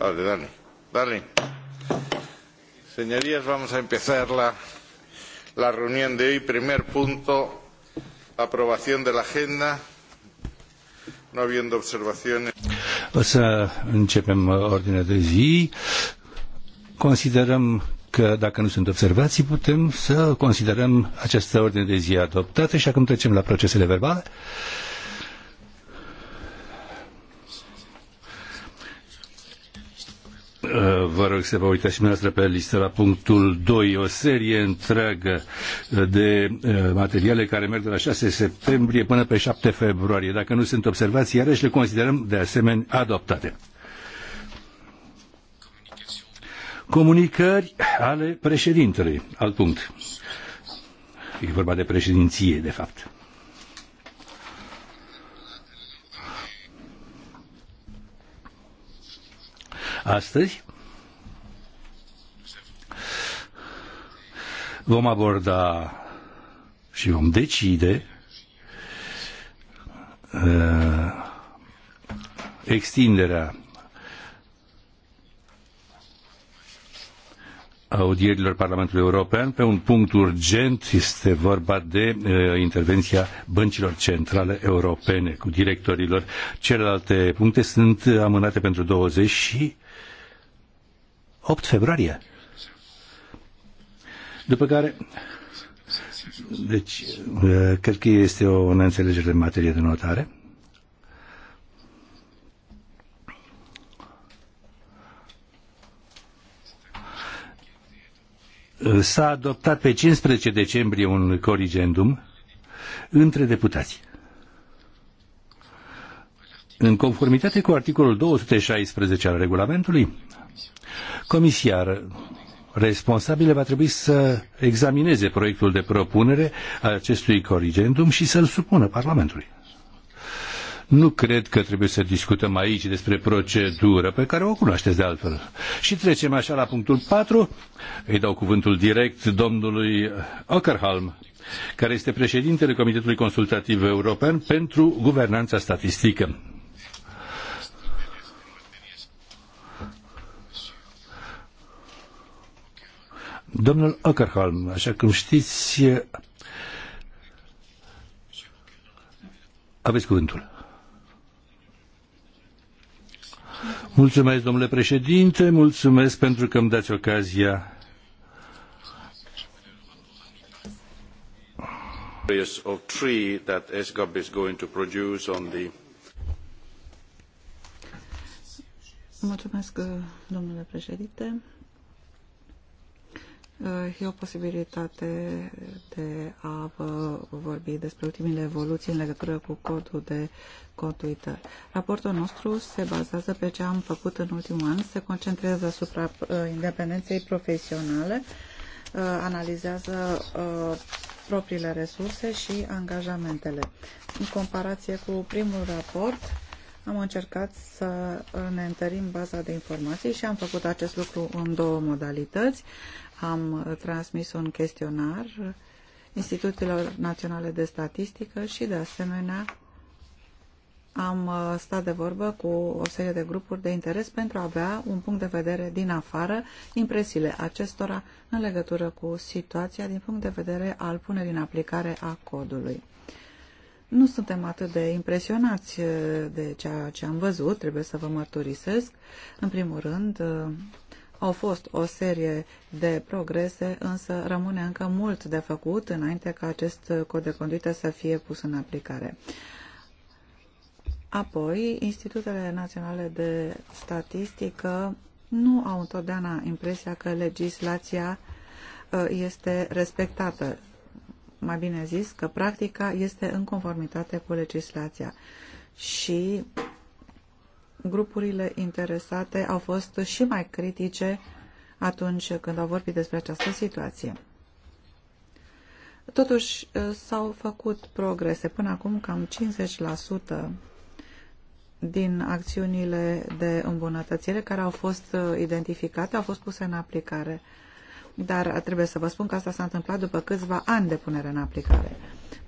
Vale, dale, dale. Señorías, vamos a empezar la, la reunión de hoy. Primer punto, aprobación de la agenda. No habiendo observaciones. O să începem ordinea de zi. Considerăm că dacă nu sunt observații, putem să considerăm această ordine de zi adoptată și acum trecem la procesele verbale. Uh, Eh, vă rog să vă uitați și dumneavoastră pe listă la punctul 2, o serie întreagă eh, de eh, materiale care merg de la 6 septembrie până pe 7 februarie. Dacă nu sunt observați, iarăși le considerăm de asemenea adoptate. Comunicări ale președintelui, alt punct. E vorba de președinție, de fapt. Astăzi vom aborda și vom decide uh, extinderea audierilor Parlamentului European pe un punct urgent este vorba de uh, intervenția băncilor centrale europene cu directorilor. Celelalte puncte sunt amânate pentru 20 și 8 februarie. După care, deci, uh, cred că este o neînțelegere în materie de notare. Uh, s-a adoptat pe 15 decembrie un corigendum între deputați. În conformitate cu articolul 216 al regulamentului, Comisia responsabile va trebui să examineze proiectul de propunere a acestui corrigendum și să-l supună Parlamentului. Nu cred că trebuie să discutăm aici despre procedură pe care o cunoașteți de altfel. Și trecem așa la punctul 4. Îi dau cuvântul direct domnului Ockerhalm, care este președintele Comitetului Consultativ European pentru Guvernanța Statistică. Domnul Ackerholm, așa cum știți, aveți cuvântul. Mulțumesc, domnule președinte, mulțumesc pentru că îmi dați ocazia. of tree that ESGAB is going to produce on the Mulțumesc, domnule președinte. Eh, e o posibilitate de a vorbi despre ultimile evoluții în legătură cu codul de conduită. Raportul nostru se bazează pe ce am făcut în ultimul an, se concentrează asupra eh, independenței profesionale, eh, analizează propriile resurse și angajamentele. În comparație cu primul raport, am încercat să ne întărim baza de informații și am făcut acest lucru în două modalități. Am transmis un chestionar instituțiilor Naționale de Statistică și, de asemenea, am uh, stat de vorbă cu o serie de grupuri de interes pentru a avea un punct de vedere din afară, impresiile acestora în legătură cu situația din punct de vedere al punerii în aplicare a codului. Nu suntem atât de impresionați uh, de ceea ce am văzut, trebuie să vă mărturisesc. În primul rând, uh, au fost o serie de progrese, însă rămâne încă mult de făcut înainte ca acest cod de conduită să fie pus în aplicare. Apoi, Institutele Naționale de Statistică nu au întotdeauna impresia că legislația uh, este respectată. Mai bine zis, că practica este în conformitate cu legislația. Și grupurile interesate au fost și mai critice atunci când au vorbit despre această situație. Totuși, eh, s-au făcut progrese. Până acum, cam 50% din acțiunile de îmbunătățire care au fost eh, identificate au fost puse în aplicare. Dar trebuie să vă spun că asta s-a întâmplat după câțiva ani de punere în aplicare.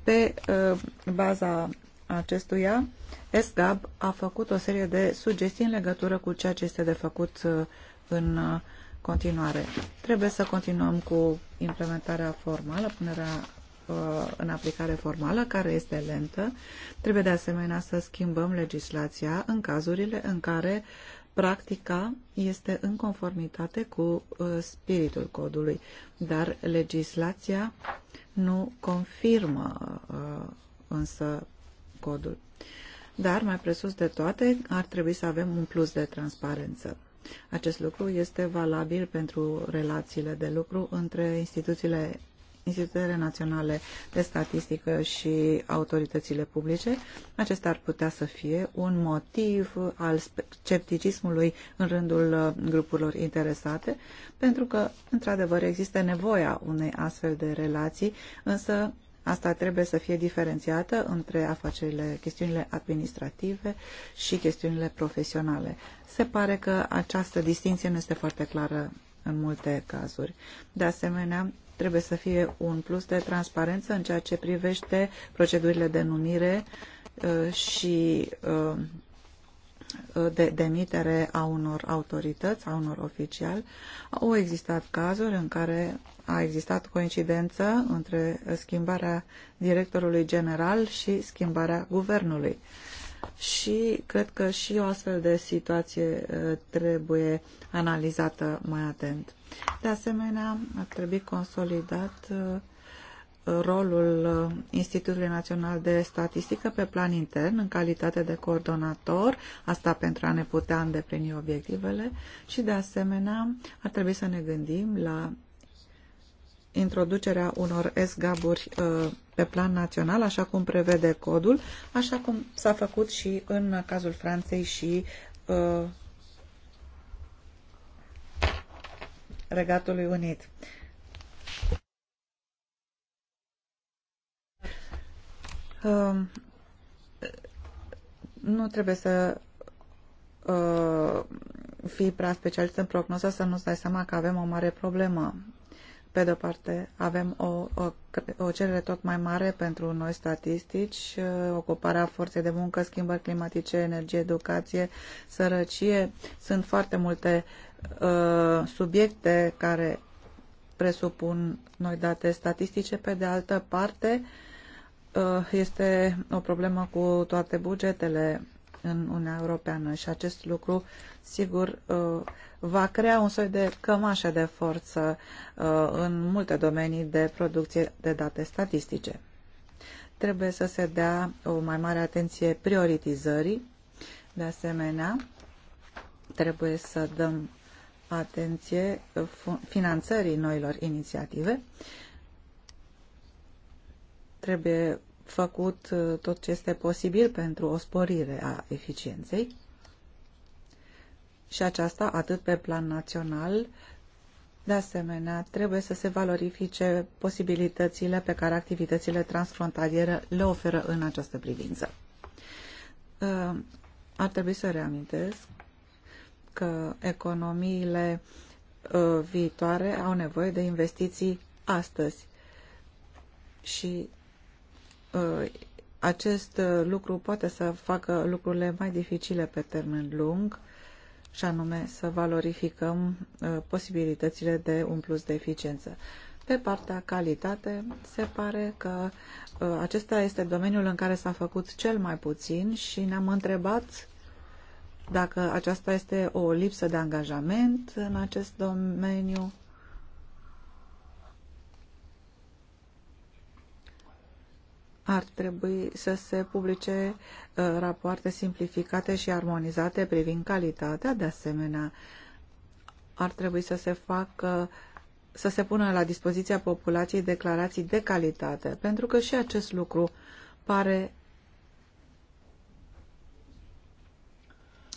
Pe uh, baza acestuia, ESGAB a făcut o serie de sugestii în legătură cu ceea ce este de făcut uh, în uh, continuare. Trebuie să continuăm cu implementarea formală, punerea uh, în aplicare formală, care este lentă. Trebuie de asemenea să schimbăm legislația în cazurile în care practica este în conformitate cu spiritul codului, dar legislația nu confirmă însă codul. Dar, mai presus de toate, ar trebui să avem un plus de transparență. Acest lucru este valabil pentru relațiile de lucru între instituțiile Institutele Naționale de Statistică și autoritățile publice. Acesta ar putea să fie un motiv al scepticismului în rândul uh, grupurilor interesate, pentru că, într-adevăr, există nevoia unei astfel de relații, însă Asta trebuie să fie diferențiată între afacerile, chestiunile administrative și chestiunile profesionale. Se pare că această distinție nu este foarte clară în multe cazuri. De asemenea, trebuie să fie un plus de transparență în ceea ce privește procedurile de numire uh, și uh, Uh, de demitere a unor autorități, a unor oficiali. Au existat cazuri în care a existat coincidență între schimbarea directorului general și schimbarea guvernului. Și cred că și o astfel de situație uh, trebuie analizată mai atent. De asemenea, ar trebui consolidat uh, rolul uh, Institutului Național de Statistică pe plan intern, în calitate de coordonator, asta pentru a ne putea îndeplini obiectivele și, de asemenea, ar trebui să ne gândim la introducerea unor SGAB-uri uh, pe plan național, așa cum prevede codul, așa cum s-a făcut și în cazul Franței și uh, Regatului Unit. Um, nu trebuie să uh, fii prea specialist în prognoză să nu-ți dai seama că avem o mare problemă. Pe de-o parte, avem o, o, o cerere tot mai mare pentru noi statistici, uh, ocuparea forței de muncă, schimbări climatice, energie, educație, sărăcie. Sunt foarte multe uh, subiecte care presupun noi date statistice. Pe de altă parte, uh, Uh, este o problemă cu toate bugetele în Uniunea Europeană și acest lucru, sigur, uh, va crea un soi de cămașă de forță uh, în multe domenii de producție de date statistice. Trebuie să se dea o mai mare atenție prioritizării. De asemenea, trebuie să dăm atenție finanțării noilor inițiative Trebuie făcut uh, tot ce este posibil pentru o sporire a eficienței și aceasta atât pe plan național, de asemenea, trebuie să se valorifice posibilitățile pe care activitățile transfrontaliere le oferă în această privință. Uh, ar trebui să reamintesc că economiile uh, viitoare au nevoie de investiții astăzi și Uh, acest uh, lucru poate să facă lucrurile mai dificile pe termen lung și anume să valorificăm uh, posibilitățile de un plus de eficiență. Pe partea calitate, se pare că acesta este domeniul în care s-a făcut cel mai puțin și ne-am întrebat dacă aceasta este o lipsă de angajament în acest domeniu ar trebui să se publice uh, rapoarte simplificate și armonizate privind calitatea. De asemenea, ar trebui să se facă să se pună la dispoziția populației declarații de calitate, pentru că și acest lucru pare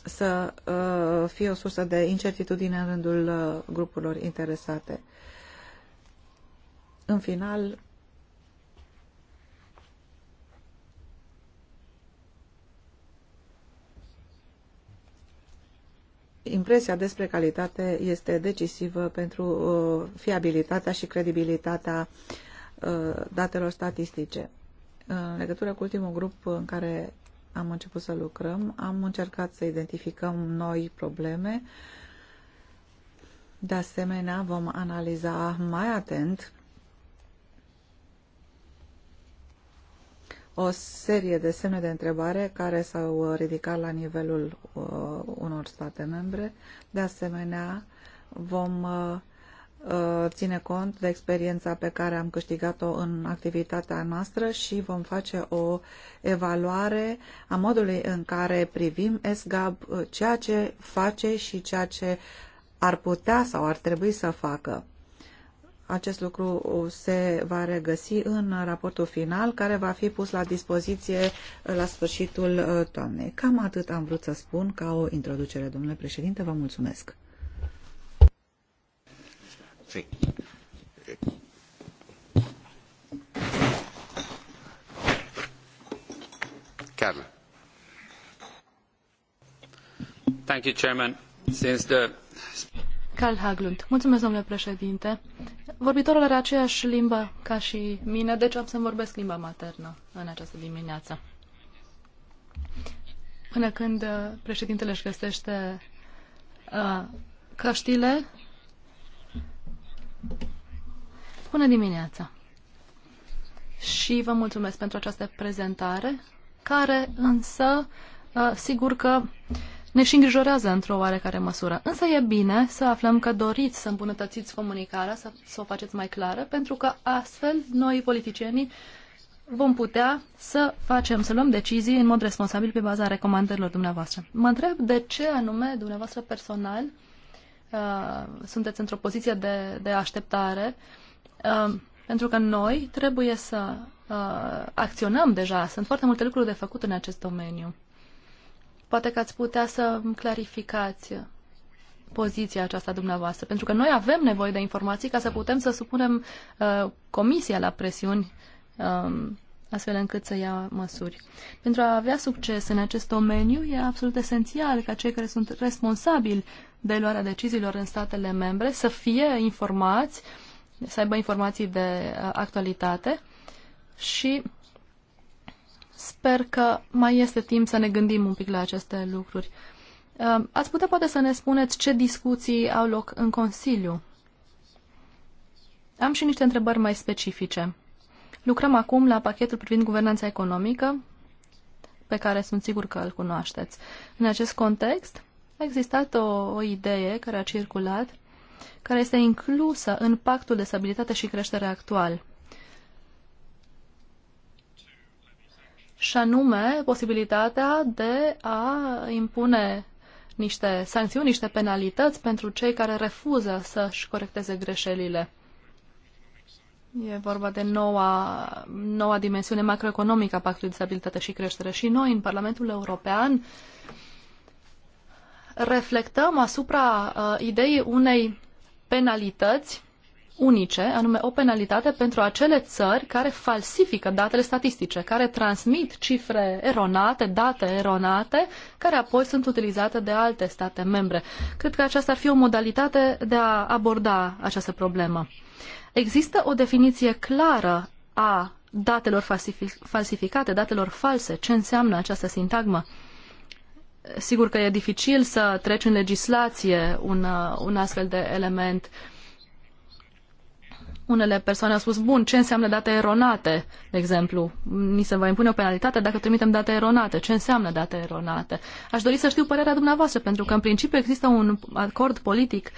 să uh, fie o sursă de incertitudine în rândul uh, grupurilor interesate. În final, impresia despre calitate este decisivă pentru uh, fiabilitatea și credibilitatea uh, datelor statistice. În legătură cu ultimul grup în care am început să lucrăm, am încercat să identificăm noi probleme. De asemenea, vom analiza mai atent o serie de semne de întrebare care s-au uh, ridicat la nivelul uh, unor state membre. De asemenea, vom uh, uh, ține cont de experiența pe care am câștigat-o în activitatea noastră și vom face o evaluare a modului în care privim ESGAB, uh, ceea ce face și ceea ce ar putea sau ar trebui să facă acest lucru se va regăsi în raportul final care va fi pus la dispoziție la sfârșitul uh, toamnei. Cam atât am vrut să spun ca o introducere, domnule președinte. Vă mulțumesc. Sí. Carla. Thank you, Chairman. Since the... Carl Haglund. Mulțumesc, domnule președinte. Vorbitorul are aceeași limbă ca și mine, deci am să vorbesc limba maternă în această dimineață. Până când uh, președintele își găsește uh, căștile, bună dimineața! Și vă mulțumesc pentru această prezentare, care însă, uh, sigur că uh, ne și îngrijorează într-o oarecare măsură. Însă e bine să aflăm că doriți să îmbunătățiți comunicarea, să, să o faceți mai clară, pentru că astfel noi, politicienii, vom putea să facem, să luăm decizii în mod responsabil pe baza recomandărilor dumneavoastră. Mă întreb de ce anume dumneavoastră personal uh, sunteți într-o poziție de, de așteptare, uh, pentru că noi trebuie să uh, acționăm deja. Sunt foarte multe lucruri de făcut în acest domeniu. Poate că ați putea să clarificați poziția aceasta dumneavoastră, pentru că noi avem nevoie de informații ca să putem să supunem uh, comisia la presiuni um, astfel încât să ia măsuri. Pentru a avea succes în acest domeniu, e absolut esențial ca cei care sunt responsabili de luarea deciziilor în statele membre să fie informați, să aibă informații de uh, actualitate și Sper că mai este timp să ne gândim un pic la aceste lucruri. Uh, ați putea poate să ne spuneți ce discuții au loc în Consiliu? Am și niște întrebări mai specifice. Lucrăm acum la pachetul privind guvernanța economică, pe care sunt sigur că îl cunoașteți. În acest context, a existat o, o idee care a circulat, care este inclusă în pactul de stabilitate și creștere actual. și anume posibilitatea de a impune niște sancțiuni, niște penalități pentru cei care refuză să-și corecteze greșelile. E vorba de noua, noua dimensiune macroeconomică a Pactului de Stabilitate și Creștere. Și noi, în Parlamentul European, reflectăm asupra uh, ideii unei penalități unice, anume o penalitate pentru acele țări care falsifică datele statistice, care transmit cifre eronate, date eronate, care apoi sunt utilizate de alte state membre. Cred că aceasta ar fi o modalitate de a aborda această problemă. Există o definiție clară a datelor falsificate, datelor false. Ce înseamnă această sintagmă? Sigur că e dificil să treci în legislație un, uh, un astfel de element uh, unele persoane au spus, bun, ce înseamnă date eronate, de exemplu? Ni se va impune o penalitate dacă trimitem date eronate. Ce înseamnă date eronate? Aș dori să știu părerea dumneavoastră, pentru că în principiu există un acord politic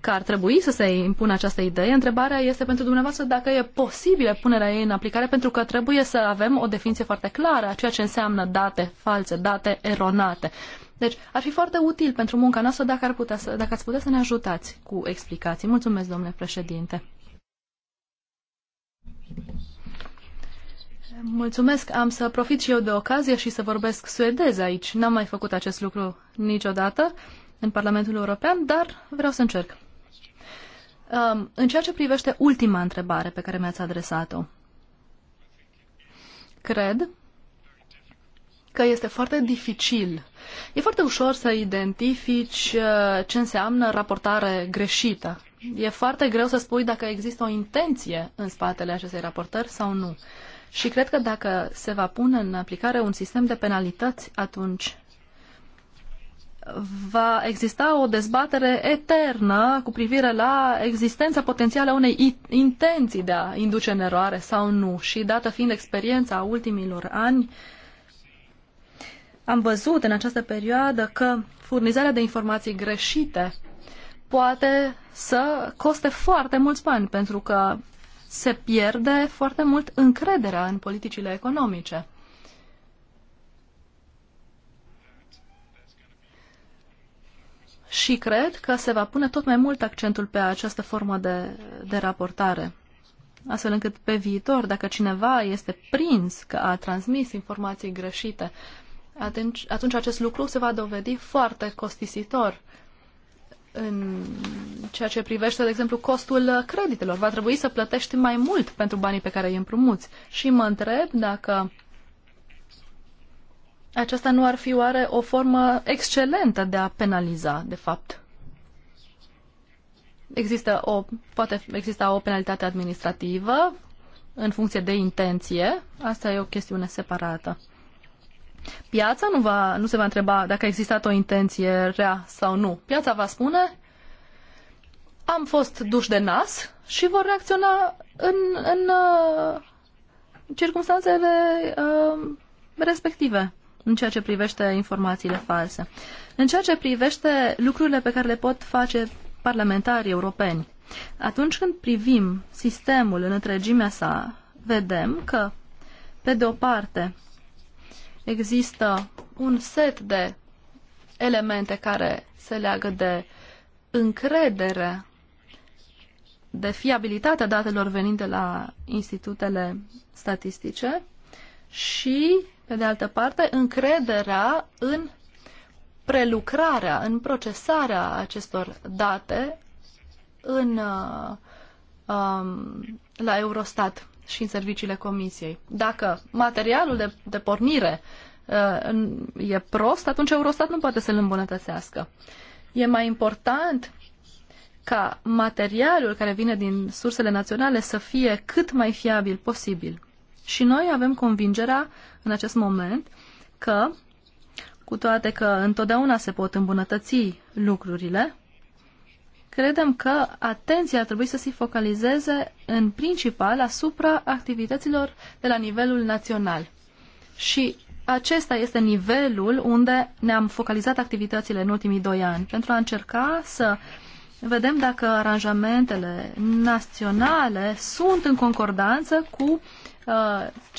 că ar trebui să se impună această idee. Întrebarea este pentru dumneavoastră dacă e posibilă punerea ei în aplicare, pentru că trebuie să avem o definiție foarte clară a ceea ce înseamnă date false, date eronate. Deci ar fi foarte util pentru munca noastră dacă, ar putea să, dacă ați putea să ne ajutați cu explicații. Mulțumesc, domnule președinte. Mulțumesc, am să profit și eu de ocazie și să vorbesc suedez aici. N-am mai făcut acest lucru niciodată în Parlamentul European, dar vreau să încerc. Um, în ceea ce privește ultima întrebare pe care mi-ați adresat-o, cred că este foarte dificil. E foarte ușor să identifici uh, ce înseamnă raportare greșită. E foarte greu să spui dacă există o intenție în spatele acestei raportări sau nu. Uh, și cred că dacă se va pune în aplicare un sistem de penalități, atunci va exista o dezbatere eternă cu privire la existența potențială a unei intenții de a induce în eroare sau nu. Și dată fiind experiența ultimilor ani, am văzut în această perioadă că furnizarea de informații greșite poate să coste foarte mulți bani, pentru că se pierde foarte mult încrederea în politicile economice. Și cred că se va pune tot mai mult accentul pe această formă de, de raportare astfel încât pe viitor, dacă cineva este prins că a transmis informații greșite, atunci, atunci acest lucru se va dovedi foarte costisitor în ceea ce privește, de exemplu, costul creditelor. Va trebui să plătești mai mult pentru banii pe care îi împrumuți. Și mă întreb dacă aceasta nu ar fi oare o formă excelentă de a penaliza, de fapt. Există o, poate exista o penalitate administrativă în funcție de intenție. Asta e o chestiune separată. Piața nu, va, nu se va întreba dacă a existat o intenție rea sau nu. Piața va spune am fost duși de nas și vor reacționa în, în uh, circunstanțele uh, respective în ceea ce privește informațiile false. În ceea ce privește lucrurile pe care le pot face parlamentarii europeni, atunci când privim sistemul în întregimea sa, vedem că, pe de o parte, Există un set de elemente care se leagă de încredere, de fiabilitatea datelor venind de la institutele statistice și, pe de altă parte, încrederea în prelucrarea, în procesarea acestor date în, uh, um, la Eurostat și în serviciile comisiei. Dacă materialul de, de pornire uh, e prost, atunci Eurostat nu poate să-l îmbunătățească. E mai important ca materialul care vine din sursele naționale să fie cât mai fiabil posibil. Și noi avem convingerea în acest moment că, cu toate că întotdeauna se pot îmbunătăți lucrurile, credem că atenția ar trebui să se focalizeze în principal asupra activităților de la nivelul național. Și acesta este nivelul unde ne-am focalizat activitățile în ultimii doi ani, pentru a încerca să vedem dacă aranjamentele naționale sunt în concordanță cu uh,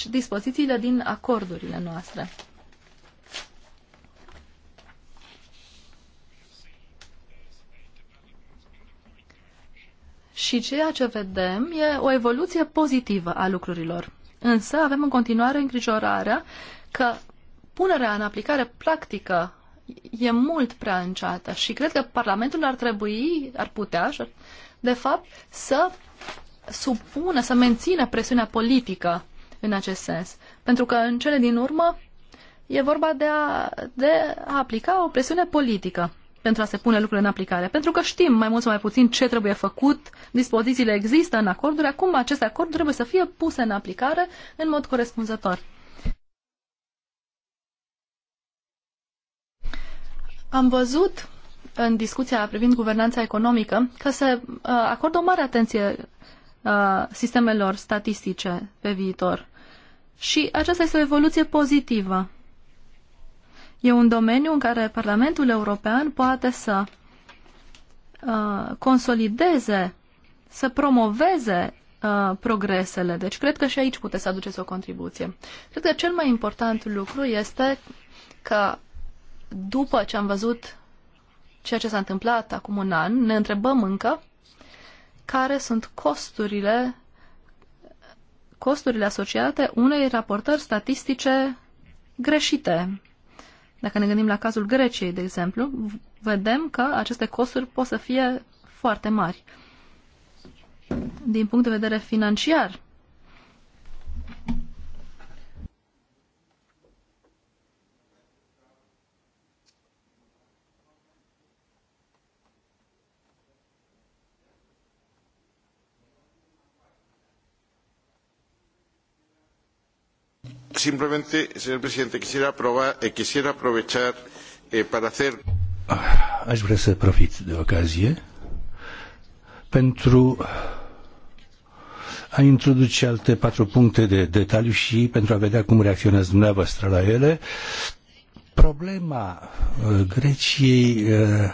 dispozițiile din acordurile noastre. Și ceea ce vedem e o evoluție pozitivă a lucrurilor. Însă avem în continuare îngrijorarea că punerea în aplicare practică e mult prea înceată și cred că Parlamentul ar trebui, ar putea, de fapt, să supună, să mențină presiunea politică în acest sens. Pentru că în cele din urmă e vorba de a, de a aplica o presiune politică pentru a se pune lucrurile în aplicare. Pentru că știm mai mult sau mai puțin ce trebuie făcut, dispozițiile există în acorduri, acum aceste acorduri trebuie să fie puse în aplicare în mod corespunzător. Am văzut în discuția privind guvernanța economică că se uh, acordă o mare atenție uh, sistemelor statistice pe viitor. Și aceasta este o evoluție pozitivă. E un domeniu în care Parlamentul European poate să uh, consolideze, să promoveze uh, progresele. Deci cred că și aici puteți să aduceți o contribuție. Cred că cel mai important lucru este că după ce am văzut ceea ce s-a întâmplat acum un an, ne întrebăm încă care sunt costurile costurile asociate unei raportări statistice greșite dacă ne gândim la cazul Greciei, de exemplu, vedem că aceste costuri pot să fie foarte mari. Din punct de vedere financiar, simplemente, señor presidente, quisiera, eh, quisiera aprovechar eh, para hacer... Ah, aș vrea să profit de ocazie pentru a introduce alte patru puncte de detaliu și pentru a vedea cum reacționați dumneavoastră la ele. Problema uh, Greciei uh,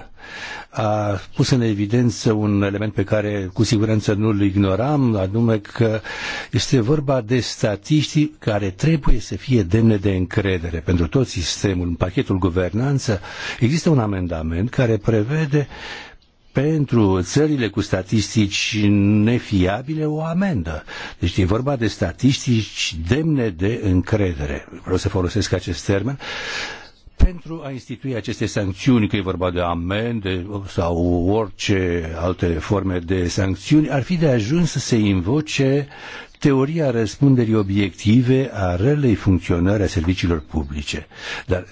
a pus în evidență un element pe care cu siguranță nu îl ignoram, anume că este vorba de statiștii care trebuie să fie demne de încredere pentru tot sistemul. În pachetul guvernanță există un amendament care prevede pentru țările cu statistici nefiabile o amendă. Deci e vorba de statistici demne de încredere. Vreau să folosesc acest termen pentru a institui aceste sancțiuni, că e vorba de amende sau orice alte forme de sancțiuni, ar fi de ajuns să se invoce teoria răspunderii obiective a relei funcționări a serviciilor publice. Dar,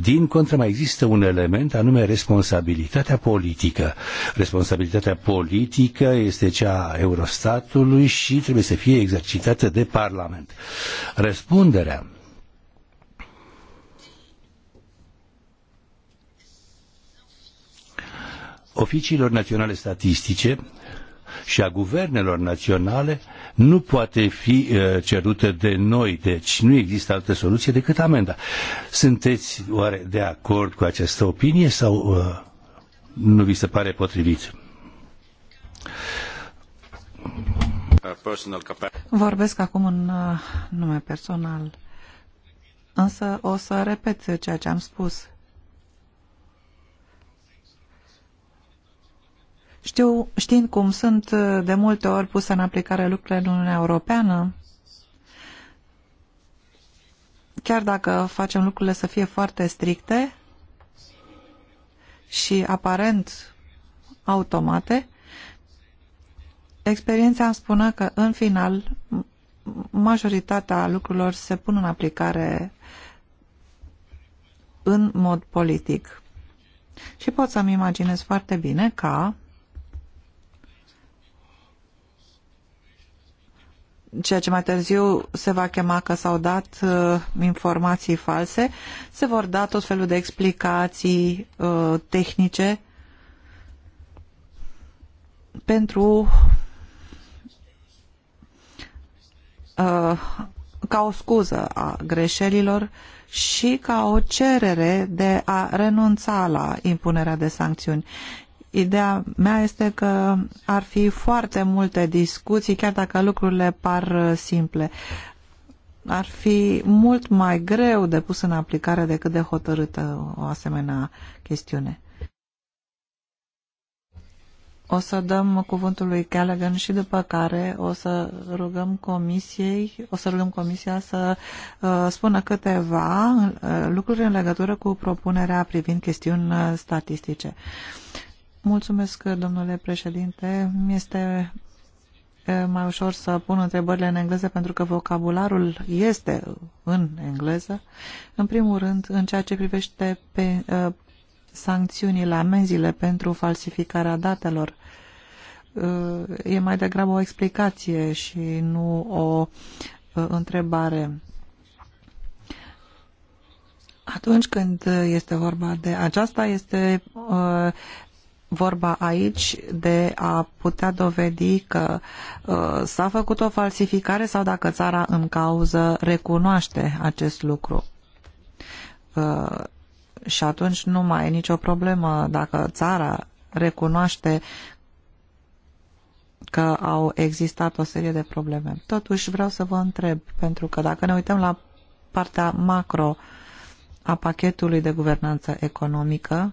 din contră, mai există un element, anume responsabilitatea politică. Responsabilitatea politică este cea a Eurostatului și trebuie să fie exercitată de Parlament. Răspunderea oficiilor naționale statistice și a guvernelor naționale nu poate fi uh, cerută de noi, deci nu există altă soluție decât amenda. Sunteți oare de acord cu această opinie sau uh, nu vi se pare potrivit? Vorbesc acum în uh, nume personal, însă o să repet ceea ce am spus. Știu, știind cum sunt uh, de multe ori puse în aplicare lucrurile în Uniunea Europeană, chiar dacă facem lucrurile să fie foarte stricte și aparent automate, experiența îmi spune că, în final, majoritatea lucrurilor se pun în aplicare în mod politic. Și pot să-mi imaginez foarte bine ca ceea ce mai târziu se va chema că s-au dat uh, informații false, se vor da tot felul de explicații uh, tehnice pentru uh, ca o scuză a greșelilor și ca o cerere de a renunța la impunerea de sancțiuni. Ideea mea este că ar fi foarte multe discuții, chiar dacă lucrurile par uh, simple. Ar fi mult mai greu de pus în aplicare decât de hotărâtă o asemenea chestiune. O să dăm cuvântul lui Callaghan și după care o să rugăm comisiei, o să rugăm comisia să uh, spună câteva uh, lucruri în legătură cu propunerea privind chestiuni uh, statistice. Mulțumesc, domnule președinte. Este mai ușor să pun întrebările în engleză pentru că vocabularul este în engleză. În primul rând, în ceea ce privește pe, uh, sancțiunile, amenziile pentru falsificarea datelor, uh, e mai degrabă o explicație și nu o uh, întrebare. Atunci când este vorba de aceasta, este uh, vorba aici de a putea dovedi că uh, s-a făcut o falsificare sau dacă țara în cauză recunoaște acest lucru. Uh, și atunci nu mai e nicio problemă dacă țara recunoaște că au existat o serie de probleme. Totuși vreau să vă întreb, pentru că dacă ne uităm la partea macro a pachetului de guvernanță economică,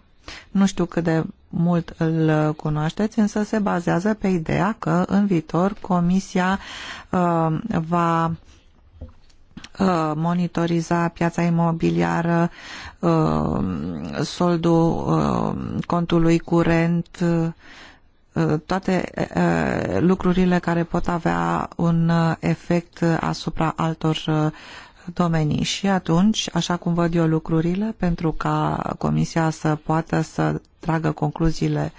nu știu cât de mult îl cunoașteți, însă se bazează pe ideea că în viitor Comisia uh, va uh, monitoriza piața imobiliară, uh, soldul uh, contului curent, toate lucrurile care pot avea un efect asupra altor domenii și atunci, așa cum văd eu lucrurile, pentru ca Comisia să poată să tragă concluziile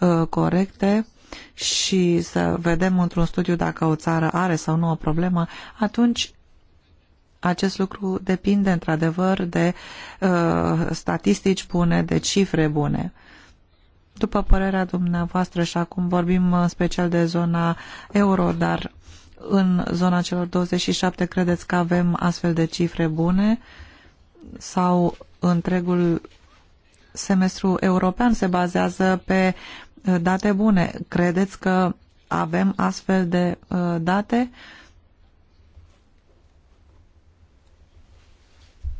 uh, corecte și să vedem într-un studiu dacă o țară are sau nu o problemă, atunci acest lucru depinde într-adevăr de uh, statistici bune, de cifre bune. După părerea dumneavoastră și acum vorbim în special de zona euro, dar în zona celor 27 credeți că avem astfel de cifre bune sau întregul semestru european se bazează pe uh, date bune? Credeți că avem astfel de uh, date?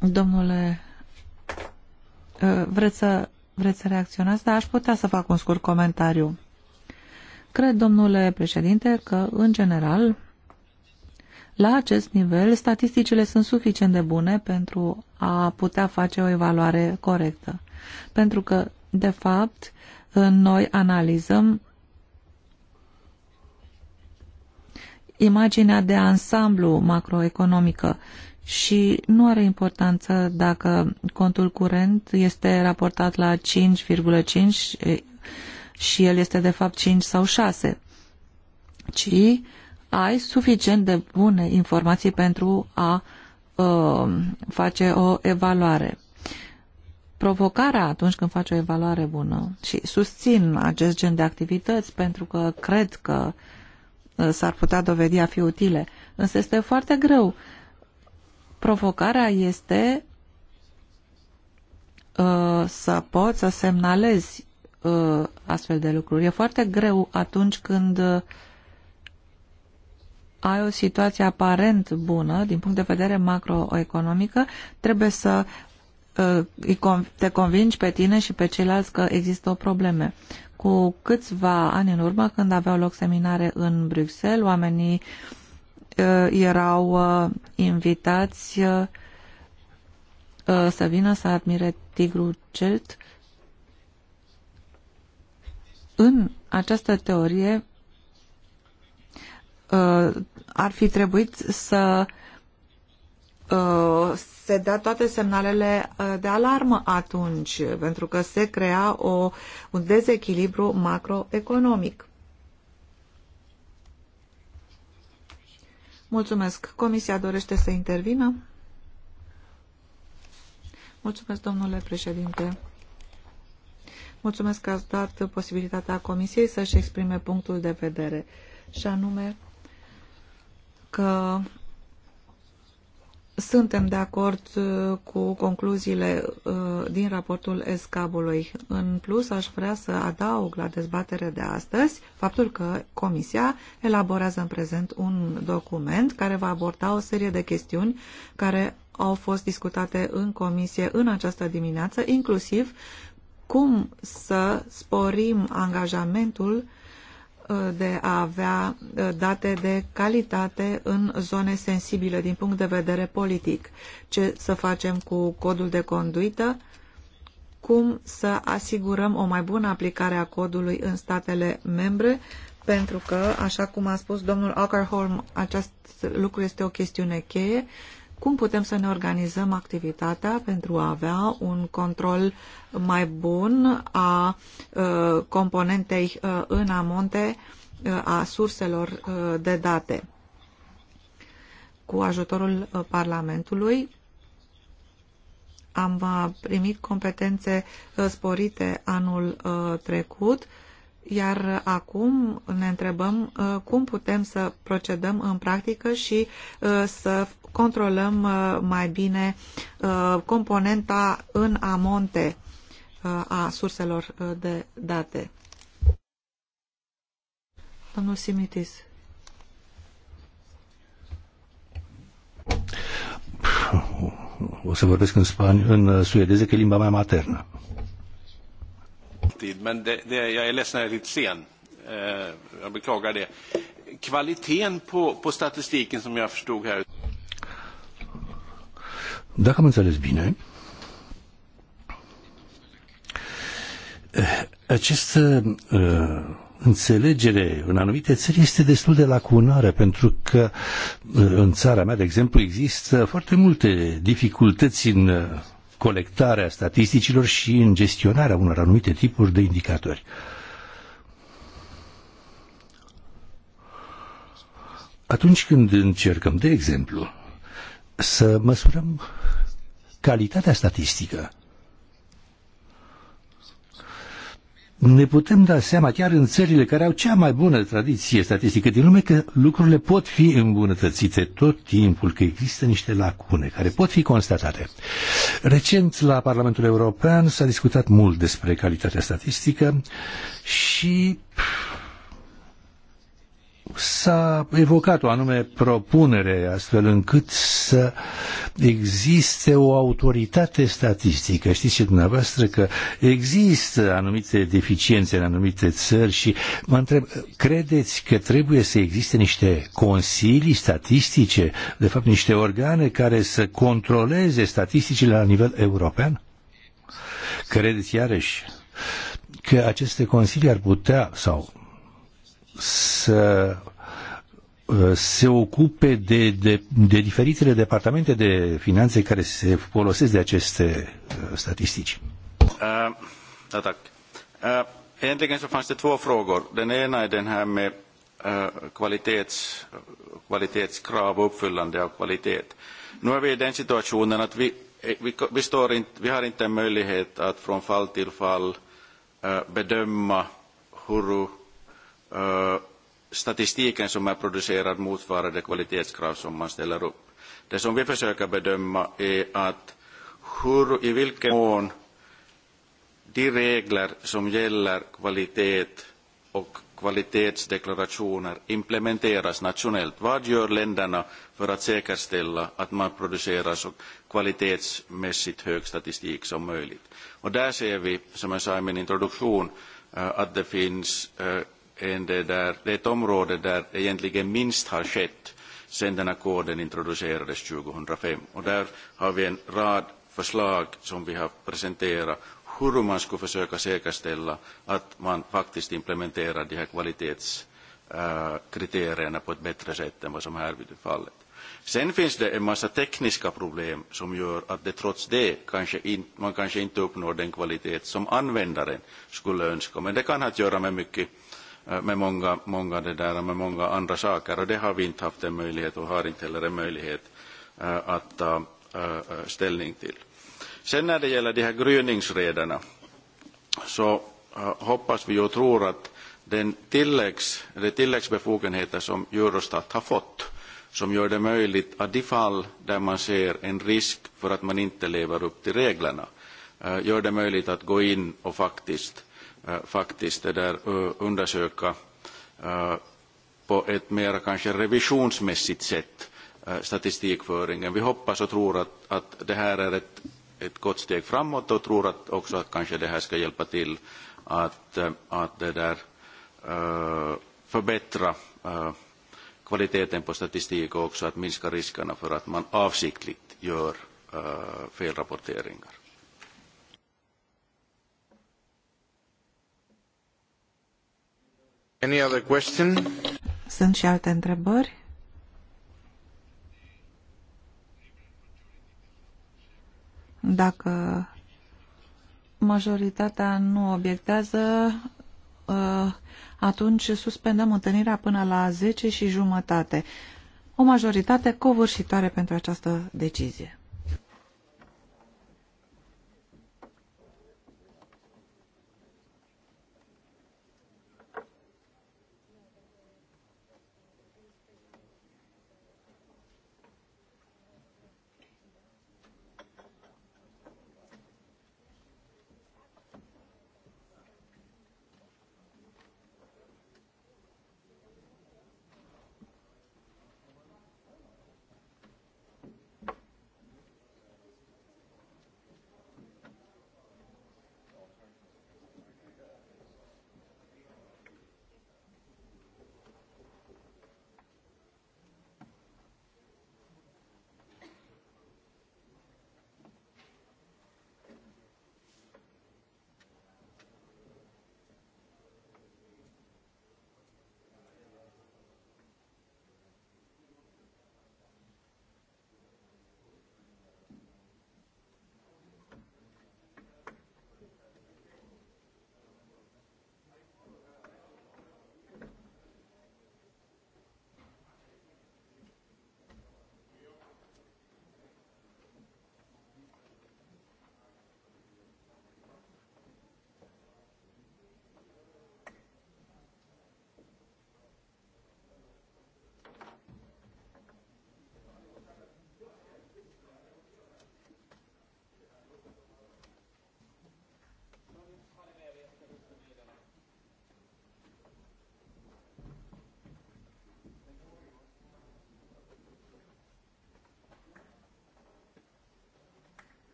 Domnule, uh, vreți să, vreți să reacționați? dar aș putea să fac un scurt comentariu. Cred, domnule președinte, că, în general, la acest nivel, statisticile sunt suficient de bune pentru a putea face o evaluare corectă. Pentru că, de fapt, noi analizăm imaginea de ansamblu macroeconomică și nu are importanță dacă contul curent este raportat la 5,5 eh, și el este de fapt 5 sau 6, ci ai suficient de bune informații pentru a uh, face o evaluare. Provocarea atunci când faci o evaluare bună și susțin acest gen de activități pentru că cred că ă, s-ar putea dovedi a fi utile, însă este foarte greu. Provocarea este uh, să poți să semnalezi uh, astfel de lucruri. E foarte greu atunci când ai o situație aparent bună din punct de vedere macroeconomică, trebuie să uh, te convingi pe tine și pe ceilalți că există o probleme. Cu câțiva ani în urmă, când aveau loc seminare în Bruxelles, oamenii uh, erau uh, invitați să vină să admire tigru celt. În această teorie Uh, ar fi trebuit să uh, se dea toate semnalele uh, de alarmă atunci, pentru că se crea o, un dezechilibru macroeconomic. Mulțumesc. Comisia dorește să intervină? Mulțumesc, domnule președinte. Mulțumesc că ați dat posibilitatea Comisiei să-și exprime punctul de vedere, și anume că suntem de acord uh, cu concluziile uh, din raportul Escabului. În plus, aș vrea să adaug la dezbatere de astăzi faptul că Comisia elaborează în prezent un document care va aborda o serie de chestiuni care au fost discutate în Comisie în această dimineață, inclusiv cum să sporim angajamentul Uh, de a avea uh, date de calitate în zone sensibile din punct de vedere politic. Ce să facem cu codul de conduită? Cum să asigurăm o mai bună aplicare a codului în statele membre? Pentru că, așa cum a spus domnul Ackerholm, acest lucru este o chestiune cheie cum putem să ne organizăm activitatea pentru a avea un control mai bun a uh, componentei uh, în amonte uh, a surselor de date. Cu ajutorul Parlamentului am primit competențe sporite anul trecut iar acum ne întrebăm cum putem să procedăm în practică și să controlăm uh, mai bine uh, componenta în amonte uh, a surselor de date. Domnul Simitis. O să vorbesc în, spani, în suedeză, că e limba mea maternă. Men det, det, jag är ledsen, jag är lite sen. Eh, jag beklagar det. Kvaliteten på, på statistiken som jag förstod här dacă am înțeles bine, această uh, înțelegere în anumite țări este destul de lacunară, pentru că uh, în țara mea, de exemplu, există foarte multe dificultăți în uh, colectarea statisticilor și în gestionarea unor anumite tipuri de indicatori. Atunci când încercăm, de exemplu, să măsurăm calitatea statistică. Ne putem da seama, chiar în țările care au cea mai bună tradiție statistică din lume, că lucrurile pot fi îmbunătățite tot timpul, că există niște lacune care pot fi constatate. Recent, la Parlamentul European s-a discutat mult despre calitatea statistică și s-a evocat o anume propunere astfel încât să existe o autoritate statistică. Știți și dumneavoastră că există anumite deficiențe în anumite țări și mă întreb, credeți că trebuie să existe niște consilii statistice, de fapt niște organe care să controleze statisticile la nivel european? Credeți iarăși că aceste consilii ar putea sau să uh, se ocupe de, de, de diferitele departamente de finanțe care se folosesc de aceste uh, statistici. Uh, da, tack. Uh, egentligen så fanns det två frågor. Den ena är den här med uh, kvalitets, kvalitetskrav och uppfyllande av kvalitet. Nu är vi i den situationen att vi, eh, vi, vi, står in, vi har inte möjlighet att från fall till fall uh, bedöma hur Eh, statistiken som är producerad motsvarar de kvalitetskrav som man ställer upp. Det som vi försöker bedöma är att hur, i vilken mån de regler som gäller kvalitet och kvalitetsdeklarationer implementeras nationellt. Vad gör länderna för att säkerställa att man producerar så kvalitetsmässigt hög statistik som möjligt? Och där ser vi, som jag sa i min introduktion, eh, att det finns eh, än det, där, det är ett område där egentligen minst har skett sedan den här koden introducerades 2005. Och där har vi en rad förslag som vi har presenterat hur man skulle försöka säkerställa att man faktiskt implementerar de här kvalitetskriterierna på ett bättre sätt än vad som här är fallet. Sen finns det en massa tekniska problem som gör att det trots det kanske in, man kanske inte uppnår den kvalitet som användaren skulle önska. Men det kan ha att göra med mycket Eh, med många, många, det där, med många andra saker. Och det har vi inte haft en möjlighet och har inte heller en möjlighet eh, att ta eh, ställning till. Sen när det gäller de här gryningsrederna så hoppas vi och tror att den tilläggs, de tilläggsbefogenheter som Eurostat har fått som gör det möjligt att de fall där man ser en risk för att man inte lever upp till reglerna gör det möjligt att gå in och faktiskt Eh, faktiskt det där, eh, undersöka eh, på ett mer kanske revisionsmässigt sätt statistikföringen. Vi hoppas och tror att, att det här är ett, ett gott steg framåt och tror att också att kanske det här ska hjälpa till att, att det där, förbättra kvaliteten på statistik och också att minska riskerna för att man avsiktligt gör felrapporteringar. Any other question? Sunt și alte întrebări? Dacă majoritatea nu obiectează, uh, atunci suspendăm întâlnirea până la 10 și jumătate. O majoritate covârșitoare pentru această decizie.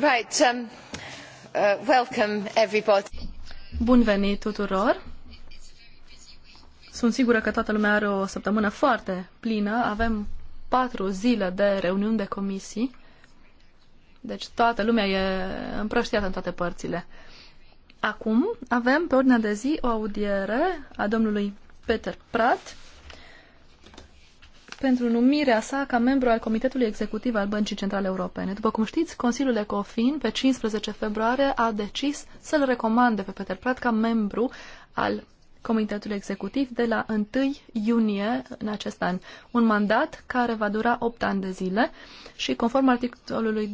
Um, uh, Bun venit tuturor! Sunt sigură că toată lumea are o săptămână foarte plină. Avem patru zile de reuniuni de comisii. Deci toată lumea e împrăștiată în toate părțile. Acum avem pe ordinea de zi o audiere a domnului Peter Prat, pentru numirea sa ca membru al Comitetului Executiv al Băncii Centrale Europene. După cum știți, Consiliul Ecofin, pe 15 februarie, a decis să-l recomande pe Peter Prat ca membru al Comitetului Executiv de la 1 iunie în acest an. Un mandat care va dura 8 ani de zile și conform articolului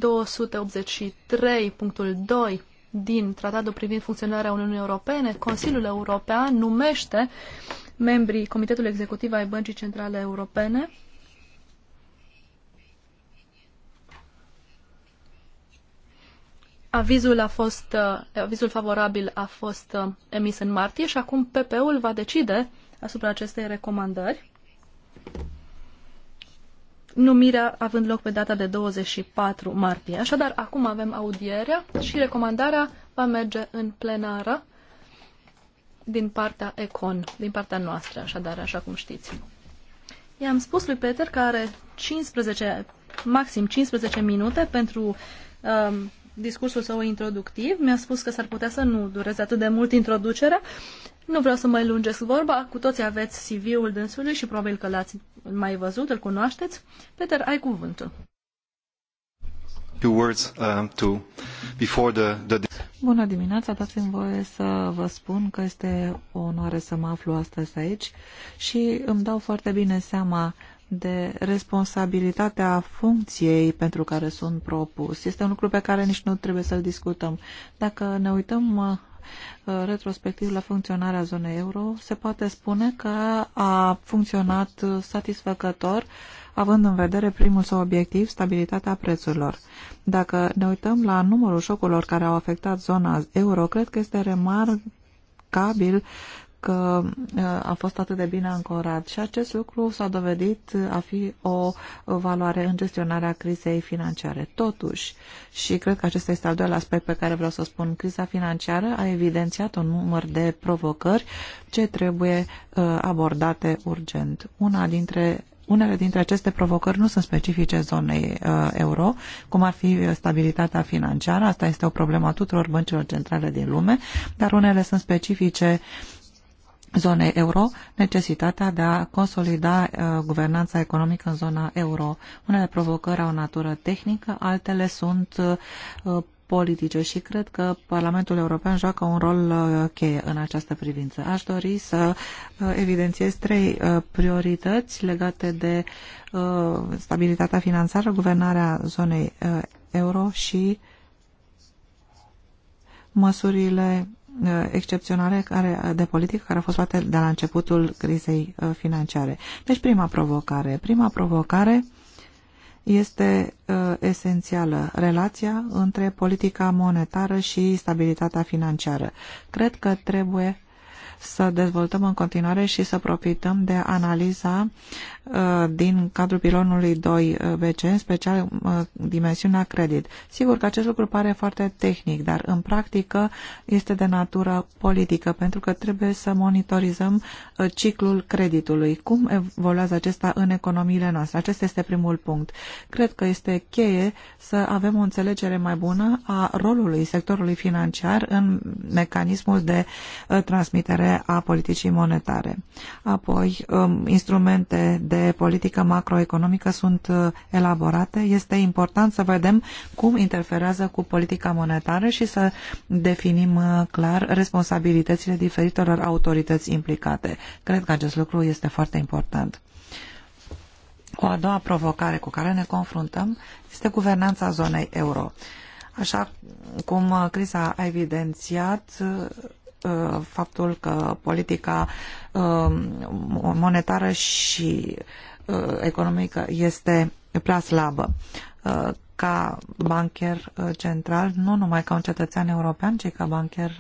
283.2 din Tratatul privind funcționarea Uniunii Europene, Consiliul European numește uh, membrii Comitetului Executiv ai Băncii Centrale Europene. Avizul, a fost, uh, avizul favorabil a fost uh, emis în martie și acum PP-ul va decide asupra acestei recomandări. Numirea având loc pe data de 24 martie. Așadar, acum avem audierea și recomandarea va merge în plenară din partea Econ, din partea noastră, așadar, așa cum știți. I-am spus lui Peter că are 15, maxim 15 minute pentru um, discursul său introductiv. Mi-a spus că s-ar putea să nu dureze atât de mult introducerea. Nu vreau să mai lungesc vorba, cu toții aveți CV-ul dânsului și probabil că l-ați mai văzut, îl cunoașteți. Peter, ai cuvântul. Um, Bună dimineața, dați-mi voie să vă spun că este o onoare să mă aflu astăzi aici și îmi dau foarte bine seama de responsabilitatea funcției pentru care sunt propus. Este un lucru pe care nici nu trebuie să-l discutăm. Dacă ne uităm uh, retrospectiv la funcționarea zonei euro, se poate spune că a funcționat uh, satisfăcător având în vedere primul său obiectiv, stabilitatea prețurilor. Dacă ne uităm la numărul șocurilor care au afectat zona euro, cred că este remarcabil că uh, a fost atât de bine ancorat și acest lucru s-a dovedit a fi o valoare în gestionarea crizei financiare. Totuși, și cred că acesta este al doilea aspect pe care vreau să spun, criza financiară a evidențiat un număr de provocări ce trebuie uh, abordate urgent. Una dintre unele dintre aceste provocări nu sunt specifice zonei uh, euro, cum ar fi uh, stabilitatea financiară, asta este o problemă a tuturor băncilor centrale din lume, dar unele sunt specifice zonei euro, necesitatea de a consolida uh, guvernanța economică în zona euro. Unele provocări au natură tehnică, altele sunt uh, politice și cred că Parlamentul European joacă un rol uh, cheie în această privință. Aș dori să uh, evidențiez trei uh, priorități legate de stabilitatea financiară, guvernarea zonei euro și măsurile excepționale care, de politică care au fost luate de la începutul crizei financiare. Deci prima provocare. Prima provocare este uh, esențială, relația între politica monetară și stabilitatea financiară. Cred că trebuie să dezvoltăm în continuare și să profităm de analiza uh, din cadrul pilonului 2 uh, BC, în special uh, dimensiunea credit. Sigur că acest lucru pare foarte tehnic, dar în practică este de natură politică, pentru că trebuie să monitorizăm ciclul creditului. Cum evoluează acesta în economiile noastre? Acesta este primul punct. Cred că este cheie să avem o înțelegere mai bună a rolului sectorului financiar în mecanismul de transmitere reglementare a politicii monetare. Apoi, um, instrumente de politică macroeconomică sunt uh, elaborate. Este important să vedem cum interferează cu politica monetară și să definim uh, clar responsabilitățile diferitelor autorități implicate. Cred că acest lucru este foarte important. O a doua provocare cu care ne confruntăm este guvernanța zonei euro. Așa cum uh, criza a evidențiat, Uh, faptul că politica uh, monetară și uh, economică este prea slabă. Ca bancher central, nu numai ca un cetățean european, ci ca bancher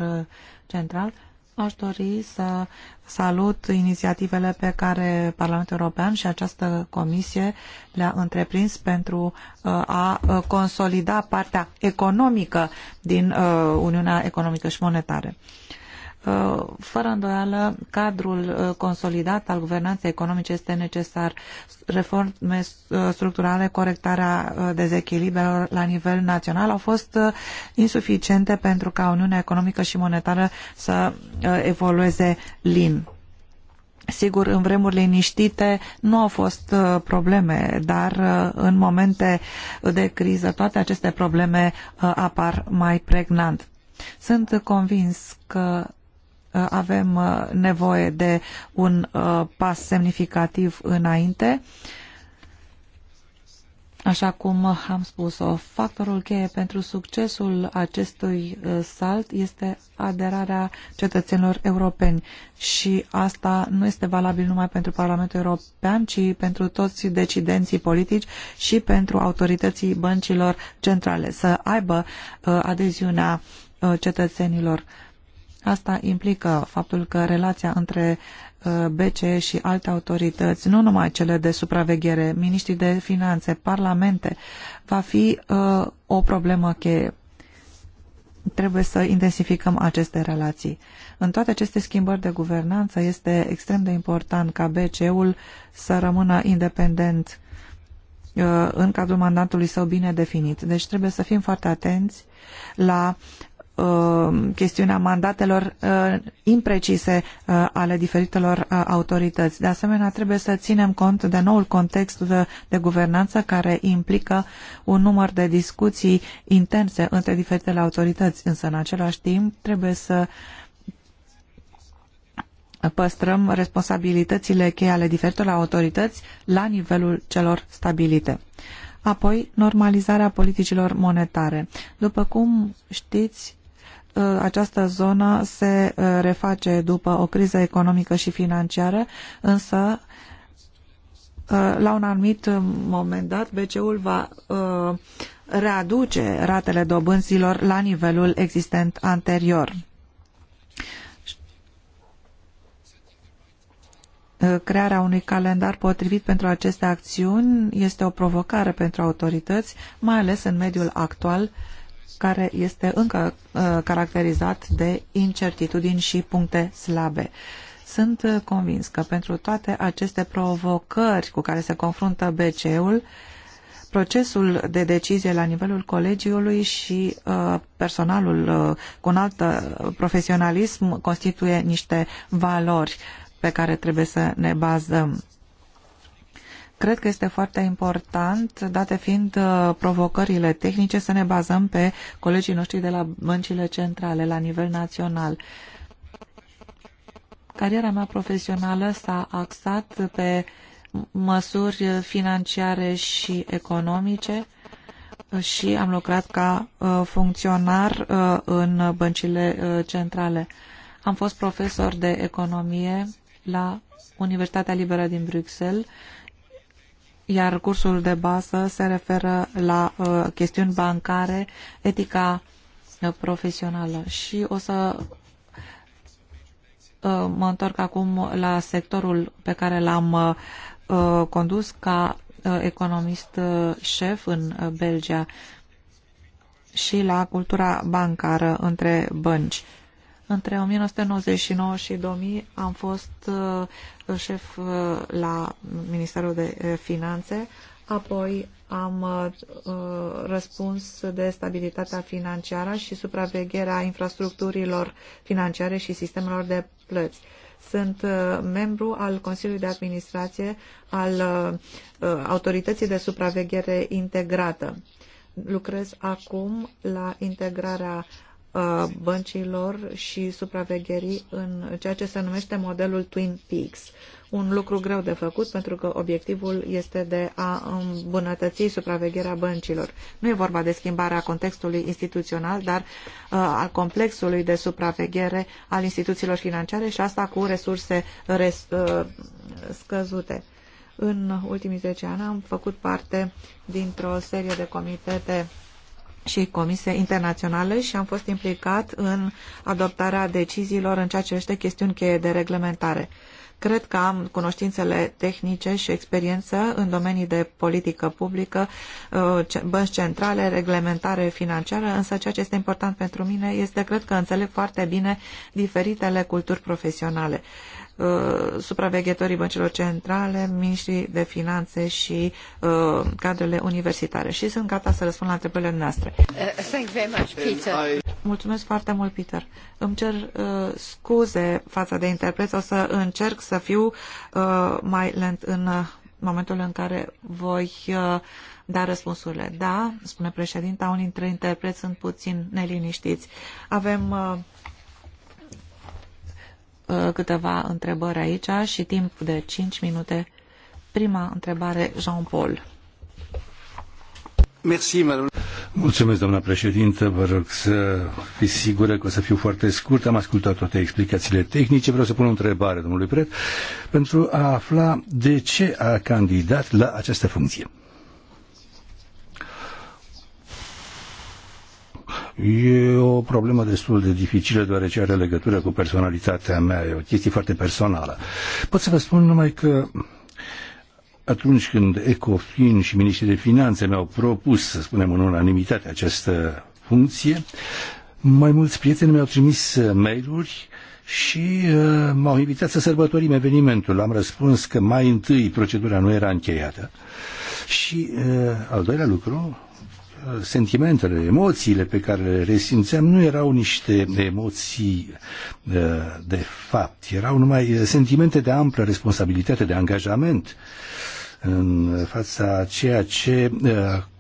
central, Aș dori să salut inițiativele pe care Parlamentul European și această comisie le-a întreprins pentru a consolida partea economică din Uniunea Economică și Monetară. Uh, fără îndoială, cadrul uh, consolidat al guvernanței economice este necesar. Reforme uh, structurale, corectarea dezechilibrelor la nivel național au fost insuficiente pentru ca Uniunea Economică și Monetară să evolueze lin. Sigur, în vremuri liniștite nu au fost uh, probleme, dar uh, în momente de criză toate aceste probleme uh, apar mai pregnant. Sunt convins că Uh, avem uh, nevoie de un uh, pas semnificativ înainte. Așa cum am spus-o, factorul cheie pentru succesul acestui salt este aderarea cetățenilor europeni și asta nu este valabil numai pentru Parlamentul European, ci pentru toți decidenții politici și pentru autorității băncilor centrale să aibă adeziunea cetățenilor Asta implică faptul că relația între uh, BCE și alte autorități, nu numai cele de supraveghere, miniștrii de finanțe, parlamente, va fi uh, o problemă cheie. Trebuie să intensificăm aceste relații. În toate aceste schimbări de guvernanță este extrem de important ca BCE-ul să rămână independent uh, în cadrul mandatului său bine definit. Deci trebuie să fim foarte atenți la Uh, chestiunea mandatelor uh, imprecise uh, ale diferitelor autorități. De asemenea, trebuie să ținem cont de noul context de, de guvernanță care implică un număr de discuții intense între diferitele autorități, însă în același timp trebuie să păstrăm responsabilitățile cheie ale diferitelor autorități la nivelul celor stabilite. Apoi, normalizarea politicilor monetare. După cum știți, Uh, această zonă se uh, reface după o criză economică și financiară, însă uh, la un anumit moment dat BCE-ul va readuce ratele dobânzilor la nivelul existent anterior. Crearea unui calendar potrivit pentru aceste acțiuni este o provocare pentru autorități, mai ales în mediul actual uh, care este încă uh, caracterizat de incertitudini și puncte slabe. Sunt uh, convins că pentru toate aceste provocări cu care se confruntă BCE-ul, procesul de decizie la nivelul colegiului și uh, personalul uh, cu un alt uh, profesionalism constituie niște valori pe care trebuie să ne bazăm. Cred că este foarte important, date fiind uh, provocările tehnice, să ne bazăm pe colegii noștri de la băncile centrale, la nivel național. Cariera mea profesională s-a axat pe măsuri financiare și economice și am lucrat ca uh, funcționar uh, în băncile centrale. Am fost profesor de economie la Universitatea Liberă din Bruxelles iar cursul de bază se referă la uh, chestiuni bancare, etica uh, profesională. Și o să uh, mă întorc acum la sectorul pe care l-am uh, condus ca uh, economist uh, șef în Belgia și la cultura bancară între bănci. Între 1999 și 2000 am fost uh, șef uh, la Ministerul de uh, Finanțe, apoi am răspuns de stabilitatea financiară și supravegherea infrastructurilor financiare și sistemelor de plăți. Sunt membru al Consiliului de Administrație al Autorității de Supraveghere Integrată lucrez acum la integrarea băncilor și supravegherii în ceea ce se numește modelul Twin Peaks. Un lucru greu de făcut pentru că obiectivul este de a îmbunătăți supravegherea băncilor. Nu e vorba de schimbarea contextului instituțional, dar uh, al complexului de supraveghere al instituțiilor financiare și asta cu resurse res, uh, scăzute. În ultimii 10 ani am făcut parte dintr-o serie de comitete și comise internaționale și am fost implicat în adoptarea deciziilor în ceea ce este chestiuni cheie de reglementare. Cred că am cunoștințele tehnice și experiență în domenii de politică publică, uh, bănci centrale, reglementare financiară, însă ceea ce este important pentru mine este, cred că înțeleg foarte bine diferitele culturi profesionale. Uh, supraveghetorii băncilor centrale, miniștrii de finanțe și uh, cadrele universitare. Și sunt gata să răspund la întrebările noastre. Uh, Mulțumesc foarte mult, Peter. Îmi cer uh, scuze față de interpret, o să încerc să fiu uh, mai lent în uh, momentul în care voi uh, da răspunsurile. Da, spune președinta, unii dintre interpreți sunt puțin neliniștiți. Avem uh, Uh, câteva întrebări aici și timp de 5 minute. Prima întrebare, Jean-Paul. Mulțumesc, doamna președintă. Vă rog să fiți sigură că o să fiu foarte scurt. Am ascultat toate explicațiile tehnice. Vreau să pun o întrebare domnului Pret pentru a afla de ce a candidat la această funcție. E o problemă destul de dificilă, deoarece are legătură cu personalitatea mea, e o chestie foarte personală. Pot să vă spun numai că atunci când Ecofin și Ministrii de Finanțe mi-au propus, să spunem în unanimitate, această funcție, mai mulți prieteni mi-au trimis mail-uri și uh, m-au invitat să sărbătorim evenimentul. Am răspuns că mai întâi procedura nu era încheiată. Și uh, al doilea lucru, sentimentele, emoțiile pe care le resimțeam nu erau niște emoții uh, de fapt, erau numai uh, sentimente de amplă responsabilitate, de angajament în fața ceea ce uh,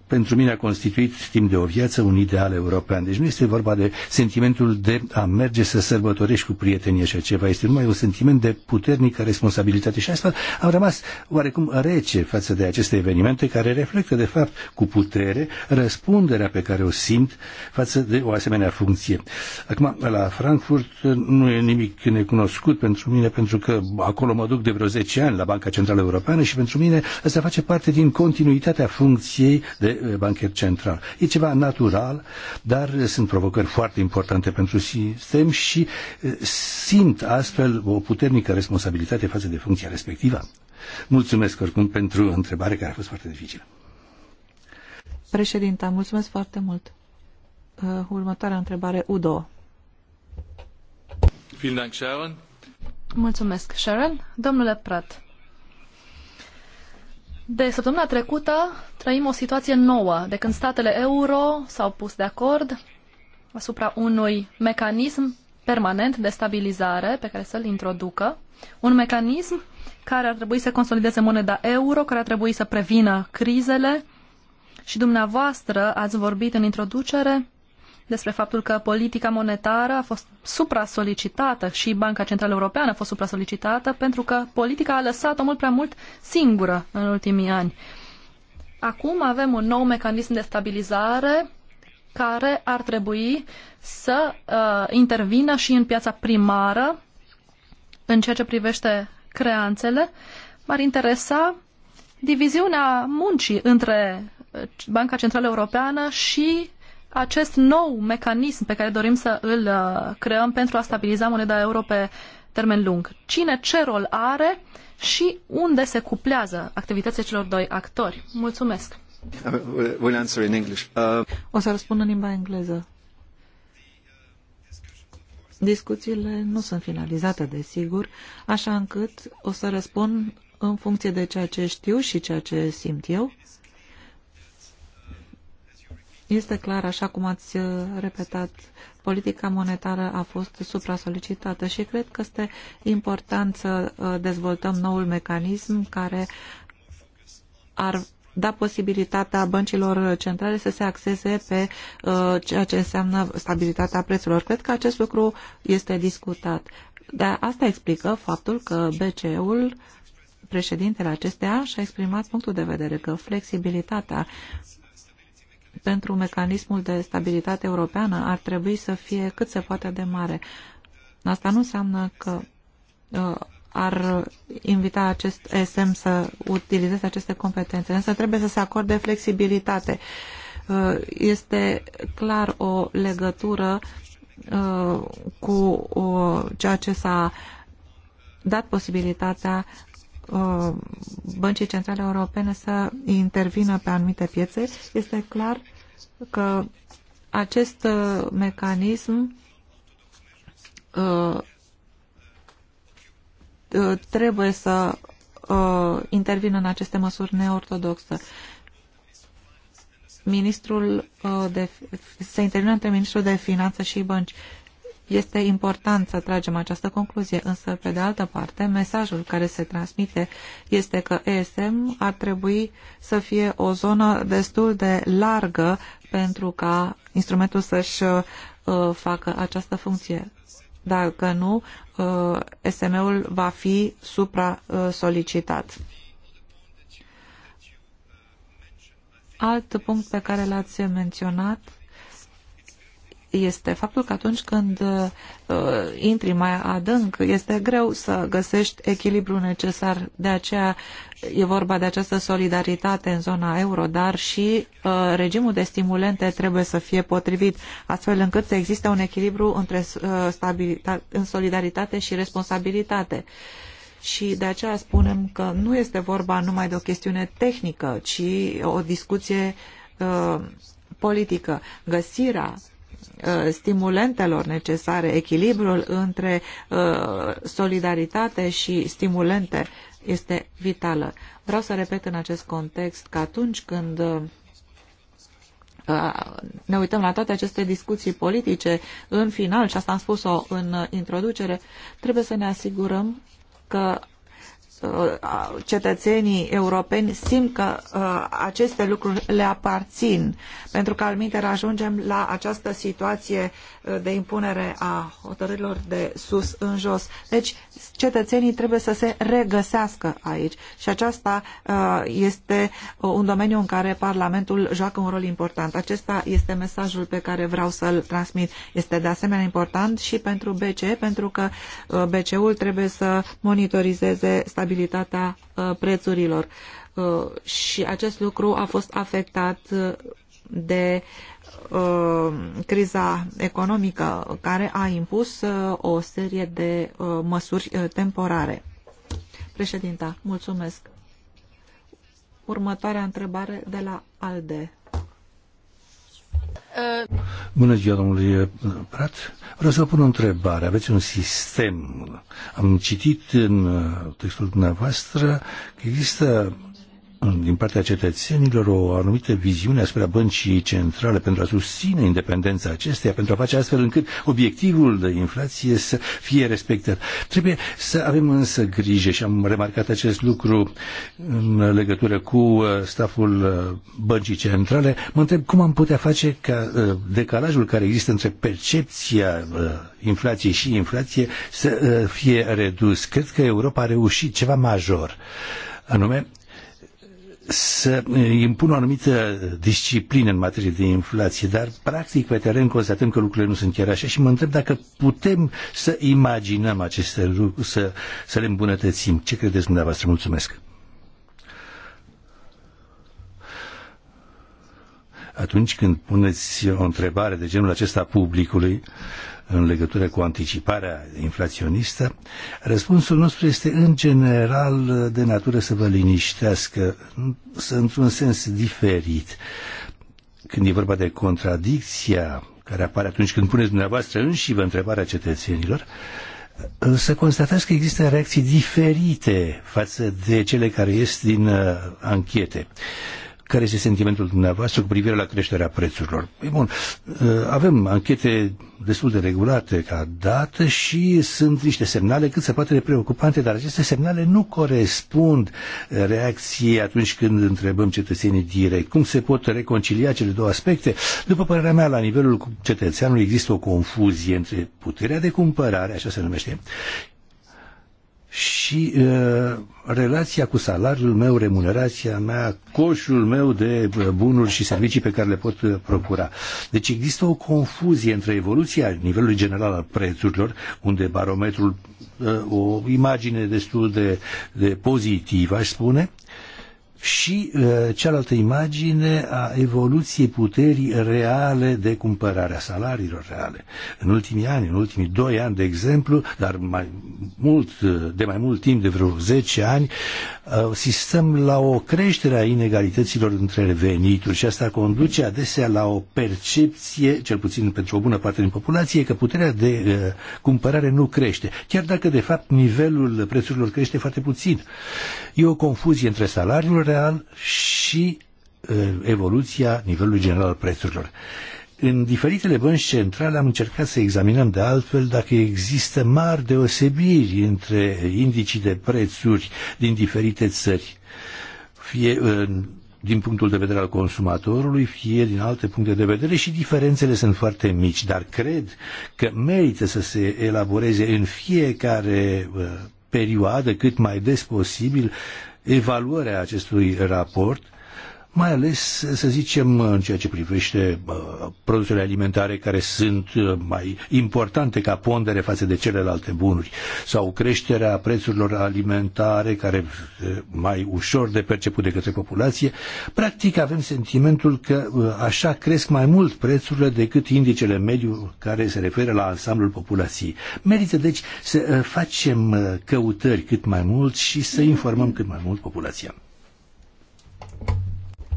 pentru mine a constituit timp de o viață un ideal european. Deci nu este vorba de sentimentul de a merge să sărbătorești cu prietenii așa ceva. Este numai un sentiment de puternică responsabilitate și asta am rămas oarecum rece față de aceste evenimente care reflectă de fapt cu putere răspunderea pe care o simt față de o asemenea funcție. Acum, la Frankfurt nu e nimic necunoscut pentru mine pentru că acolo mă duc de vreo 10 ani la Banca Centrală Europeană și pentru mine asta face parte din continuitatea funcției de bancher central. E ceva natural, dar sunt provocări foarte importante pentru sistem și simt astfel o puternică responsabilitate față de funcția respectivă. Mulțumesc oricum pentru întrebare care a fost foarte dificilă. Președinta, mulțumesc foarte mult. Uh, următoarea întrebare, Udo. Mulțumesc, Sharon. Domnule Prat, de săptămâna trecută trăim o situație nouă, de când statele euro s-au pus de acord asupra unui mecanism permanent de stabilizare pe care să-l introducă, un mecanism care ar trebui să consolideze moneda euro, care ar trebui să prevină crizele și dumneavoastră ați vorbit în introducere despre faptul că politica monetară a fost supra-solicitată și Banca Centrală Europeană a fost supra-solicitată pentru că politica a lăsat-o mult prea mult singură în ultimii ani. Acum avem un nou mecanism de stabilizare care ar trebui să uh, intervină și în piața primară în ceea ce privește creanțele. M-ar interesa diviziunea muncii între Banca Centrală Europeană și acest nou mecanism pe care dorim să îl uh, creăm pentru a stabiliza moneda euro pe termen lung. Cine ce rol are și unde se cuplează activitățile celor doi actori? Mulțumesc! Will answer in English. Uh, o să răspund în limba engleză. Discuțiile nu sunt finalizate, desigur, așa încât o să răspund în funcție de ceea ce știu și ceea ce simt eu este clar, așa cum ați uh, repetat, politica monetară a fost supra-solicitată și cred că este important să uh, dezvoltăm noul mecanism care ar da posibilitatea băncilor centrale să se axeze pe uh, ceea ce înseamnă stabilitatea prețurilor. Cred că acest lucru este discutat. Dar asta explică faptul că BCE-ul, președintele acesteia, și-a exprimat punctul de vedere că flexibilitatea pentru mecanismul de stabilitate europeană ar trebui să fie cât se poate de mare. Asta nu înseamnă că uh, ar invita acest SM să utilizeze aceste competențe, însă trebuie să se acorde flexibilitate. Uh, este clar o legătură uh, cu uh, ceea ce s-a dat posibilitatea uh, băncii centrale europene să intervină pe anumite piețe, este clar că acest uh, mecanism uh, uh, trebuie să intervină în aceste măsuri neortodoxe. Ministrul de, se intervine între ministrul de finanțe și bănci este important să tragem această concluzie, însă, pe de altă parte, mesajul care se transmite este că ESM ar trebui să fie o zonă destul de largă pentru ca instrumentul să-și uh, facă această funcție. Dacă nu, uh, SM-ul va fi supra-solicitat. Alt punct pe care l-ați menționat este faptul că atunci când uh, intri mai adânc, este greu să găsești echilibru necesar. De aceea e vorba de această solidaritate în zona euro, dar și uh, regimul de stimulente trebuie să fie potrivit, astfel încât să existe un echilibru între uh, în solidaritate și responsabilitate. Și de aceea spunem că nu este vorba numai de o chestiune tehnică, ci o discuție uh, politică. Găsirea Uh, stimulentelor necesare, echilibrul între uh, solidaritate și stimulente este vitală. Vreau să repet în acest context că atunci când uh, ne uităm la toate aceste discuții politice în final, și asta am spus-o în introducere, trebuie să ne asigurăm că Uh, cetățenii europeni simt că uh, aceste lucruri le aparțin, pentru că alminter ajungem la această situație uh, de impunere a hotărârilor de sus în jos. Deci cetățenii trebuie să se regăsească aici și aceasta este un domeniu în care Parlamentul joacă un rol important. Acesta este mesajul pe care vreau să-l transmit. Este de asemenea important și pentru BCE, pentru că BCE-ul trebuie să monitorizeze stabilitatea stabilitatea uh, prețurilor uh, și acest lucru a fost afectat uh, de criza economică care a impus o serie de măsuri temporare. Președinta, mulțumesc. Următoarea întrebare de la ALDE. Bună ziua, domnule Prat. Vreau să vă pun o întrebare. Aveți un sistem. Am citit în uh, textul dumneavoastră că există din partea cetățenilor o anumită viziune asupra băncii centrale pentru a susține independența acesteia, pentru a face astfel încât obiectivul de inflație să fie respectat. Trebuie să avem însă grijă și am remarcat acest lucru în legătură cu uh, staful uh, băncii centrale. Mă întreb cum am putea face ca uh, decalajul care există între percepția inflației și inflație să fie redus. Cred că Europa a reușit ceva major anume să impună o anumită disciplină în materie de inflație, dar practic pe teren constatăm că lucrurile nu sunt chiar așa și mă întreb dacă putem să imaginăm aceste lucruri, să, să le îmbunătățim. Ce credeți dumneavoastră? Mulțumesc! Atunci când puneți o întrebare de genul acesta publicului, uh, în legătură cu anticiparea inflaționistă, răspunsul nostru este în general de natură să vă liniștească, într-un sens diferit. Când e vorba de contradicția care apare atunci când puneți dumneavoastră înși vă întrebarea cetățenilor, să constatați că există reacții diferite față de cele care ies din uh, anchete. Uh, care este sentimentul dumneavoastră cu privire la creșterea prețurilor. E păi bun, uh, avem anchete destul de regulate ca dată și sunt niște semnale cât se poate de preocupante, dar aceste semnale nu corespund reacției atunci când întrebăm cetățenii direct. Cum se pot reconcilia cele două aspecte? După părerea mea, la nivelul cetățeanului există o confuzie între puterea de cumpărare, așa se numește, și uh, relația cu salariul meu, remunerația mea, coșul meu de uh, bunuri și servicii pe care le pot uh, procura. Deci există o confuzie între evoluția nivelului general al prețurilor, unde barometrul, uh, o imagine destul de, de pozitivă, aș spune, și uh, cealaltă imagine a evoluției puterii reale de cumpărare, a salariilor reale. În ultimii ani, în ultimii doi ani, de exemplu, dar mai mult, uh, de mai mult timp, de vreo 10 ani, uh, la o creștere a inegalităților între venituri și asta conduce adesea la o percepție, cel puțin pentru o bună parte din populație, că puterea de uh, cumpărare nu crește, chiar dacă, de fapt, nivelul prețurilor crește foarte puțin. E o confuzie între salariul real și uh, evoluția nivelului general al prețurilor. În diferitele bănci centrale am încercat să examinăm de altfel dacă există mari deosebiri între indicii de prețuri din diferite țări, fie uh, din punctul de vedere al consumatorului, fie din alte puncte de vedere și diferențele sunt foarte mici, dar cred că merită să se elaboreze în fiecare uh, perioadă cât mai des posibil evaluarea acestui raport mai ales, să zicem, în ceea ce privește produsele alimentare care sunt mai importante ca pondere față de celelalte bunuri, sau creșterea prețurilor alimentare care mai ușor de perceput de către populație, practic avem sentimentul că așa cresc mai mult prețurile decât indicele mediu care se referă la ansamblul populației. Merită, deci, să facem căutări cât mai mult și să informăm cât mai mult populația.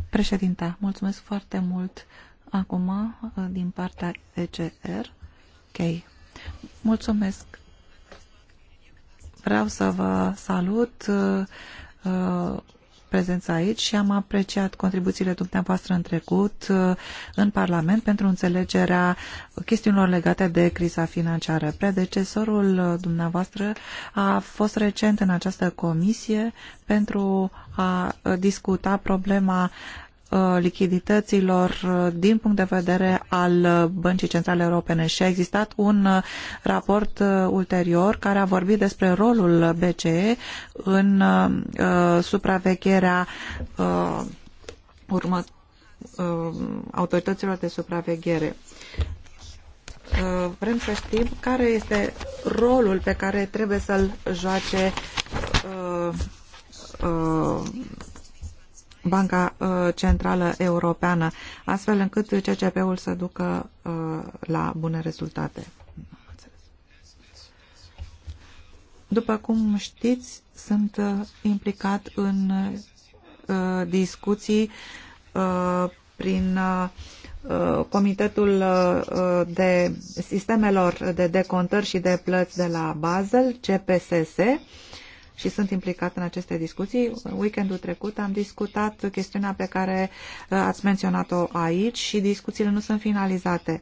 Președinte, mulțumesc foarte mult acum uh, din partea ECR. Ok. Mulțumesc. Vreau să vă salut uh, uh, prezența aici și am apreciat contribuțiile dumneavoastră în trecut uh, în Parlament pentru înțelegerea chestiunilor legate de criza financiară. Predecesorul uh, dumneavoastră a fost recent în această comisie pentru a uh, discuta problema Uh, lichidităților uh, din punct de vedere al uh, Băncii Centrale Europene și a existat un raport ulterior care a vorbit despre rolul BCE în supravegherea urmă, autorităților de supraveghere. Vrem să știm care este rolul pe care trebuie să-l joace Banca uh, Centrală Europeană, astfel încât CCP-ul să ducă uh, la bune rezultate. După cum știți, sunt uh, implicat în discuții prin Comitetul de Sistemelor de Decontări și de Plăți de la Basel, CPSS, și sunt implicat în aceste discuții. Weekendul trecut am discutat chestiunea pe care uh, ați menționat-o aici și discuțiile nu sunt finalizate.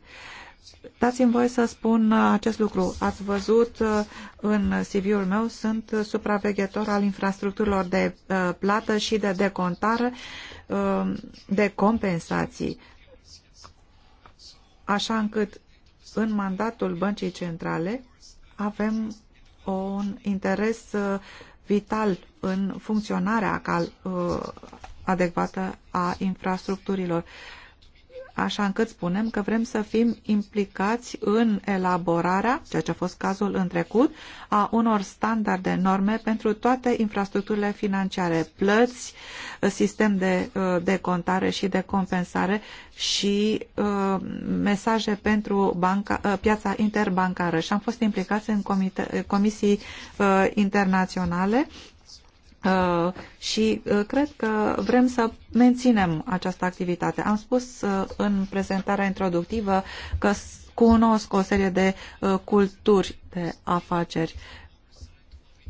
Dați-mi voie să spun uh, acest lucru. Ați văzut uh, în CV-ul meu, sunt supraveghetor al infrastructurilor de plată și de decontare de compensații. Așa încât în mandatul Băncii Centrale avem un interes uh, vital în funcționarea uh, adecvată a infrastructurilor așa încât spunem că vrem să fim implicați în elaborarea, ceea ce a fost cazul în trecut, a unor standarde, norme pentru toate infrastructurile financiare, plăți, sistem de, uh, de contare și de compensare și uh, mesaje pentru banca, uh, piața interbancară. Și am fost implicați în comite, uh, comisii uh, internaționale Uh, și uh, cred că vrem să menținem această activitate. Am spus uh, în prezentarea introductivă că cunosc o serie de culturi de afaceri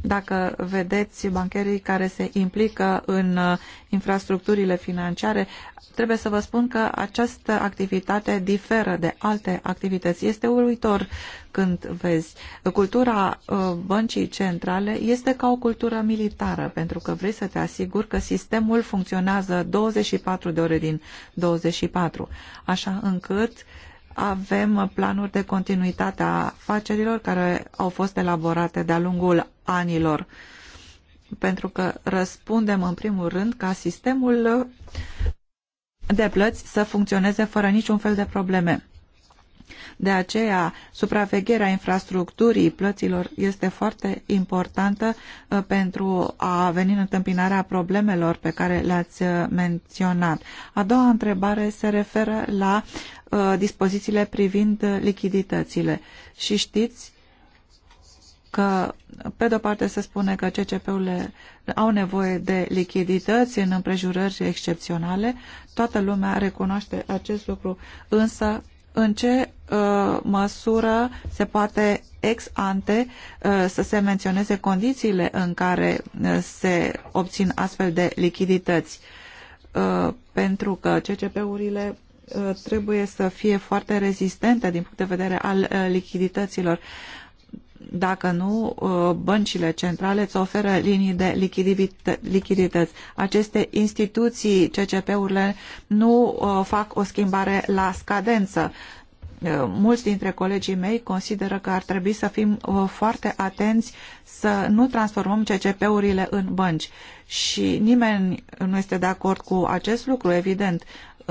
dacă vedeți bancherii care se implică în uh, infrastructurile financiare, trebuie să vă spun că această activitate diferă de alte activități. Este uluitor când vezi. Cultura uh, băncii centrale este ca o cultură militară, pentru că vrei să te asiguri că sistemul funcționează 24 de ore din 24, așa încât uh, avem planuri de continuitate a afacerilor care au fost elaborate de-a lungul anilor, pentru că răspundem în primul rând ca sistemul de plăți să funcționeze fără niciun fel de probleme. De aceea, supravegherea infrastructurii plăților este foarte importantă uh, pentru a veni în întâmpinarea problemelor pe care le-ați uh, menționat. A doua întrebare se referă la uh, dispozițiile privind lichiditățile. Și știți că, pe de-o parte, se spune că CCP-urile au nevoie de lichidități în împrejurări excepționale. Toată lumea recunoaște acest lucru, însă în ce uh, măsură se poate ex ante uh, să se menționeze condițiile în care uh, se obțin astfel de lichidități. Uh, pentru că CCP-urile uh, trebuie să fie foarte rezistente din punct de vedere al uh, lichidităților. Dacă nu, uh, băncile centrale îți oferă linii de lichidități. Aceste instituții, CCP-urile, nu uh, fac o schimbare la scadență. Uh, mulți dintre colegii mei consideră că ar trebui să fim foarte atenți să nu transformăm CCP-urile în bănci. Și nimeni nu este de acord cu acest lucru, evident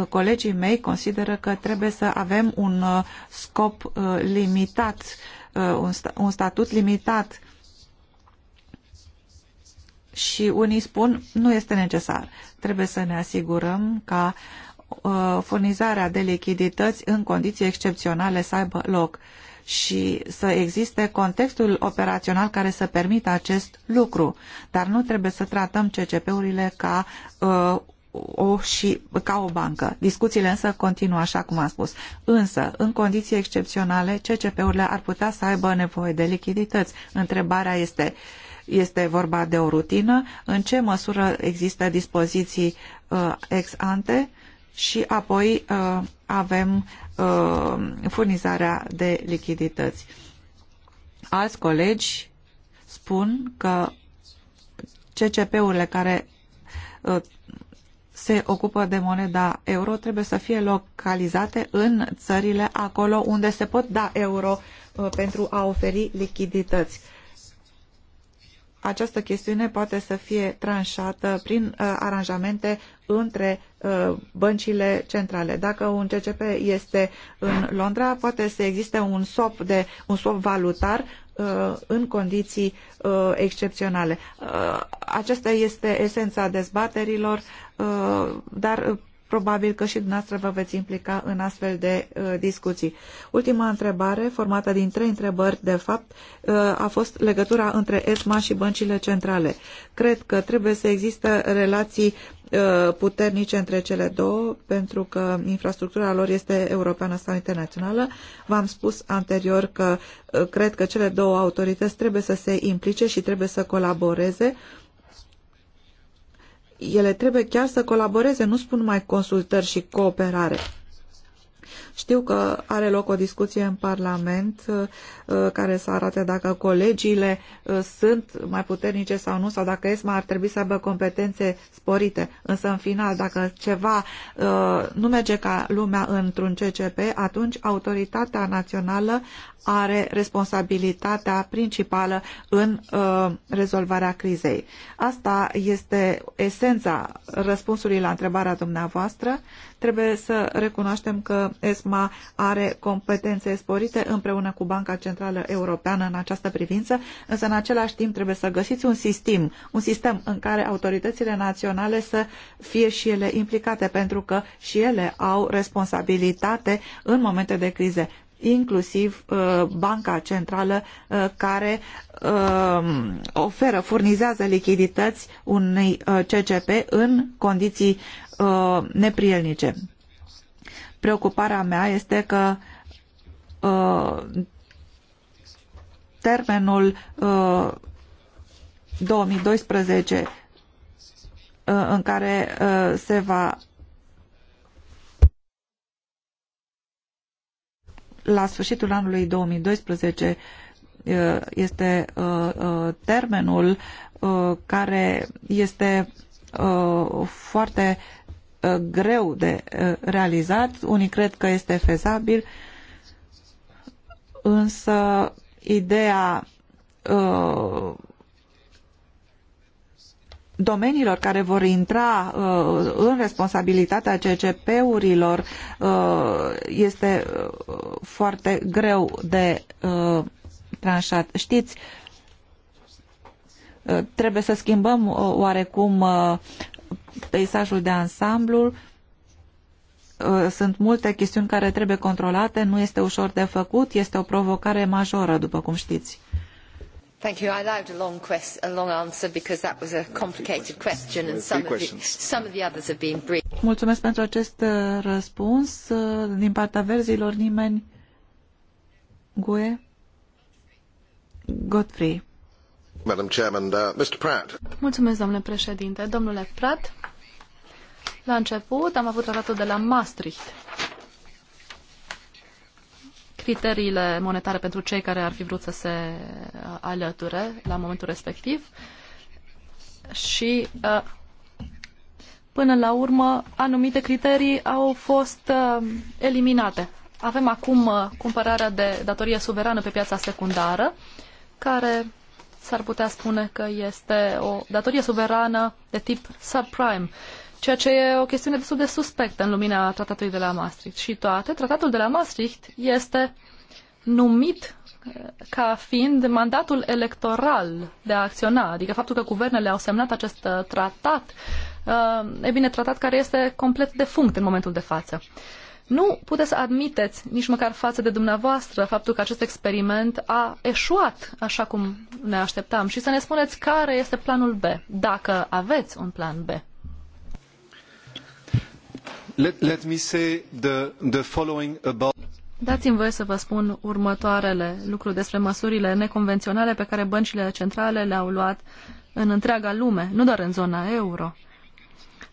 colegii mei consideră că trebuie să avem un scop limitat Uh, un, sta un statut limitat și unii spun nu este necesar. Trebuie să ne asigurăm ca uh, furnizarea de lichidități în condiții excepționale să aibă loc și să existe contextul operațional care să permită acest lucru. Dar nu trebuie să tratăm CCP-urile ca uh, o și ca o bancă. Discuțiile însă continuă, așa cum am spus. Însă, în condiții excepționale, CCP-urile ar putea să aibă nevoie de lichidități. Întrebarea este, este vorba de o rutină, în ce măsură există dispoziții uh, ex ante și apoi uh, avem uh, furnizarea de lichidități. Alți colegi spun că CCP-urile care uh, se ocupă de moneda euro trebuie să fie localizate în țările acolo unde se pot da euro uh, pentru a oferi lichidități. Această chestiune poate să fie tranșată prin uh, aranjamente între uh, băncile centrale. Dacă un CCP este în Londra, poate să existe un swap, de, un swap valutar Uh, în condiții uh, excepționale. Uh, aceasta este esența dezbaterilor, dar Probabil că și dumneavoastră vă veți implica în astfel de uh, discuții. Ultima întrebare, formată din trei întrebări, de fapt, uh, a fost legătura între ESMA și băncile centrale. Cred că trebuie să există relații uh, puternice între cele două, pentru că infrastructura lor este europeană sau internațională. V-am spus anterior că uh, cred că cele două autorități trebuie să se implice și trebuie să colaboreze uh, ele trebuie chiar să colaboreze, nu spun mai consultări și cooperare. Știu că are loc o discuție în Parlament uh, care să arate dacă colegiile uh, sunt mai puternice sau nu, sau dacă ESMA ar trebui să aibă competențe sporite. Însă, în final, dacă ceva uh, nu merge ca lumea într-un CCP, atunci autoritatea națională are responsabilitatea principală în rezolvarea crizei. Asta este esența răspunsului la întrebarea dumneavoastră. Trebuie să recunoaștem că ESMA are competențe sporite împreună cu Banca Centrală Europeană în această privință, însă în același timp trebuie să găsiți un sistem, un sistem în care autoritățile naționale să fie și ele implicate, pentru că și ele au responsabilitate în momente de crize inclusiv uh, banca centrală uh, care uh, oferă, furnizează lichidități unei uh, CCP în condiții uh, neprielnice. Preocuparea mea este că uh, termenul uh, 2012 uh, în care uh, se va la sfârșitul anului 2012 uh, este uh, uh, termenul care este foarte Uh, greu de uh, realizat, unii cred că este fezabil, însă ideea uh, domeniilor care vor intra uh, în responsabilitatea CCP-urilor uh, este foarte greu de uh, tranșat. Știți, trebuie să schimbăm oarecum peisajul de ansamblu. Uh, sunt multe chestiuni care trebuie controlate, nu este ușor de făcut, este o provocare majoră, după cum știți. Thank you. I allowed a long, quest, a long answer because that was a complicated question and some of, the, some of the others have been brief. Mulțumesc pentru acest uh, răspuns. Uh, din partea verzilor nimeni... Gue? Godfrey. Uh, domnule președinte. Domnule Pratt, la început am avut tratatul de la Maastricht. Criteriile monetare pentru cei care ar fi vrut să se uh, alăture la momentul respectiv și uh, până la urmă anumite criterii au fost eliminate. Avem acum cumpărarea de datorie suverană pe piața secundară, care s-ar putea spune că este o datorie suverană de tip subprime, ceea ce e o chestiune destul de suspectă în lumina tratatului de la Maastricht. Și toate, tratatul de la Maastricht este numit eh, ca fiind mandatul electoral de a acționa, adică faptul că guvernele au semnat acest eh, tratat, eh, e bine, tratat care este complet defunct în momentul de față. Nu puteți să admiteți, nici măcar față de dumneavoastră, faptul că acest experiment a eșuat așa cum ne așteptam și să ne spuneți care este planul B, dacă aveți un plan B. Let, let me say the, the following about... Dați-mi voie să vă spun următoarele lucruri despre măsurile neconvenționale pe care băncile centrale le-au luat în întreaga lume, nu doar în zona euro.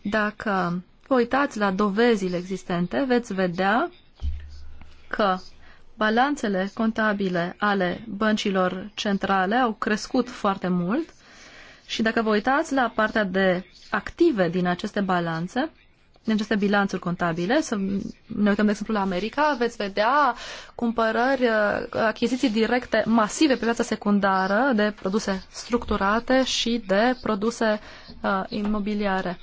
Dacă vă uitați la dovezile existente, veți vedea că balanțele contabile ale băncilor centrale au crescut foarte mult și dacă vă uitați la partea de active din aceste balanțe, din aceste bilanțuri contabile, să ne uităm, de exemplu, la America, veți vedea cumpărări, achiziții directe masive pe piața secundară de produse structurate și de produse uh, imobiliare.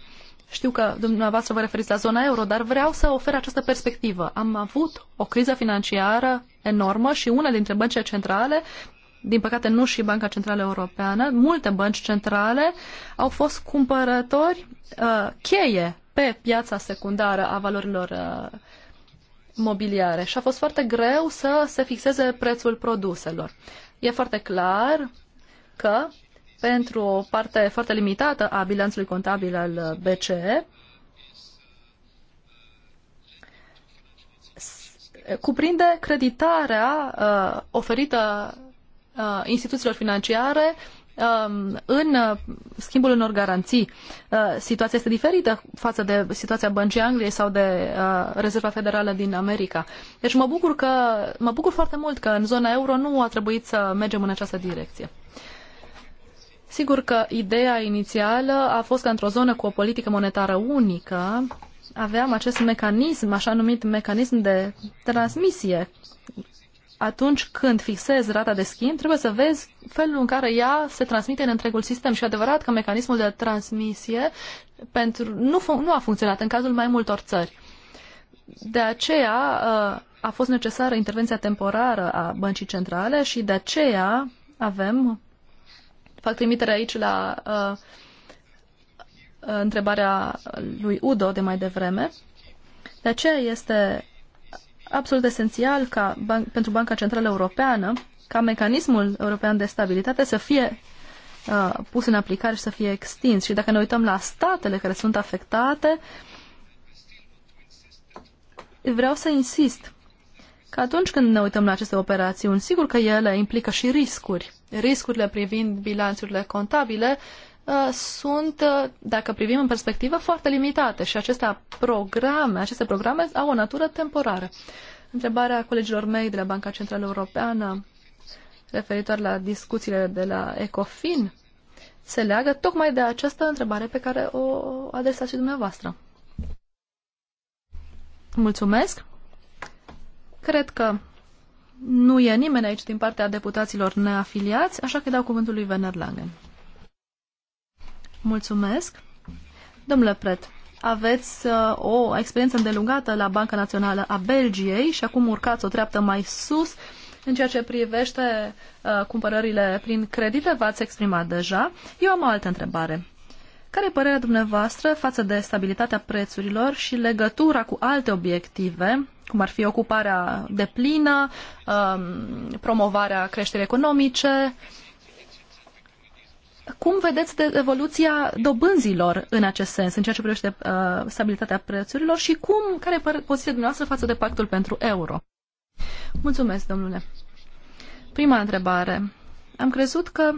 Știu că dumneavoastră vă referiți la zona euro, dar vreau să ofer această perspectivă. Am avut o criză financiară enormă și una dintre băncile centrale, din păcate nu și Banca Centrală Europeană, multe bănci centrale au fost cumpărători uh, cheie pe piața secundară a valorilor uh, mobiliare și a fost foarte greu să se fixeze prețul produselor. E foarte clar că pentru o parte foarte limitată a bilanțului contabil al BCE, cuprinde creditarea uh, oferită uh, instituțiilor financiare uh, în uh, schimbul unor garanții. Uh, situația este diferită față de situația Băncii Angliei sau de uh, Rezerva Federală din America. Deci mă bucur, că, mă bucur foarte mult că în zona euro nu a trebuit să mergem în această direcție. Sigur că ideea inițială a fost că într-o zonă cu o politică monetară unică aveam acest mecanism, așa numit mecanism de transmisie. Atunci când fixezi rata de schimb, trebuie să vezi felul în care ea se transmite în întregul sistem. Și adevărat că mecanismul de transmisie pentru, nu, nu a funcționat în cazul mai multor țări. De aceea uh, a fost necesară intervenția temporară a băncii centrale și de aceea avem Fac trimitere aici la uh, uh, întrebarea lui Udo de mai devreme. De aceea este absolut esențial ca ban- pentru Banca Centrală Europeană ca mecanismul european de stabilitate să fie uh, pus în aplicare și să fie extins. Și dacă ne uităm la statele care sunt afectate, vreau să insist că atunci când ne uităm la aceste operațiuni, sigur că ele implică și riscuri. Riscurile privind bilanțurile contabile uh, sunt, uh, dacă privim în perspectivă, foarte limitate și aceste programe, aceste programe au o natură temporară. Întrebarea colegilor mei de la Banca Centrală Europeană referitor la discuțiile de la ECOFIN se leagă tocmai de această întrebare pe care o adresați și dumneavoastră. Mulțumesc! Cred că nu e nimeni aici din partea deputaților neafiliați, așa că dau cuvântul lui Werner Langen. Mulțumesc. Domnule Pret, aveți uh, o experiență îndelungată la Banca Națională a Belgiei și acum urcați o treaptă mai sus în ceea ce privește uh, cumpărările prin credite, v-ați exprimat deja. Eu am o altă întrebare. Care e părerea dumneavoastră față de stabilitatea prețurilor și legătura cu alte obiective, cum ar fi ocuparea de plină, um, promovarea creșterii economice. Cum vedeți de evoluția dobânzilor în acest sens, în ceea ce privește uh, stabilitatea prețurilor și cum, care e poziția dumneavoastră față de pactul pentru euro? Mulțumesc, domnule. Prima întrebare. Am crezut că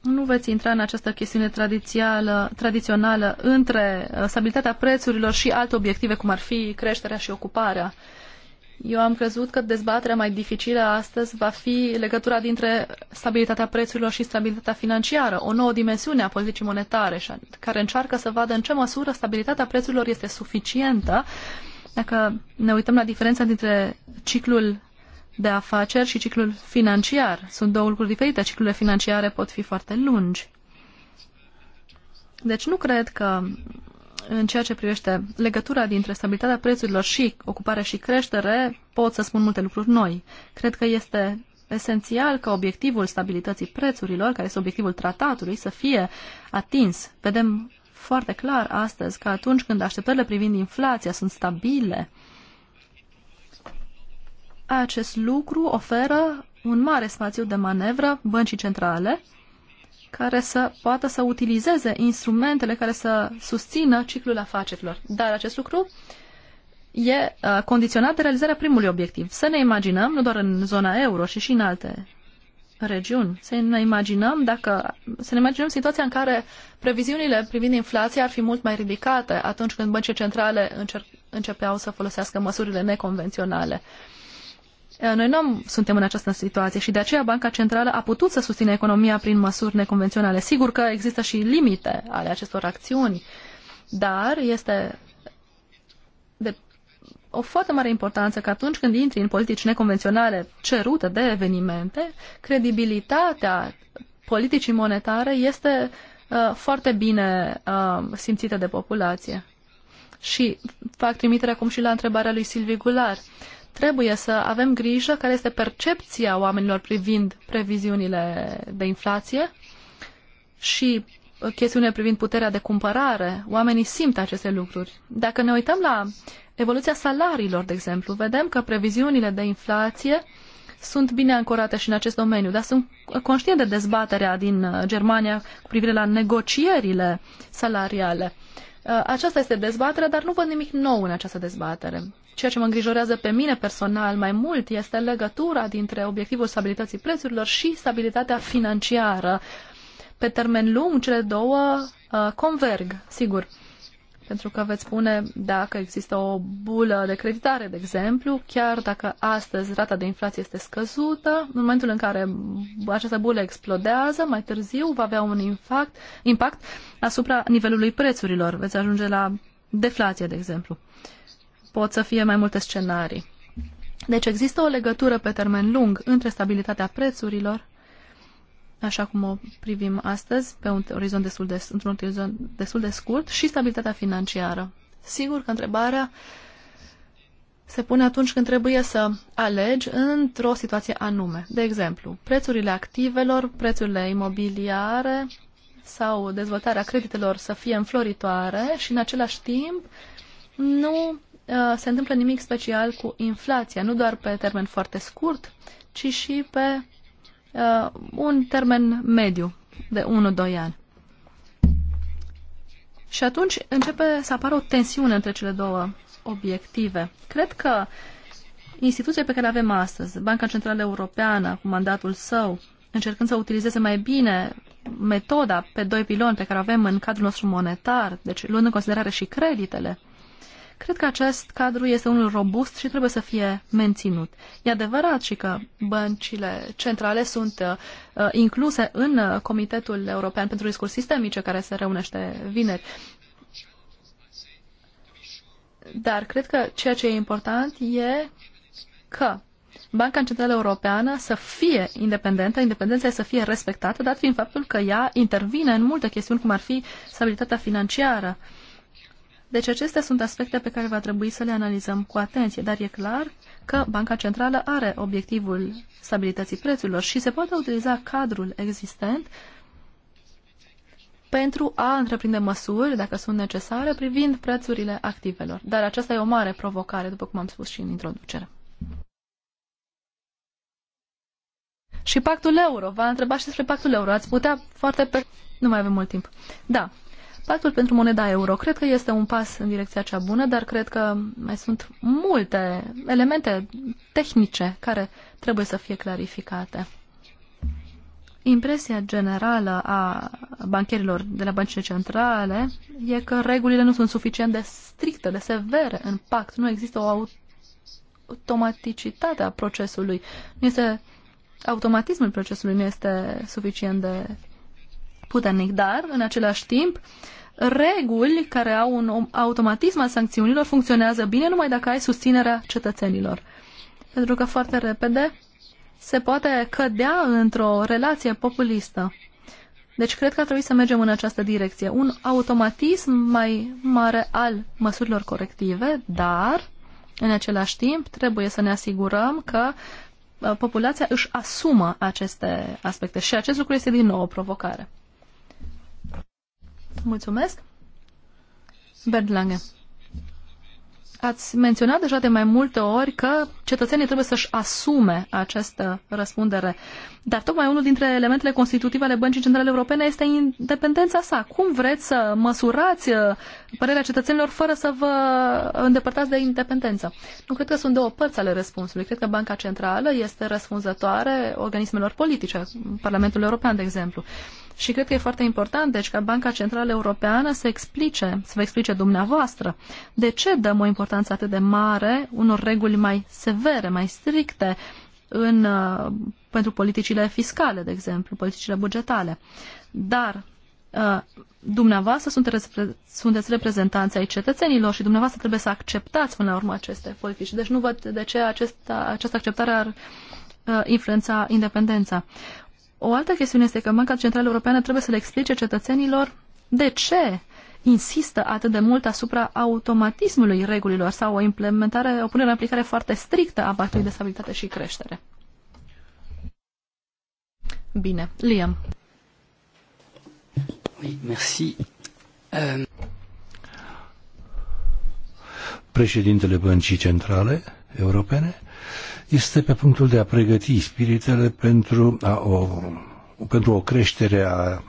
nu veți intra în această chestiune tradițională, tradițională între uh, stabilitatea prețurilor și alte obiective, cum ar fi creșterea și ocuparea. Eu am crezut că dezbaterea mai dificilă astăzi va fi legătura dintre stabilitatea prețurilor și stabilitatea financiară, o nouă dimensiune a politicii monetare, care încearcă să vadă în ce măsură stabilitatea prețurilor este suficientă. Dacă ne uităm la diferența dintre ciclul de afaceri și ciclul financiar. Sunt două lucruri diferite. Ciclurile financiare pot fi foarte lungi. Deci nu cred că în ceea ce privește legătura dintre stabilitatea prețurilor și ocupare și creștere, pot să spun multe lucruri noi. Cred că este esențial ca obiectivul stabilității prețurilor, care este obiectivul tratatului, să fie atins. Vedem foarte clar astăzi că atunci când așteptările privind inflația sunt stabile, acest lucru oferă un mare spațiu de manevră băncii centrale care să poată să utilizeze instrumentele care să susțină ciclul afacerilor. Dar acest lucru e uh, condiționat de realizarea primului obiectiv. Să ne imaginăm, nu doar în zona euro, ci și în alte regiuni, să ne imaginăm dacă, să ne imaginăm situația în care previziunile privind inflația ar fi mult mai ridicate atunci când băncile centrale încer, începeau să folosească măsurile neconvenționale. Uh, Eh, noi nu suntem în această situație și de aceea Banca Centrală a putut să susțină economia prin măsuri neconvenționale. Sigur că există și limite ale acestor acțiuni, dar este de o foarte mare importanță că atunci când intri în politici neconvenționale cerute de evenimente, credibilitatea politicii monetare este uh, foarte bine uh, simțită de populație. Și fac trimitere acum și la întrebarea lui Silvi Gular. Uh, Trebuie să avem grijă care este percepția oamenilor privind previziunile de inflație și uh, chestiunile privind puterea de cumpărare. Oamenii simt aceste lucruri. Dacă ne uităm la evoluția salariilor, de exemplu, vedem că previziunile de inflație sunt bine ancorate și în acest domeniu, dar sunt uh, conștient de dezbaterea din uh, Germania cu privire la negocierile salariale. Aceasta este dezbaterea, dar nu văd nimic nou în această dezbatere. Ceea ce mă îngrijorează pe mine personal mai mult este legătura dintre obiectivul stabilității prețurilor și stabilitatea financiară. Pe termen lung, cele două uh, converg, sigur. Pentru că veți spune, dacă există o bulă de creditare, de exemplu, chiar dacă astăzi rata de inflație este scăzută, în momentul în care această bulă explodează, mai târziu va avea un impact, impact asupra nivelului prețurilor. Veți ajunge la deflație, de exemplu. Uh, pot să fie mai multe scenarii. Deci există o legătură pe termen lung între stabilitatea prețurilor, așa cum o privim astăzi, pe un orizont destul de, într-un orizont destul de scurt, și stabilitatea financiară. Sigur că întrebarea se pune atunci când trebuie să alegi într-o situație anume. De exemplu, prețurile activelor, prețurile imobiliare sau dezvoltarea creditelor să fie înfloritoare și în același timp nu Uh, se întâmplă nimic special cu inflația, nu doar pe termen foarte scurt, ci și pe uh, un termen mediu de 1-2 ani. Și atunci începe să apară o tensiune între cele două obiective. Cred că instituția pe care avem astăzi, Banca Centrală Europeană, cu mandatul său, încercând să utilizeze mai bine metoda pe doi piloni pe care o avem în cadrul nostru monetar, deci luând în considerare și creditele, Cred că acest cadru este unul robust și trebuie să fie menținut. E adevărat și că băncile centrale sunt uh, uh, incluse în uh, Comitetul European pentru Riscuri Sistemice, care se reunește vineri. Dar cred că ceea ce e important e că Banca Centrală Europeană să fie independentă, independența să fie respectată, dat fiind faptul că ea intervine în multe chestiuni, cum ar fi stabilitatea financiară. Uh, deci acestea sunt aspecte pe care va trebui să le analizăm cu atenție, dar e clar că Banca Centrală are obiectivul stabilității prețurilor și se poate utiliza cadrul existent pentru a întreprinde măsuri, dacă sunt necesare, privind prețurile activelor. Dar aceasta e o mare provocare, după cum am spus și în introducere. Și pactul euro. V-a întrebat și despre pactul euro. Ați putea foarte pe... Nu mai avem mult timp. Da, Pactul pentru moneda euro cred că este un pas în direcția cea bună, dar cred că mai sunt multe elemente tehnice care trebuie să fie clarificate. Impresia generală a bancherilor de la băncile centrale e că regulile nu sunt suficient de stricte, de severe în pact. Nu există o automaticitate a procesului. Nu este automatismul procesului nu este suficient de puternic, dar, în același timp, reguli care au un automatism al sancțiunilor funcționează bine numai dacă ai susținerea cetățenilor. Pentru că foarte repede se poate cădea într-o relație populistă. Deci cred că ar trebui să mergem în această direcție. Un automatism mai mare al măsurilor corective, dar în același timp trebuie să ne asigurăm că uh, populația își asumă aceste aspecte și acest lucru este din nou o provocare. Mulțumesc. Bernd Lange. Ați menționat deja de mai multe ori că cetățenii trebuie să-și asume această răspundere. Dar tocmai unul dintre elementele constitutive ale Băncii Centrale Europene este independența sa. Cum vreți să măsurați uh, părerea cetățenilor fără să vă îndepărtați de independență? Nu cred că sunt două părți ale răspunsului. Cred că Banca Centrală este răspunzătoare organismelor politice, Parlamentul European, de exemplu. Și cred că e foarte important, deci, ca Banca Centrală Europeană să explice, să vă explice dumneavoastră, de ce dăm o importanță atât de mare unor reguli mai severe, mai stricte în, uh, pentru politicile fiscale, de exemplu, politicile bugetale. Dar uh, dumneavoastră sunteți reprezentanți ai cetățenilor și dumneavoastră trebuie să acceptați până la urmă aceste politici. Deci nu văd de ce acest, această acceptare ar uh, influența independența. O altă chestiune este că Banca Centrală Europeană trebuie să le explice cetățenilor de ce insistă atât de mult asupra automatismului regulilor sau o implementare, o punere în aplicare foarte strictă a Pactului de Stabilitate și Creștere. Bine, Liam. Oui, merci. Um... Președintele Băncii Centrale Europene este pe punctul de a pregăti spiritele pentru, a o, pentru o creștere a, a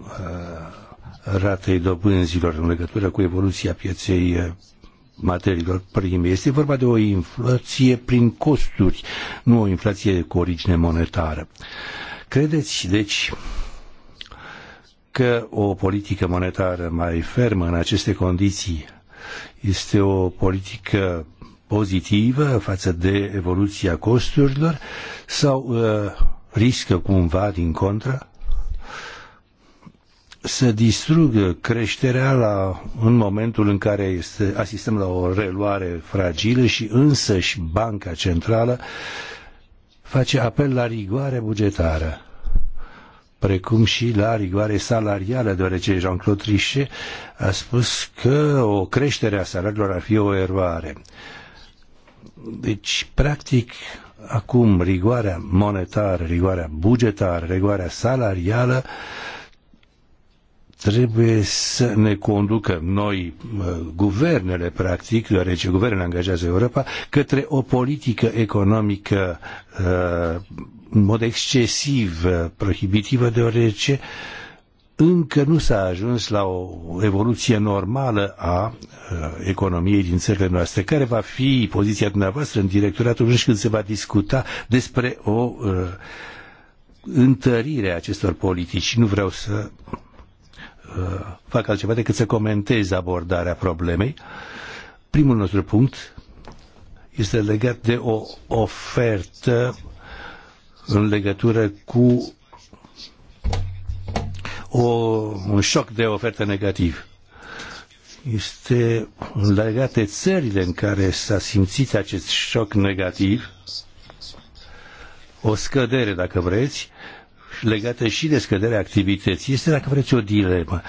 ratei dobânzilor în legătură cu evoluția pieței materiilor prime. Este vorba de o inflație prin costuri, nu o inflație cu origine monetară. Credeți, deci, că o politică monetară mai fermă în aceste condiții este o politică pozitivă față de evoluția costurilor sau uh, riscă cumva din contră să distrugă creșterea la, în momentul în care este, asistăm la o reluare fragilă și însăși Banca Centrală face apel la rigoare bugetară precum și la rigoare salarială, deoarece Jean-Claude Trichet a spus că o creștere a salariilor ar fi o eroare. Deci, practic, acum rigoarea monetară, rigoarea bugetară, rigoarea salarială trebuie să ne conducă noi, guvernele, practic, deoarece guvernele angajează Europa, către o politică economică uh, în mod excesiv uh, prohibitivă, deoarece uh, încă nu s-a ajuns la o evoluție normală a uh, economiei din țările noastre. Care va fi poziția dumneavoastră în directorat atunci când se va discuta despre o uh, întărire a acestor politici? Nu vreau să uh, fac altceva decât să comentez abordarea problemei. Primul nostru punct este legat de o ofertă în legătură cu o, un șoc de ofertă negativ. Este legat de țările în care s-a simțit acest șoc negativ, o scădere, dacă vreți, legată și de scăderea activității. Este, dacă vreți, o dilemă.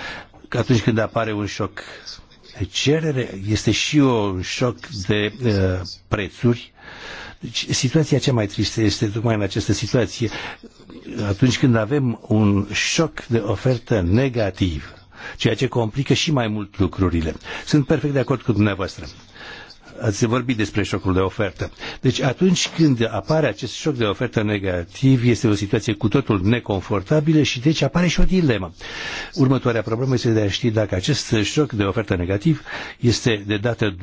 Că atunci când apare un șoc de cerere, este și o șoc de uh, prețuri. Deci, situația cea mai tristă este tocmai în această situație atunci când avem un șoc de ofertă negativ, ceea ce complică și mai mult lucrurile. Sunt perfect de acord cu dumneavoastră ați vorbit despre șocul de ofertă. Deci atunci când apare acest șoc de ofertă negativ, este o situație cu totul neconfortabilă și deci apare și o dilemă. Următoarea problemă este de a ști dacă acest șoc de ofertă negativ este de dată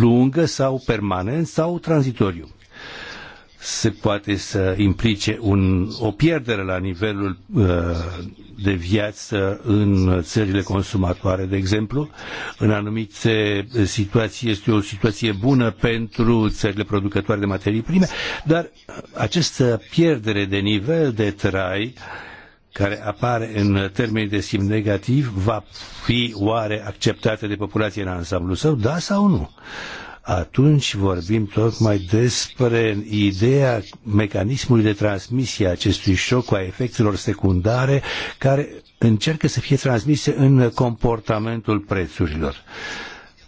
lungă sau permanent sau tranzitoriu se poate să implice un, o pierdere la nivelul uh, de viață în țările consumatoare, de exemplu. În anumite situații este o situație bună pentru țările producătoare de materii prime, dar această pierdere de nivel de trai care apare în termeni de simt negativ, va fi oare acceptată de populație în ansamblu său, da sau nu? Uh, atunci vorbim tocmai despre ideea mecanismului de transmisie a acestui șoc a efectelor secundare care încearcă să fie transmise în comportamentul prețurilor.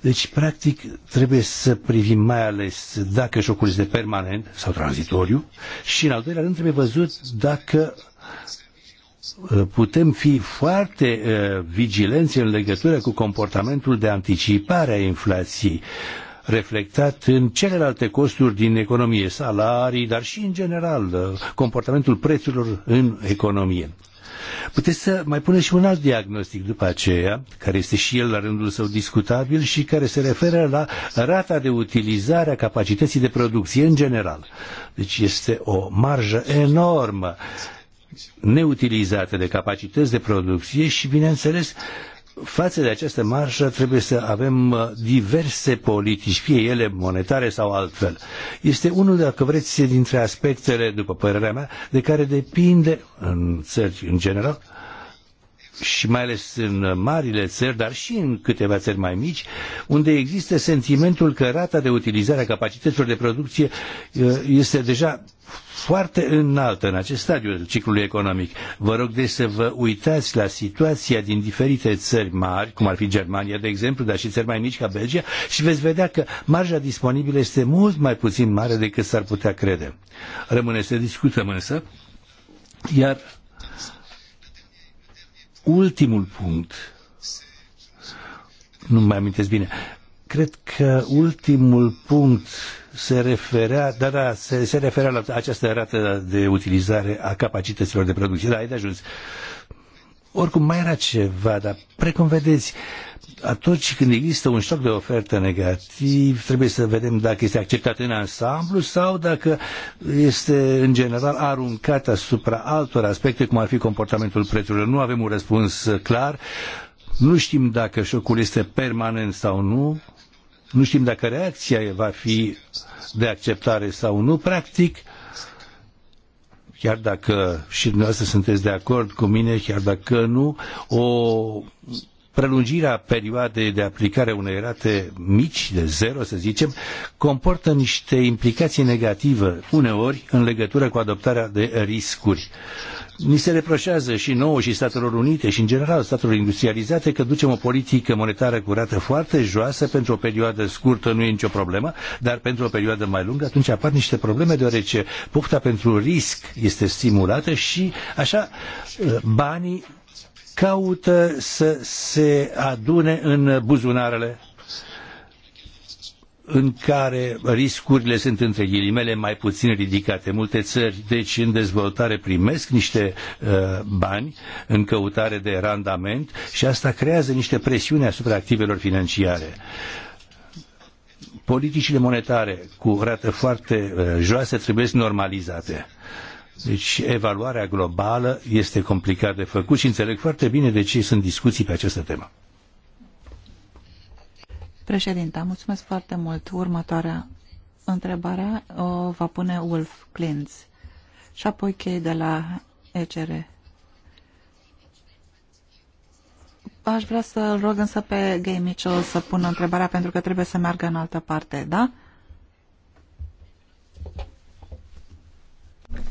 Deci, practic, trebuie să privim mai ales dacă șocul este permanent sau tranzitoriu și, în al doilea rând, trebuie văzut dacă uh, putem fi foarte uh, vigilenți în legătură cu comportamentul de anticipare a inflației reflectat în celelalte costuri din economie, salarii, dar și în general uh, comportamentul prețurilor în economie. Puteți să mai puneți și un alt diagnostic după aceea, care este și el la rândul său discutabil și care se referă la rata de utilizare a capacității de producție în general. Deci este o marjă enormă neutilizate de capacități de producție și, bineînțeles, față de această marjă trebuie să avem uh, diverse politici, fie ele monetare sau altfel. Este unul, dacă vreți, dintre aspectele, după părerea mea, de care depinde în țări în general și mai ales în marile țări, dar și în câteva țări mai mici, unde există sentimentul că rata de utilizare a capacităților de producție uh, este deja foarte înaltă în acest stadiu al ciclului economic. Vă rog de să vă uitați la situația din diferite țări mari, cum ar fi Germania, de exemplu, dar și țări mai mici ca Belgia, și veți vedea că marja disponibilă este mult mai puțin mare decât s-ar putea crede. Rămâne să discutăm însă, iar ultimul punct, nu mai amintesc bine, cred că ultimul punct se referea, da, da, se, se referea la această rată de utilizare a capacităților de producție. Da, ai de ajuns. Oricum, mai era ceva, dar precum vedeți, uh, atunci când există un șoc de ofertă negativ, trebuie să vedem dacă este acceptat în ansamblu sau dacă este în general aruncat asupra altor aspecte, cum ar fi comportamentul prețurilor. Nu avem un răspuns clar, nu știm dacă șocul este permanent sau nu, nu știm dacă reacția va fi de acceptare sau nu, practic, chiar dacă și dumneavoastră sunteți de acord cu mine, chiar dacă nu, o prelungirea perioadei de aplicare unei rate mici de zero, să zicem, comportă niște implicații negative uneori în legătură cu adoptarea de riscuri. Ni se reproșează și nouă și Statelor Unite și în general statelor industrializate că ducem o politică monetară curată foarte joasă pentru o perioadă scurtă nu e nicio problemă, dar pentru o perioadă mai lungă atunci apar niște probleme deoarece pufta pentru risc este stimulată și așa banii caută să se adune în buzunarele în care riscurile sunt între ghilimele mai puțin ridicate. Multe țări, deci, în dezvoltare primesc niște uh, bani în căutare de randament și asta creează niște presiuni asupra activelor financiare. Politicile monetare cu rată foarte uh, joasă trebuie normalizate. Uh, deci evaluarea globală este complicat de făcut și înțeleg foarte bine de ce sunt discuții pe această temă. Președinta, mulțumesc foarte mult. Următoarea întrebare o va pune Wolf Klintz și apoi chei de la ECR. Aș vrea să rog însă pe Gay Mitchell să pună întrebarea pentru că trebuie să meargă în altă parte, da?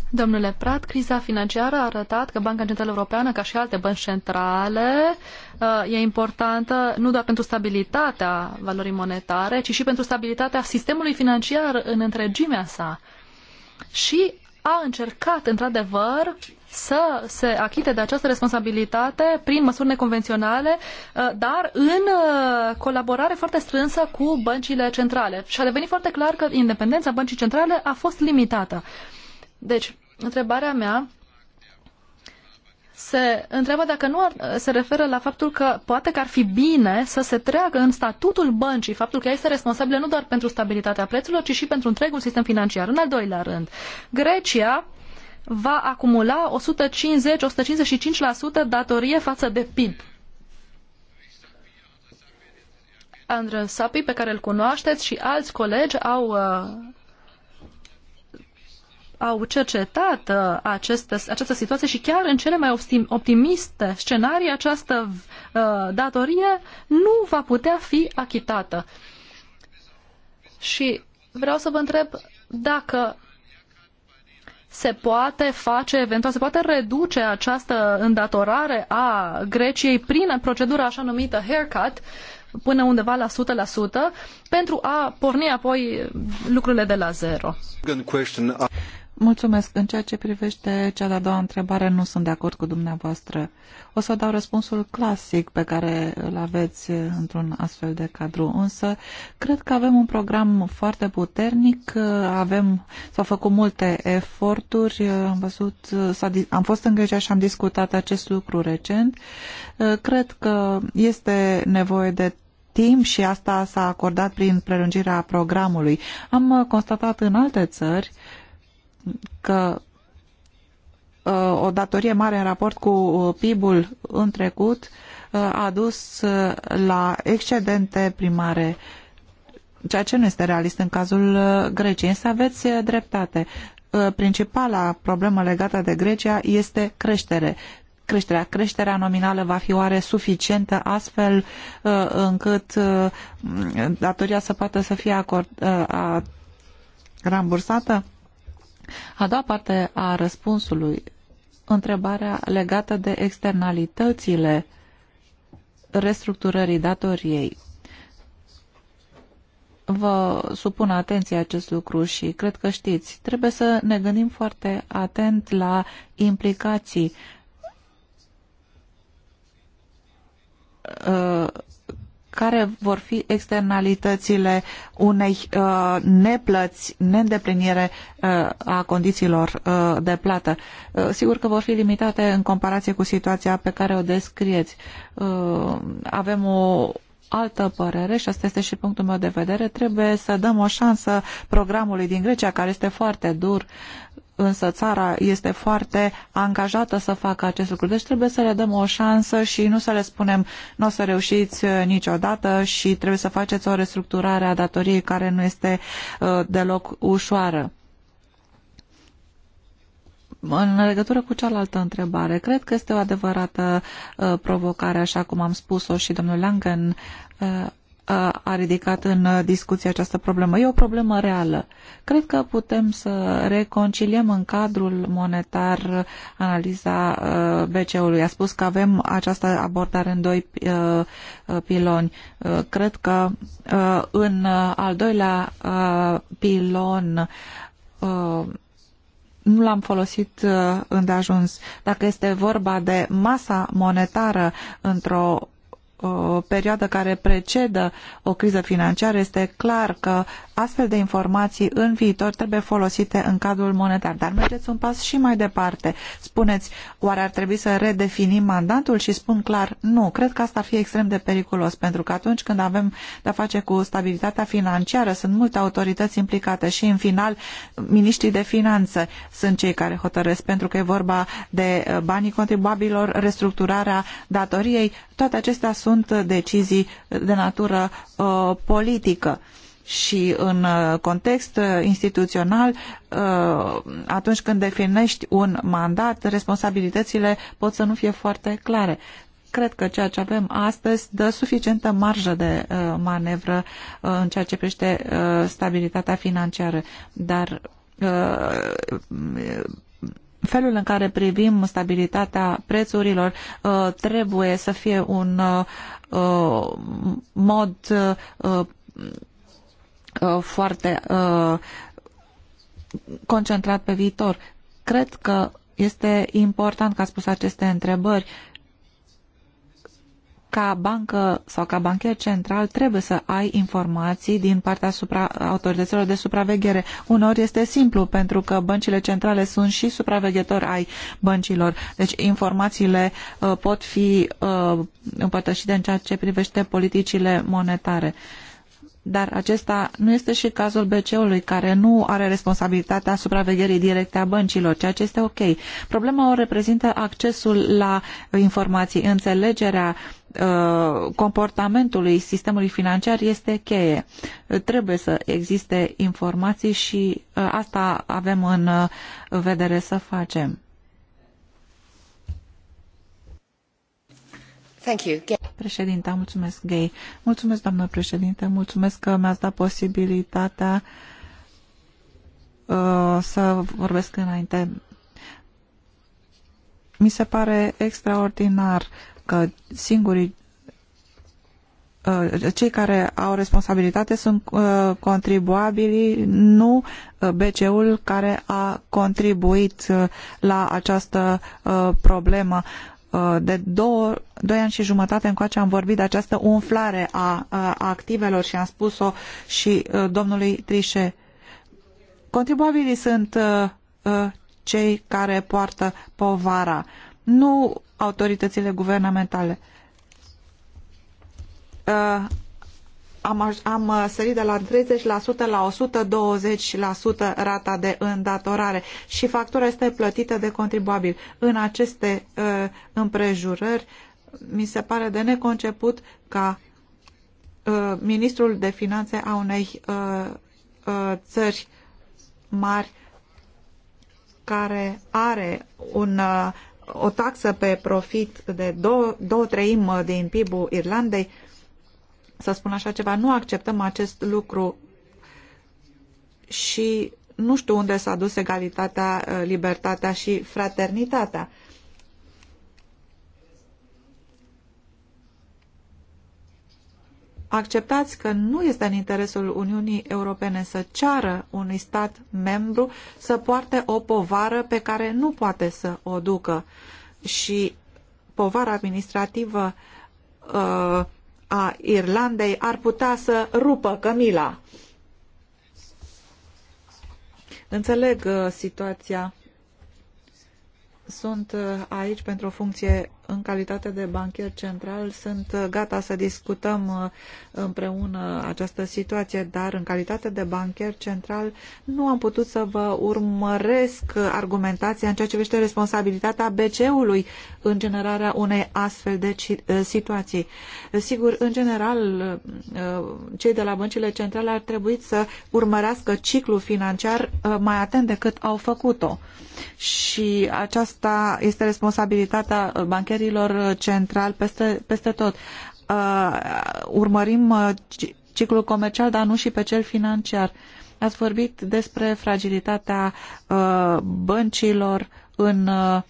Domnule Prat, criza financiară a arătat că Banca Centrală Europeană, ca și alte bănci centrale, uh, e importantă nu doar pentru stabilitatea valorii monetare, ci și pentru stabilitatea sistemului financiar în întregimea sa. Și a încercat, într-adevăr, să se achite de această responsabilitate prin măsuri neconvenționale, uh, dar în uh, colaborare foarte strânsă cu băncile centrale. Și a devenit foarte clar că independența băncii centrale a fost limitată. Deci, întrebarea mea se întreabă dacă nu ar, se referă la faptul că poate că ar fi bine să se treacă în statutul băncii faptul că ea este responsabilă nu doar pentru stabilitatea prețurilor, ci și pentru întregul sistem financiar. În al doilea rând, Grecia va acumula 150-155% datorie față de PIB. Andrei Sapi, pe care îl cunoașteți, și alți colegi au uh, au cercetat uh, aceste, această situație și chiar în cele mai optimiste scenarii această uh, datorie nu va putea fi achitată. Și vreau să vă întreb dacă se poate face, eventual se poate reduce această îndatorare a Greciei prin procedura așa numită haircut până undeva la 100% pentru a porni apoi lucrurile de la zero. Mulțumesc. În ceea ce privește cea de-a doua întrebare, nu sunt de acord cu dumneavoastră. O să dau răspunsul clasic pe care îl aveți într-un astfel de cadru, însă cred că avem un program foarte puternic, avem, s-au făcut multe eforturi, am văzut, am fost îngrijat și am discutat acest lucru recent. Cred că este nevoie de timp și asta s-a acordat prin prelungirea programului. Am constatat în alte țări că uh, o datorie mare în raport cu uh, PIB-ul în trecut uh, a dus la excedente primare, ceea ce nu este realist în cazul Greciei. Însă aveți dreptate. Principala problemă legată de Grecia este creștere creșterea. Creșterea nominală va fi oare suficientă astfel încât datoria să poată să fie acord, a, rambursată? A doua parte a răspunsului, întrebarea legată de externalitățile restructurării datoriei. Vă supun atenție acest lucru și cred că știți, trebuie să ne gândim foarte atent la implicații uh, care vor fi externalitățile unei uh, neplăți, neîndeplinire uh, a condițiilor uh, de plată. Uh, sigur că vor fi limitate în comparație cu situația pe care o descrieți. Uh, avem o altă părere și asta este și punctul meu de vedere, trebuie să dăm o șansă programului din Grecia, care este foarte dur însă țara este foarte angajată să facă acest lucru. Deci trebuie să le dăm o șansă și nu să le spunem nu o să reușiți uh, niciodată și trebuie să faceți o restructurare a datoriei care nu este uh, deloc ușoară. În legătură cu cealaltă întrebare, cred că este o adevărată uh, provocare, așa cum am spus-o și domnul Langen uh, a ridicat în uh, discuție această problemă. E o problemă reală. Cred că putem să reconciliem în cadrul monetar analiza uh, BCE-ului. A spus că avem această abordare în doi uh, piloni. Cred că în al doilea pilon nu l-am folosit îndeajuns. Dacă este vorba de masa monetară într-o o perioadă care precedă o criză financiară, este clar că astfel de informații în viitor trebuie folosite în cadrul monetar. Dar mergeți un pas și mai departe. Spuneți, oare ar trebui să redefinim mandatul? Și spun clar, nu. Cred că asta ar fi extrem de periculos, pentru că atunci când avem de-a face cu stabilitatea financiară, sunt multe autorități implicate și, în final, miniștrii de finanță sunt cei care hotărăsc, pentru că e vorba de uh, banii contribuabilor, restructurarea datoriei. Toate acestea sunt uh, decizii uh, de natură uh, politică și în uh, context uh, instituțional, uh, atunci când definești un mandat, responsabilitățile pot să nu fie foarte clare. Cred că ceea ce avem astăzi dă suficientă marjă de manevră în ceea ce privește stabilitatea financiară, dar felul în care privim stabilitatea prețurilor trebuie să fie un mod Uh, foarte uh, concentrat pe viitor. Cred că este important că a spus aceste întrebări ca bancă sau ca bancher central trebuie să ai informații din partea supra, autorităților de supraveghere. Unor este simplu pentru că băncile centrale sunt și supraveghetori ai băncilor. Deci informațiile uh, pot fi uh, împărtășite în ceea ce privește politicile monetare. Uh, dar acesta nu este și cazul BCE-ului, care nu are responsabilitatea supravegherii directe a băncilor, ceea ce este ok. Problema o reprezintă accesul la informații, înțelegerea uh, comportamentului sistemului financiar este cheie. Trebuie să existe informații și uh, asta avem în uh, vedere să facem. Thank mulțumesc, Gay. Mulțumesc, doamnă președinte, mulțumesc că mi-ați dat posibilitatea uh, să vorbesc înainte. Mi se pare extraordinar că singurii uh, cei care au responsabilitate sunt uh, contribuabilii, nu uh, BCE-ul care a contribuit la această problemă. Uh, de două, doi ani și jumătate încoace am vorbit de această umflare a, uh, a activelor și am spus-o și uh, domnului Trișe. Contribuabilii sunt cei care poartă povara, nu autoritățile guvernamentale am, am uh, sărit de la 30% la 120% rata de îndatorare și factura este plătită de contribuabil. În aceste uh, împrejurări, mi se pare de neconceput ca uh, ministrul de finanțe a unei uh, uh, țări mari care are un uh, o taxă pe profit de două, două treimi din PIB-ul Irlandei, să spun așa ceva. Nu acceptăm acest lucru și nu știu unde s-a dus egalitatea, uh, libertatea și fraternitatea. acceptați că nu este în interesul Uniunii Europene să ceară unui stat membru să poarte o povară pe care nu poate să o ducă și povara administrativă uh, a Irlandei ar putea să rupă Camila. Înțeleg uh, situația. Sunt uh, aici pentru o funcție în calitate de bancher central, sunt gata să discutăm uh, împreună această situație, dar în calitate de bancher central nu am putut să vă urmăresc argumentația în ceea ce privește responsabilitatea BCE-ului în generarea unei astfel de uh, situații. Sigur, în general, uh, cei de la băncile centrale ar trebui să urmărească ciclul financiar mai atent decât au făcut-o. Și aceasta este responsabilitatea bancherilor bancherilor uh, centrali peste, peste tot. Uh, urmărim uh, ciclul comercial, dar nu și pe cel financiar. Ați vorbit despre fragilitatea uh, băncilor în uh,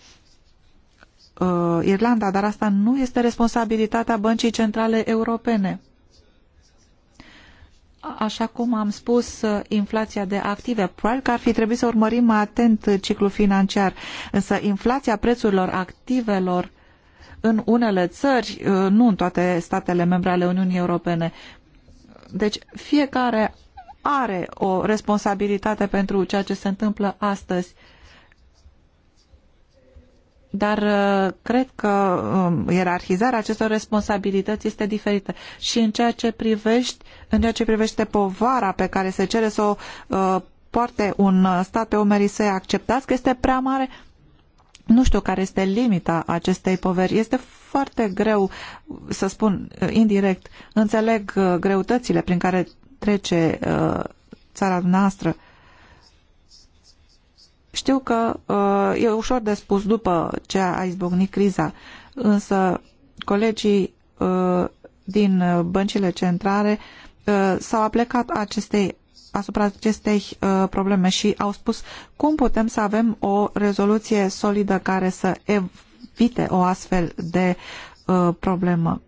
uh, Irlanda, dar asta nu este responsabilitatea băncii centrale europene. Așa cum am spus, uh, inflația de active. Probabil că ar fi trebuit să urmărim mai atent ciclul financiar, însă inflația prețurilor activelor în unele țări, uh, nu în toate statele membre ale Uniunii Europene. Deci fiecare are o responsabilitate pentru ceea ce se întâmplă astăzi. Dar uh, cred că um, ierarhizarea acestor responsabilități este diferită și în ceea ce privește, în ceea ce privește povara pe care se cere să o uh, poarte un stat pe umerii să-i acceptați că este prea mare? Nu știu care este limita acestei poveri. Este foarte greu să spun uh, indirect. Înțeleg uh, greutățile prin care trece uh, țara noastră. Știu că e ușor de spus după ce a izbucnit criza, însă colegii din băncile centrale s-au aplecat acestei asupra acestei uh, probleme și au spus cum putem să avem o rezoluție solidă care să evite o astfel de uh, problemă.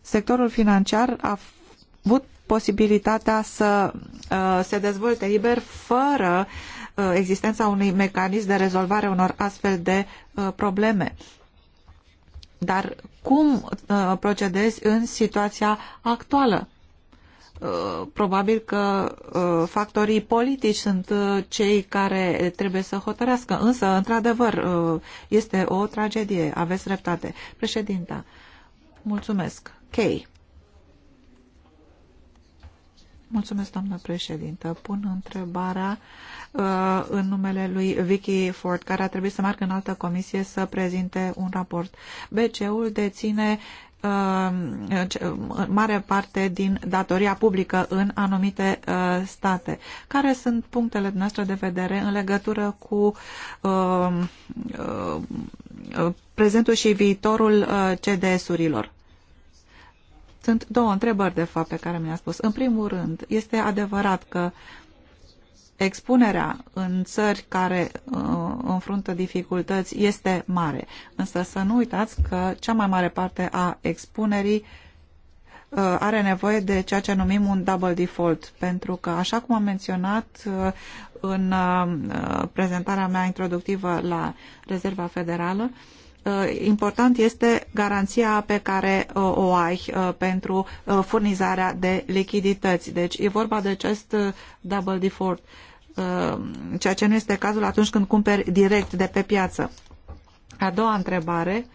Sectorul financiar a avut posibilitatea să uh, se dezvolte liber fără existența unui mecanism de rezolvare unor astfel de probleme. Dar cum procedezi în situația actuală? Uh, probabil că uh, factorii politici sunt uh, cei care trebuie să hotărească. Însă, într-adevăr, este o tragedie. Aveți dreptate. Președinta, mulțumesc. K. Mulțumesc, doamnă președintă. Pun întrebarea uh, în numele lui Vicky Ford, care a trebuit să meargă în altă comisie să prezinte un raport. bc ul deține Uh, uh, mare parte din datoria publică în anumite uh, state. Care sunt punctele noastre de vedere în legătură cu prezentul și viitorul CDS-urilor? Sunt două întrebări, de fapt, pe care mi a spus. În primul rând, este adevărat că expunerea în țări care uh, înfruntă dificultăți este mare. Însă să nu uitați că cea mai mare parte a expunerii uh, are nevoie de ceea ce numim un double default, pentru că, așa cum am menționat uh, în uh, prezentarea mea introductivă la Rezerva Federală, uh, Uh, important este garanția pe care uh, o ai uh, pentru furnizarea de lichidități. Deci e vorba de acest double default, ceea ce nu este cazul atunci când cumperi direct de pe piață. A doua întrebare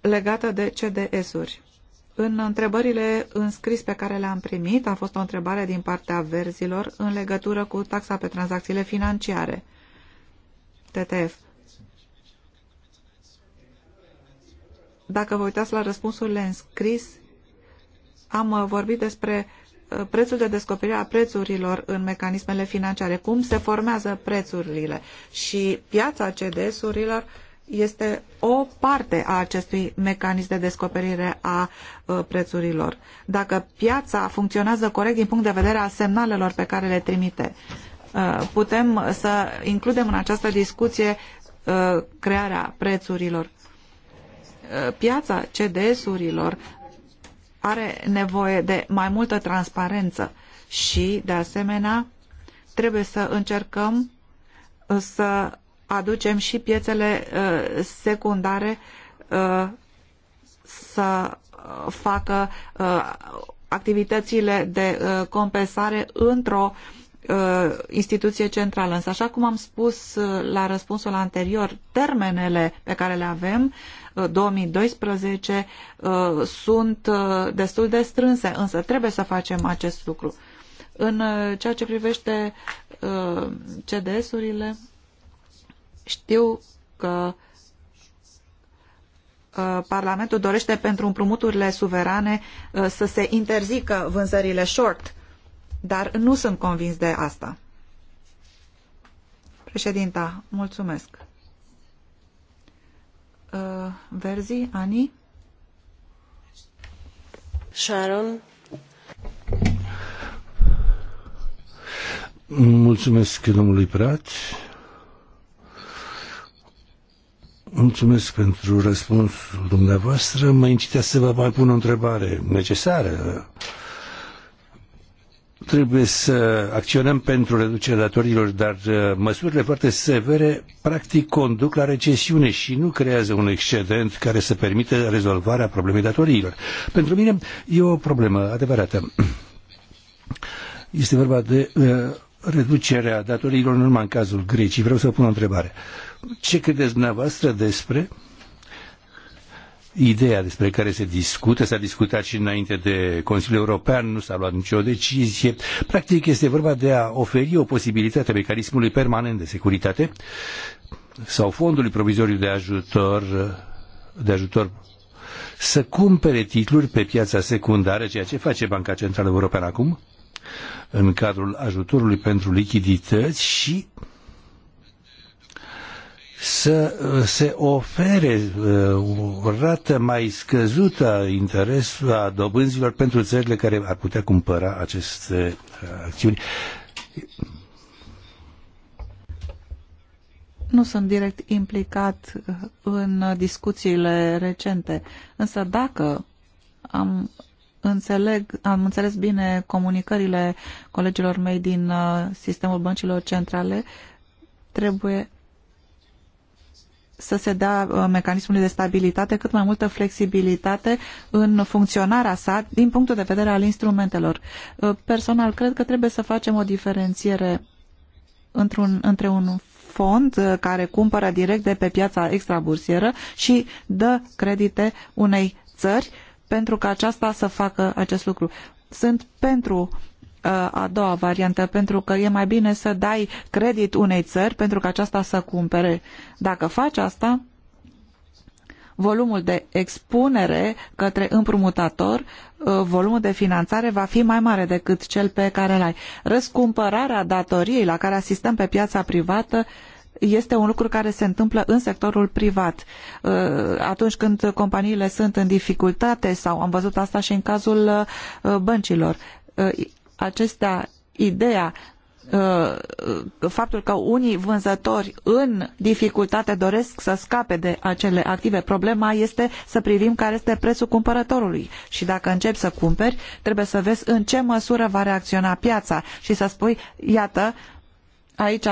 legată de CDS-uri. În întrebările înscris pe care le-am primit, a fost o întrebare din partea verzilor în legătură cu taxa pe tranzacțiile financiare, TTF. Dacă vă uitați la răspunsurile în scris, am uh, vorbit despre uh, prețul de descoperire a prețurilor în mecanismele financiare, cum se formează prețurile și piața CDS-urilor este o parte a acestui mecanism de descoperire a uh, prețurilor. Dacă piața funcționează corect din punct de vedere al semnalelor pe care le trimite, putem să includem în această discuție crearea prețurilor piața CDS-urilor are nevoie de mai multă transparență și, de asemenea, trebuie să încercăm uh, să aducem și piețele uh, secundare uh, să facă activitățile de compensare într-o instituție centrală. Însă, așa cum am spus la răspunsul anterior, termenele pe care le avem 2012 uh, sunt uh, destul de strânse, însă trebuie să facem acest lucru. În uh, ceea ce privește CDS-urile, știu că Parlamentul dorește pentru împrumuturile suverane să se interzică vânzările short, dar nu sunt convins de asta. Președinta, mulțumesc uh, Verzi, Ani? Sharon. Mulțumesc domnului Prat. Mulțumesc pentru răspunsul dumneavoastră. Mă incitea să vă mai pun o întrebare necesară trebuie să acționăm pentru reducerea datorilor, dar uh, măsurile foarte severe practic conduc la recesiune și nu creează un excedent care să permită rezolvarea problemei datoriilor. Pentru mine e o problemă adevărată. Este vorba de uh, reducerea datoriilor, numai în cazul Greciei. Vreau să pun o întrebare. Ce credeți dumneavoastră despre uh, ideea despre care se discută, s-a discutat și înainte de Consiliul European, nu s-a luat nicio decizie. Practic este vorba de a oferi o posibilitate a mecanismului permanent de securitate sau fondului provizoriu de ajutor, de ajutor să cumpere titluri pe piața secundară, ceea ce face Banca Centrală Europeană acum, în cadrul ajutorului pentru lichidități și să uh, se ofere uh, o rată mai scăzută a interesului a dobânzilor pentru țările care ar putea cumpăra aceste uh, acțiuni. Nu sunt direct implicat în discuțiile recente, însă dacă am înțeleg, am înțeles bine comunicările colegilor mei din sistemul băncilor centrale, trebuie să se dea uh, mecanismului de stabilitate cât mai multă flexibilitate în funcționarea sa din punctul de vedere al instrumentelor. Uh, personal, cred că trebuie să facem o diferențiere într-un, între un fond uh, care cumpără direct de pe piața extrabursieră și dă credite unei țări pentru ca aceasta să facă acest lucru. Sunt pentru a doua variantă, pentru că e mai bine să dai credit unei țări pentru că aceasta să cumpere. Dacă faci asta, volumul de expunere către împrumutator, ă, volumul de finanțare va fi mai mare decât cel pe care l-ai. Răscumpărarea datoriei la care asistăm pe piața privată este un lucru care se întâmplă în sectorul privat. Ă, atunci când companiile sunt în dificultate sau am văzut asta și în cazul ă, băncilor acestea ideea uh, uh, faptul că unii vânzători în dificultate doresc să scape de acele active. Problema este să privim care este prețul cumpărătorului și dacă începi să cumperi, trebuie să vezi în ce măsură va reacționa piața și să spui, iată, aici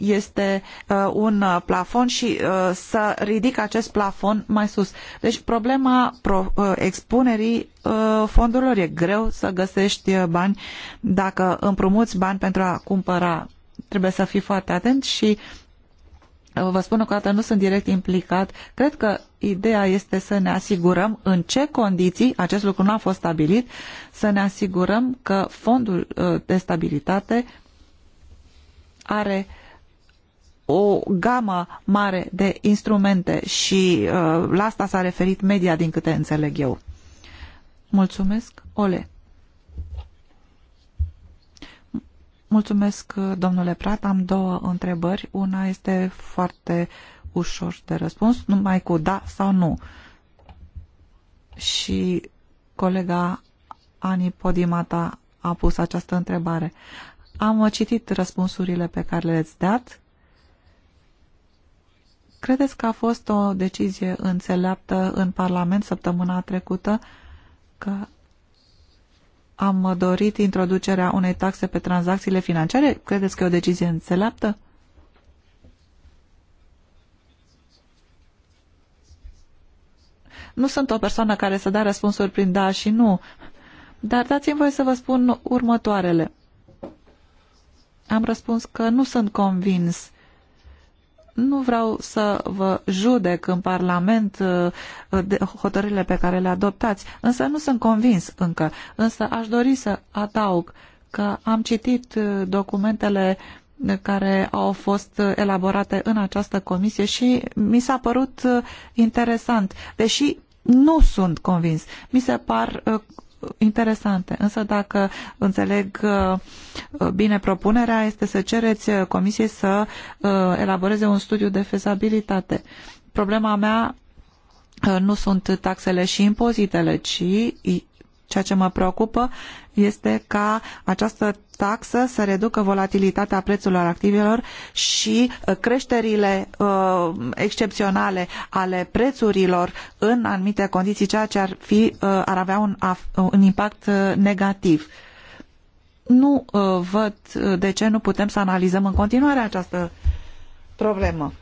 este uh, un uh, plafon și uh, să ridic acest plafon mai sus. Deci problema pro, uh, expunerii uh, fondurilor e greu să găsești uh, bani dacă împrumuți bani pentru a cumpăra. Trebuie să fii foarte atent și vă spun o dată nu sunt direct implicat. Cred că ideea este să ne asigurăm în ce condiții, acest lucru nu a fost stabilit, să ne asigurăm că fondul de stabilitate are o gamă mare de instrumente și uh, la asta s-a referit media din câte înțeleg eu. Mulțumesc, Ole. Mulțumesc, domnule Prat. Am două întrebări. Una este foarte ușor de răspuns, numai cu da sau nu. Și colega Ani Podimata a pus această întrebare. Am citit răspunsurile pe care le-ați dat. Credeți că a fost o decizie înțeleaptă în Parlament săptămâna trecută că am dorit introducerea unei taxe pe tranzacțiile financiare? Credeți că e o decizie înțeleaptă? Nu sunt o persoană care să dea răspunsuri prin da și nu, dar dați-mi voie să vă spun următoarele am răspuns că nu sunt convins. Nu vreau să vă judec în Parlament uh, de hotările pe care le adoptați, însă nu sunt convins încă. Însă aș dori să adaug că am citit uh, documentele uh, care au fost elaborate în această comisie și mi s-a părut interesant, deși nu sunt convins. Mi se par interesante. Însă dacă înțeleg uh, bine propunerea, este să cereți uh, comisiei să uh, elaboreze un studiu de fezabilitate. Problema mea nu sunt taxele și impozitele, ci Ceea ce mă preocupă este ca această taxă să reducă volatilitatea prețurilor activelor și uh, creșterile uh, excepționale ale prețurilor în anumite condiții, ceea ce ar, fi, uh, ar avea un, un impact uh, negativ. Nu uh, văd uh, de ce nu putem să analizăm în continuare această problemă.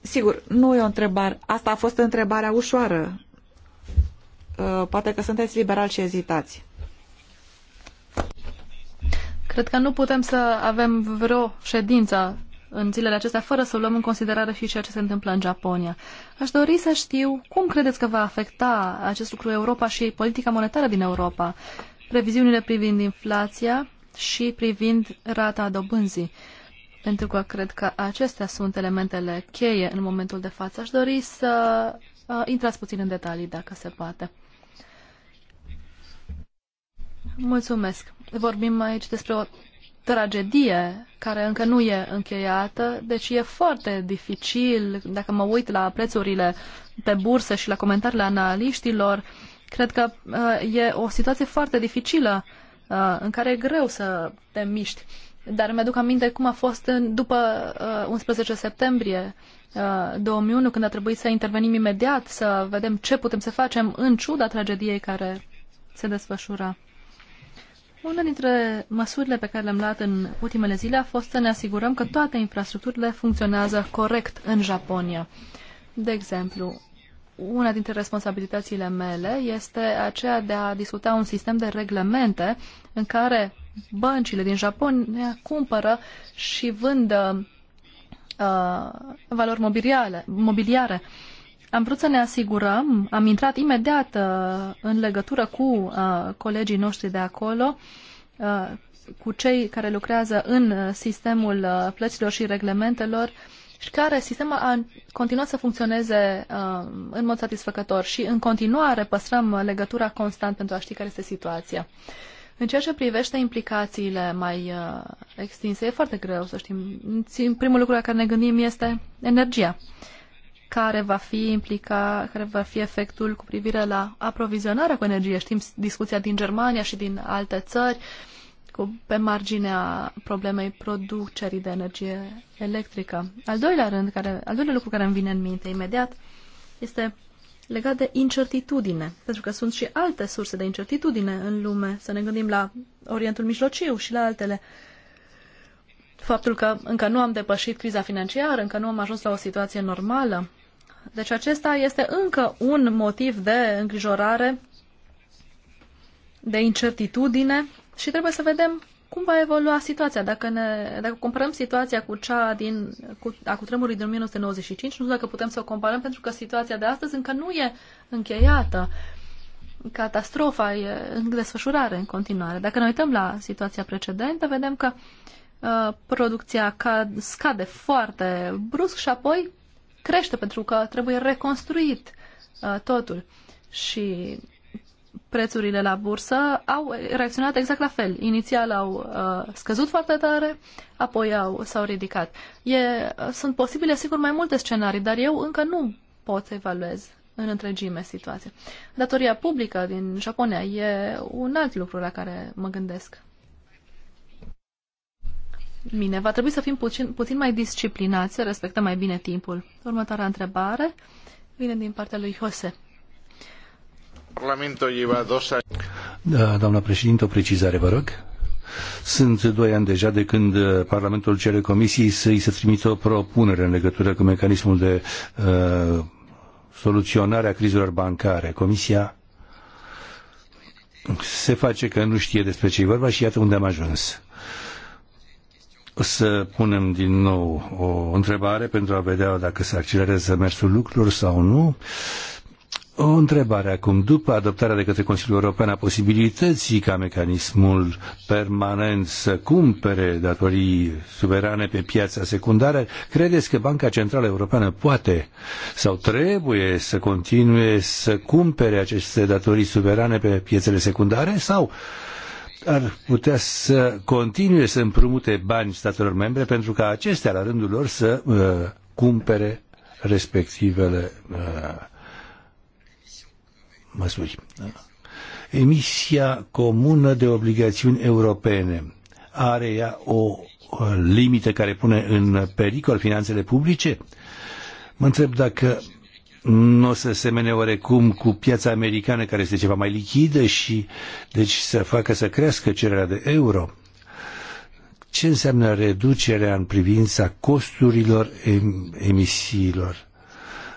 Sigur, nu e o întrebare. Asta a fost întrebarea ușoară Uh, poate că sunteți liberal și ezitați. Cred că nu putem să avem vreo ședință în zilele acestea fără să luăm în considerare și ceea ce se întâmplă în Japonia. Aș dori să știu cum credeți că va afecta acest lucru Europa și politica monetară din Europa, previziunile privind inflația și privind rata dobânzii. Pentru că cred că acestea sunt elementele cheie în momentul de față. Aș dori să uh, intrați puțin în detalii, dacă se poate. Mulțumesc. Vorbim aici despre o tragedie care încă nu e încheiată, deci e foarte dificil, dacă mă uit la prețurile pe bursă și la comentariile analiștilor, cred că uh, e o situație foarte dificilă uh, în care e greu să te miști. Dar mi-aduc aminte cum a fost în, după uh, 11 septembrie 2001, uh, când a trebuit să intervenim imediat, să vedem ce putem să facem în ciuda tragediei care se desfășura. Una dintre măsurile pe care le-am luat în ultimele zile a fost să ne asigurăm că toate infrastructurile funcționează corect în Japonia. De exemplu, una dintre responsabilitățile mele este aceea de a discuta un sistem de reglemente în care băncile din Japonia cumpără și vândă uh, valori mobiliare. mobiliare. Uh, am vrut să ne asigurăm, am intrat imediat uh, în legătură cu uh, colegii noștri de acolo, uh, cu cei care lucrează în uh, sistemul uh, plăților și reglementelor și care sistemul a continuat să funcționeze uh, în mod satisfăcător și în continuare păstrăm legătura constant pentru a ști care este situația. În ceea ce privește implicațiile mai uh, extinse, e foarte greu să știm. Primul lucru la care ne gândim este energia. Uh, care va fi implica, care va fi efectul cu privire la aprovizionarea cu energie. Știm discuția din Germania și din alte țări cu, pe marginea problemei producerii de energie electrică. Al doilea, rând care, al doilea lucru care îmi vine în minte imediat este legat de incertitudine, pentru că sunt și alte surse de incertitudine în lume. Să ne gândim la Orientul Mijlociu și la altele. Faptul că încă nu am depășit criza financiară, încă nu am ajuns la o situație normală, deci acesta este încă un motiv de îngrijorare, de incertitudine și trebuie să vedem cum va evolua situația. Dacă, ne, dacă comparăm situația cu cea din, cu, a cutremurului din 1995, nu știu dacă putem să o comparăm, pentru că situația de astăzi încă nu e încheiată. Catastrofa e în desfășurare în continuare. Dacă ne uităm la situația precedentă, vedem că uh, producția cad, scade foarte brusc și apoi crește pentru că trebuie reconstruit uh, totul. Și prețurile la bursă au reacționat exact la fel. Inițial au uh, scăzut foarte tare, apoi au, s-au ridicat. E, uh, sunt posibile, sigur, mai multe scenarii, dar eu încă nu pot să evaluez în întregime situația. Datoria publică din Japonia e un alt lucru la care mă gândesc. Bine, Va trebui să fim puțin, puțin mai disciplinați, să respectăm mai bine timpul. Următoarea întrebare vine din partea lui Jose. Parlamentul Da, doamna președinte, o precizare, vă rog. Sunt doi ani deja de când uh, Parlamentul cere comisiei să-i se trimită o propunere în legătură cu mecanismul de uh, soluționare a crizelor bancare. Comisia se face că nu știe despre ce e vorba și iată unde am ajuns să punem din nou o întrebare pentru a vedea dacă se accelerează mersul lucrurilor sau nu. O întrebare acum. După adoptarea de către Consiliul European a posibilității ca mecanismul permanent să cumpere datorii suverane pe piața secundară, credeți că Banca Centrală Europeană poate sau trebuie să continue să cumpere aceste datorii suverane pe piețele secundare sau ar putea să continue să împrumute bani statelor membre pentru ca acestea, la rândul lor, să uh, cumpere respectivele uh, măsuri. Emisia comună de obligațiuni europene are ea o uh, limită care pune în pericol finanțele publice? Mă întreb dacă nu se semene oarecum cu piața americană care este ceva mai lichidă și deci să facă să crească cererea de euro. Ce înseamnă reducerea în privința costurilor emisiilor?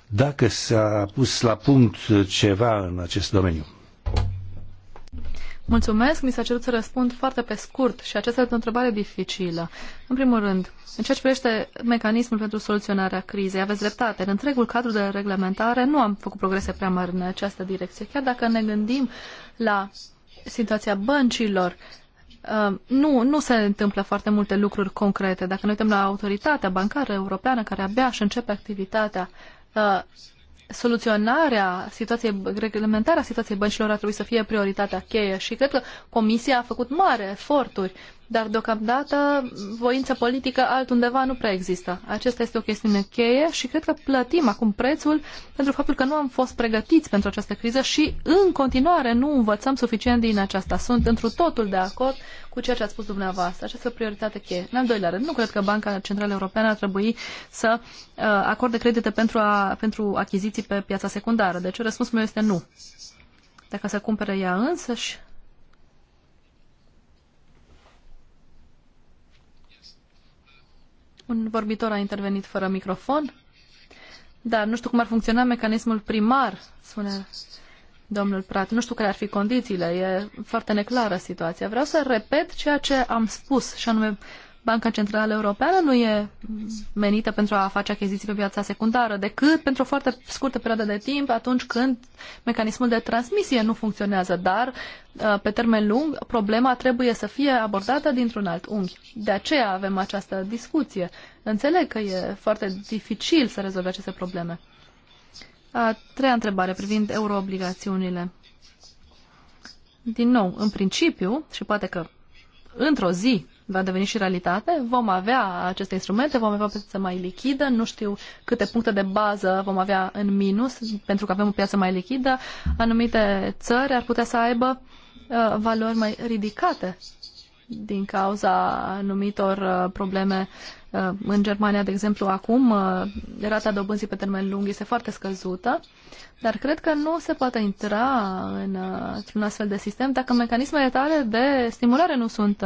Dacă s-a pus la punct ceva în acest domeniu. Mulțumesc, mi s-a cerut să răspund foarte pe scurt și aceasta este o întrebare dificilă. În primul rând, în ceea ce privește mecanismul pentru soluționarea crizei, aveți dreptate. În întregul cadru de reglementare nu am făcut progrese prea mari în această direcție. Chiar dacă ne gândim la situația băncilor, uh, nu, nu se întâmplă foarte multe lucruri concrete. Dacă ne uităm la autoritatea bancară europeană care abia își începe activitatea, uh, soluționarea situației, reglementarea situației băncilor ar trebui să fie prioritatea cheie și cred că Comisia a făcut mari eforturi dar deocamdată voință politică altundeva nu prea există. Acesta este o chestiune cheie și cred că plătim acum prețul pentru faptul că nu am fost pregătiți pentru această criză și în continuare nu învățăm suficient din aceasta. Sunt întru totul de acord cu ceea ce ați spus dumneavoastră. Această prioritate cheie. În al doilea rând, nu cred că Banca Centrală Europeană ar trebui să uh, acorde credite pentru, a, pentru achiziții pe piața secundară. Deci răspunsul meu este nu. Dacă se cumpere ea însăși, Un vorbitor a intervenit fără microfon. Dar nu știu cum ar funcționa mecanismul primar, spune domnul Prat. Nu știu care ar fi condițiile, e foarte neclară situația. Vreau să repet ceea ce am spus, și anume Banca Centrală Europeană nu e menită pentru a face achiziții pe piața secundară, decât pentru o foarte scurtă perioadă de timp, atunci când mecanismul de transmisie nu funcționează, dar uh, pe termen lung problema trebuie să fie abordată dintr-un alt unghi. De aceea avem această discuție. Înțeleg că e foarte dificil să rezolve aceste probleme. A treia întrebare privind euroobligațiunile. Din nou, în principiu, și poate că într-o zi va deveni și realitate. Vom avea aceste instrumente, vom avea o piață mai lichidă, nu știu câte puncte de bază vom avea în minus, pentru că avem o piață mai lichidă. Anumite țări ar putea să aibă uh, valori mai ridicate din cauza anumitor uh, probleme uh, în Germania, de exemplu, acum uh, rata dobânzii pe termen lung este foarte scăzută, dar cred că nu se poate intra în, într-un astfel de sistem dacă mecanismele tale de stimulare nu sunt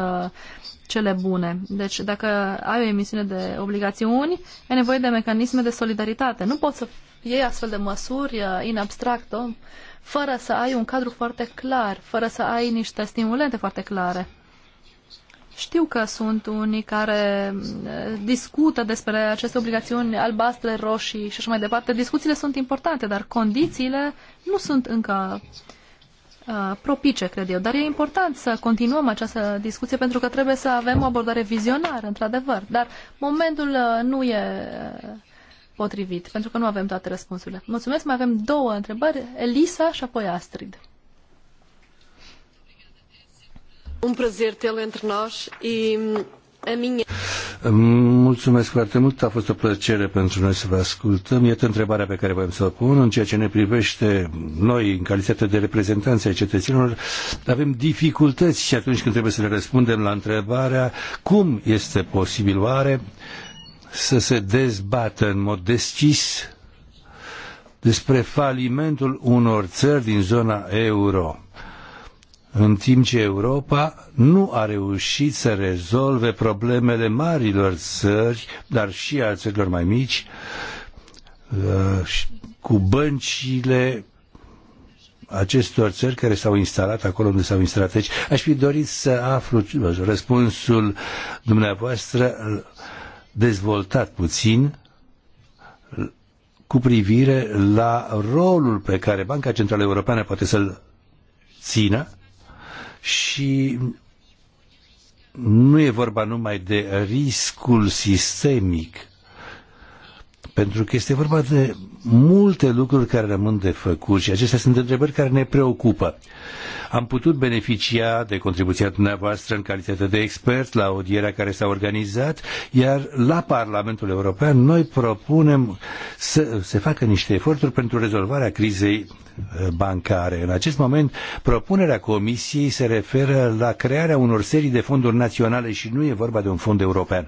cele bune. Deci dacă ai o emisiune de obligațiuni, ai nevoie de mecanisme de solidaritate. Nu poți să iei astfel de măsuri in abstracto fără să ai un cadru foarte clar, fără să ai niște stimulente foarte clare. Știu că sunt unii care eh, discută despre aceste obligațiuni albastre, roșii și așa mai departe. Discuțiile sunt importante, dar condițiile nu sunt încă eh, propice, cred eu. Dar e important să continuăm această discuție pentru că trebuie să avem o abordare vizionară, într-adevăr. Dar momentul eh, nu e potrivit, pentru că nu avem toate răspunsurile. Mulțumesc, mai avem două întrebări, Elisa și apoi Astrid. Un um prazer tê-lo entre nós a minha... Mulțumesc foarte mult, a fost o plăcere pentru noi să vă ascultăm. Iată întrebarea pe care voiam să o pun. În ceea ce ne privește noi, în calitate de reprezentanți ai cetățenilor, avem dificultăți și atunci când trebuie să le răspundem la întrebarea cum este posibil oare să se dezbată în mod deschis despre falimentul unor țări din zona euro în timp ce Europa nu a reușit să rezolve problemele marilor țări, dar și a țărilor mai mici, uh, cu băncile acestor țări care s-au instalat acolo unde s-au instalat. Deci aș fi dorit să aflu răspunsul dumneavoastră dezvoltat puțin cu privire la rolul pe care Banca Centrală Europeană poate să-l țină și nu e vorba numai de riscul sistemic, pentru că este vorba de multe lucruri care rămân de făcut și acestea sunt întrebări care ne preocupă. Am putut beneficia de contribuția dumneavoastră în calitate de expert la audierea care s-a organizat, iar la Parlamentul European noi propunem să se facă niște eforturi pentru rezolvarea crizei uh, bancare. În acest moment, propunerea Comisiei se referă la crearea unor serii de fonduri naționale și nu e vorba de un fond european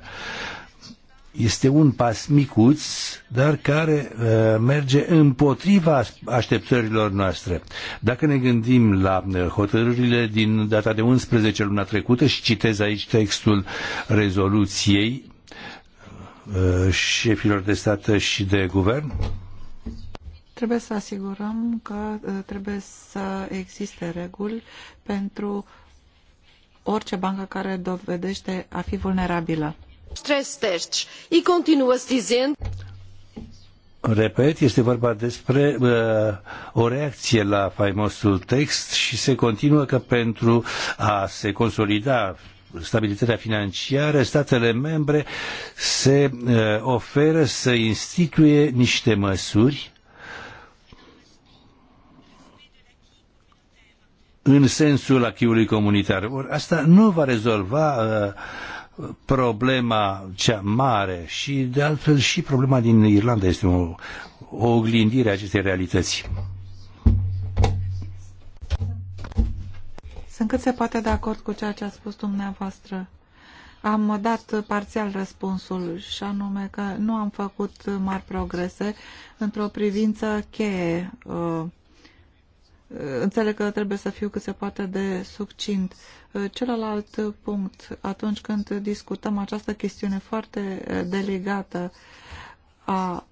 este un pas micuț, dar care uh, merge împotriva așteptărilor noastre. Dacă ne gândim la uh, hotărârile din data de 11 luna trecută și citez aici textul rezoluției uh, șefilor de stat și de guvern, Trebuie să asigurăm că uh, trebuie să existe reguli pentru orice bancă care dovedește a fi vulnerabilă stress tests. E repet, este vorba despre uh, o reacție la faimosul text și se continuă că pentru a se consolida stabilitatea financiară, statele membre se uh, oferă să instituie niște măsuri în sensul achiului comunitar. Or, asta nu va rezolva uh, problema cea mare și de altfel și problema din Irlanda este o, o oglindire a acestei realități. Sunt cât se poate de acord cu ceea ce a spus dumneavoastră. Am dat parțial răspunsul și anume că nu am făcut mari progrese într-o privință cheie uh, Înțeleg că trebuie să fiu cât se poate de succint. Uh, celălalt punct, atunci când discutăm această chestiune foarte uh, delegată a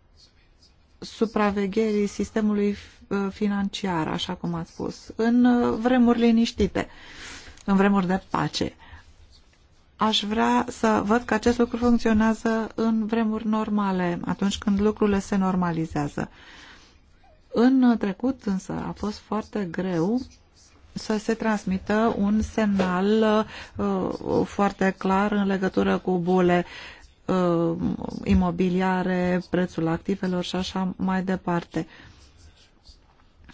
supravegherii sistemului uh, financiar, așa cum ați spus, în vremuri liniștite, în vremuri de pace. Aș vrea să văd că acest lucru funcționează în vremuri normale, atunci când lucrurile se normalizează. Uh, în trecut însă a fost foarte greu să se transmită un semnal uh, foarte clar în legătură cu bule uh, imobiliare, prețul activelor și așa mai departe.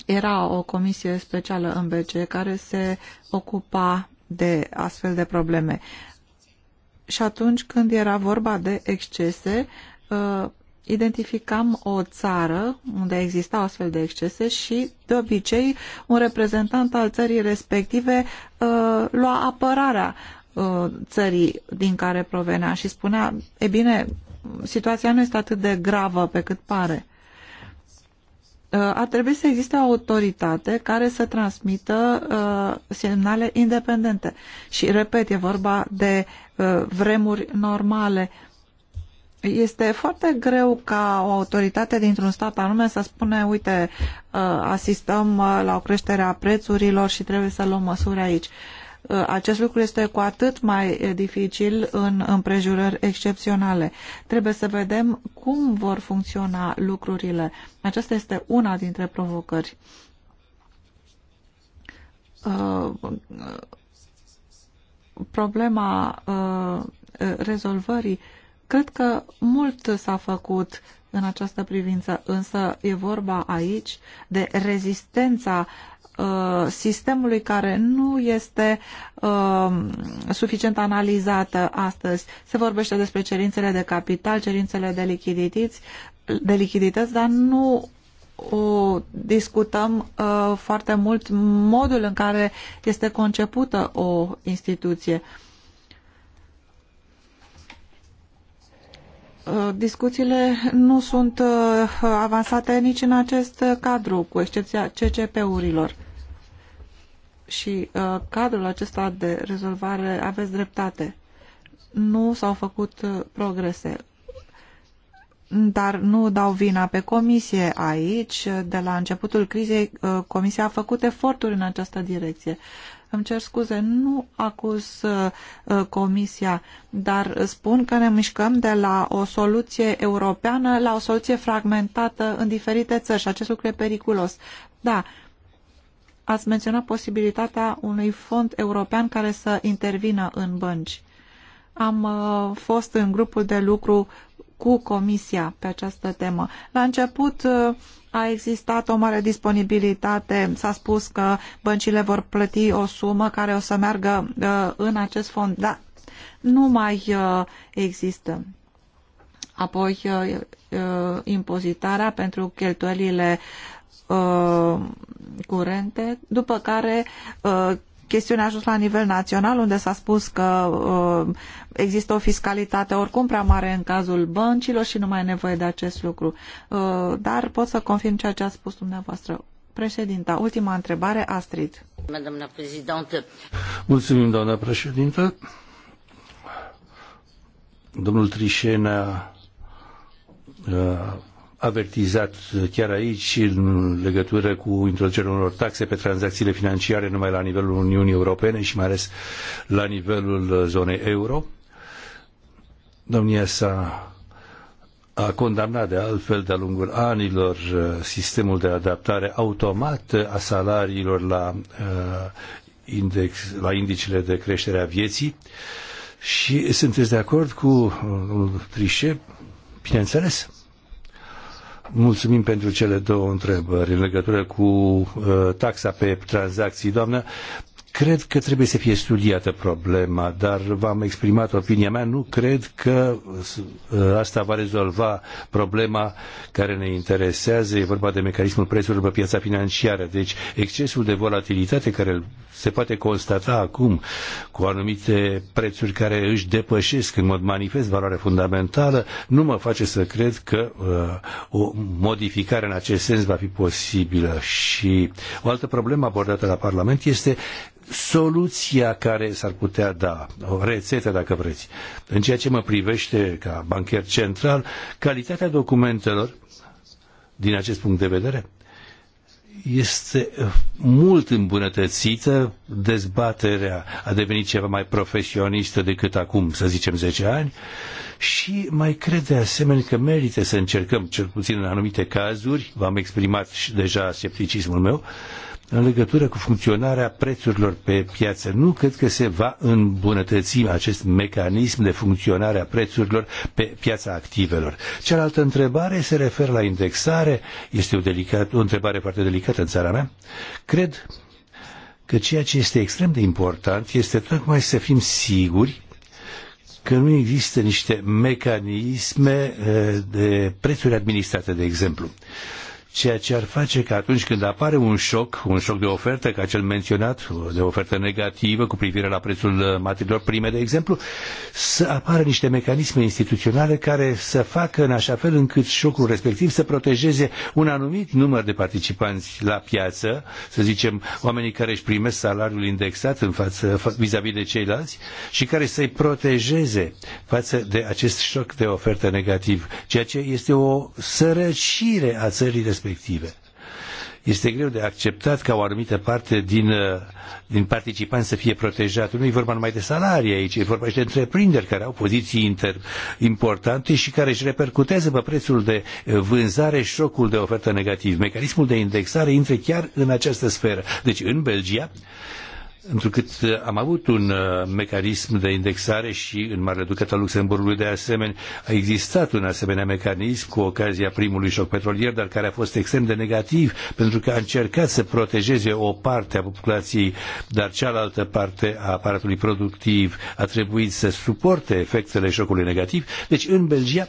Era o comisie specială în BCE care se ocupa de astfel de probleme. Și atunci când era vorba de excese, uh, identificam o țară unde existau astfel de excese și, de obicei, un reprezentant al țării respective uh, lua apărarea uh, țării din care provenea și spunea, e bine, situația nu este atât de gravă pe cât pare. Uh, ar trebui să existe o autoritate care să transmită uh, semnale independente. Și, repet, e vorba de uh, vremuri normale. Uh, este foarte greu ca o autoritate dintr-un stat anume să spune, uite, uh, asistăm uh, la o creștere a prețurilor și trebuie să luăm măsuri aici. Uh, acest lucru este cu atât mai dificil în împrejurări excepționale. Trebuie să vedem cum vor funcționa lucrurile. Aceasta este una dintre provocări. Problema rezolvării Cred că mult s-a făcut în această privință, însă e vorba aici de rezistența uh, sistemului care nu este uh, suficient analizată astăzi. Se vorbește despre cerințele de capital, cerințele de lichidități, de lichidități dar nu o discutăm uh, foarte mult modul în care este concepută o instituție. Uh, Uh, discuțiile nu sunt uh, avansate nici în acest uh, cadru, cu excepția CCP-urilor. Și cadrul acesta de rezolvare, aveți dreptate, nu s-au făcut progrese. Dar nu dau vina pe comisie aici. De la începutul crizei, comisia a făcut eforturi în această direcție. Îmi cer scuze, nu acuz uh, uh, Comisia, dar spun că ne mișcăm de la o soluție europeană la o soluție fragmentată în diferite țări și acest lucru e periculos. Da, ați menționat posibilitatea unui fond european care să intervină în bănci. Am uh, fost în grupul de lucru cu Comisia pe această temă. La început a existat o mare disponibilitate. S-a spus că băncile vor plăti o sumă care o să meargă uh, în acest fond, dar nu mai uh, există. Apoi uh, impozitarea pentru cheltuielile curente, după care Chestiunea a ajuns la nivel național, unde s-a spus că uh, există o fiscalitate oricum prea mare în cazul băncilor și nu mai e nevoie de acest lucru. Uh, dar pot să confirm ceea ce a spus dumneavoastră. Președinta, ultima întrebare, Astrid. Mulțumim, doamna președintă. Domnul Trișenea uh, avertizat chiar aici în legătură cu introducerea unor taxe pe tranzacțiile financiare numai la nivelul Uniunii Europene și mai ales la nivelul zonei euro. Domnia sa a condamnat de altfel de-a lungul anilor uh, sistemul de adaptare automat a salariilor la, uh, index, la indicele de creștere a vieții și sunteți de acord cu uh, Trișe? Bineînțeles Mulțumim pentru cele două întrebări în legătură cu uh, taxa pe tranzacții. Doamnă Cred că trebuie să fie studiată problema, dar v-am exprimat opinia mea, nu cred că uh, asta va rezolva problema care ne interesează, e vorba de mecanismul prețurilor pe piața financiară, deci excesul de volatilitate care se poate constata acum cu anumite prețuri care își depășesc în mod manifest valoarea fundamentală, nu mă face să cred că uh, o modificare în acest sens va fi posibilă. Și o altă problemă abordată la Parlament este soluția care s-ar putea da, o rețetă dacă vreți. În ceea ce mă privește ca bancher central, calitatea documentelor, din acest punct de vedere, este mult îmbunătățită, dezbaterea a devenit ceva mai profesionistă decât acum, să zicem, 10 ani și mai cred de asemenea că merită să încercăm, cel puțin în anumite cazuri, v-am exprimat și deja scepticismul meu, uh, în legătură cu funcționarea prețurilor pe piață. Nu cred că se va îmbunătăți acest mecanism de funcționare a prețurilor pe piața activelor. Cealaltă întrebare se referă la indexare. Este o, delicat, o întrebare foarte delicată în țara mea. Cred că ceea ce este extrem de important este tocmai să fim siguri că nu există niște mecanisme eh, de prețuri administrate, de exemplu ceea ce ar face că atunci când apare un șoc, un șoc de ofertă, ca cel menționat, de ofertă negativă cu privire la prețul uh, materiilor prime, de exemplu, să apară niște mecanisme instituționale care să facă în așa fel încât șocul respectiv să protejeze un anumit număr de participanți la piață, să zicem oamenii care își primesc salariul indexat în față, vis-a-vis de ceilalți și care să-i protejeze față de acest șoc de ofertă negativ, ceea ce este o sărăcire a țării respective perspective. Este greu de acceptat ca o anumită parte din, uh, din participanți să fie protejați. Nu e vorba numai de salarii aici, e vorba și de întreprinderi care au poziții inter, importante și care își repercutează pe prețul de vânzare șocul de ofertă negativ. Mecanismul de indexare intre chiar în această sferă. Deci în Belgia întrucât uh, am avut un uh, mecanism de indexare și în Marea Ducată a Luxemburgului de asemenea a existat un asemenea mecanism cu ocazia primului șoc petrolier, dar care a fost extrem de negativ pentru că a încercat să protejeze o parte a populației, dar cealaltă parte a aparatului productiv a trebuit să suporte efectele șocului negativ. Deci în Belgia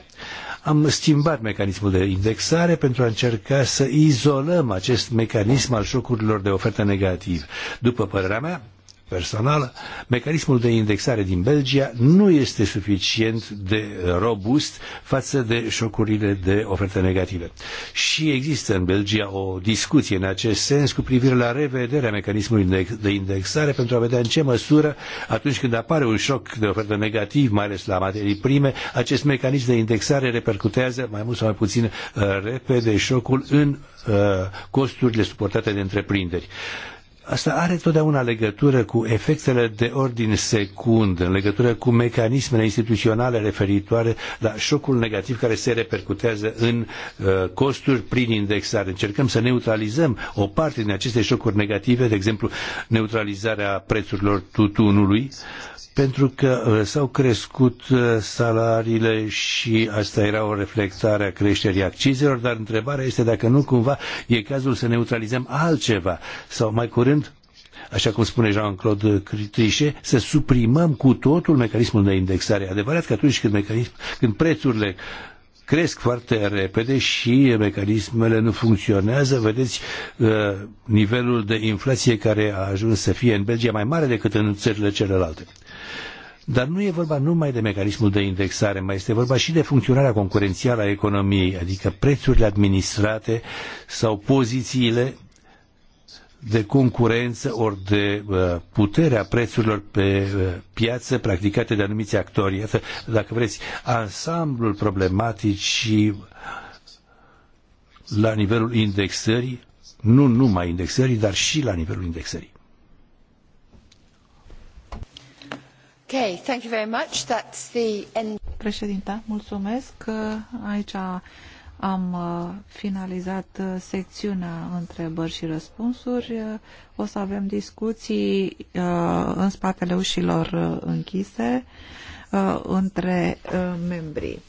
am schimbat mecanismul de indexare pentru a încerca să izolăm acest mecanism al șocurilor de ofertă negativ. După părerea mea, personală, mecanismul de indexare din Belgia nu este suficient de robust față de șocurile de oferte negative. Și există în Belgia o discuție în acest sens cu privire la revederea mecanismului de indexare pentru a vedea în ce măsură, atunci când apare un șoc de ofertă negativ, mai ales la materii prime, acest mecanism de indexare repercutează mai mult sau mai puțin uh, repede șocul în uh, costurile suportate de întreprinderi asta are totdeauna legătură cu efectele de ordin secund, în legătură cu mecanismele instituționale referitoare la șocul negativ care se repercutează în uh, costuri prin indexare. Încercăm să neutralizăm o parte din aceste șocuri negative, de exemplu neutralizarea prețurilor tutunului, pentru că uh, s-au crescut uh, salariile și asta era o reflectare a creșterii accizelor, dar întrebarea este dacă nu cumva e cazul să neutralizăm altceva sau mai curând așa cum spune Jean-Claude Trichet, să suprimăm cu totul mecanismul de indexare. Adevărat că atunci când, mecanism, când prețurile cresc foarte repede și mecanismele nu funcționează. Vedeți uh, nivelul de inflație care a ajuns să fie în Belgia mai mare decât în țările celelalte. Dar nu e vorba numai de mecanismul de indexare, mai este vorba și de funcționarea concurențială a economiei, adică prețurile administrate sau pozițiile de concurență ori de uh, puterea prețurilor pe uh, piață practicate de anumiți actori. Iată, dacă vreți, ansamblul și la nivelul indexării, nu numai indexării, dar și la nivelul indexării. Okay, thank you very much. That's the end. Președinta, mulțumesc. Aici a. Am uh, finalizat uh, secțiunea întrebări și răspunsuri. Uh, o să avem discuții în spatele ușilor închise între membrii.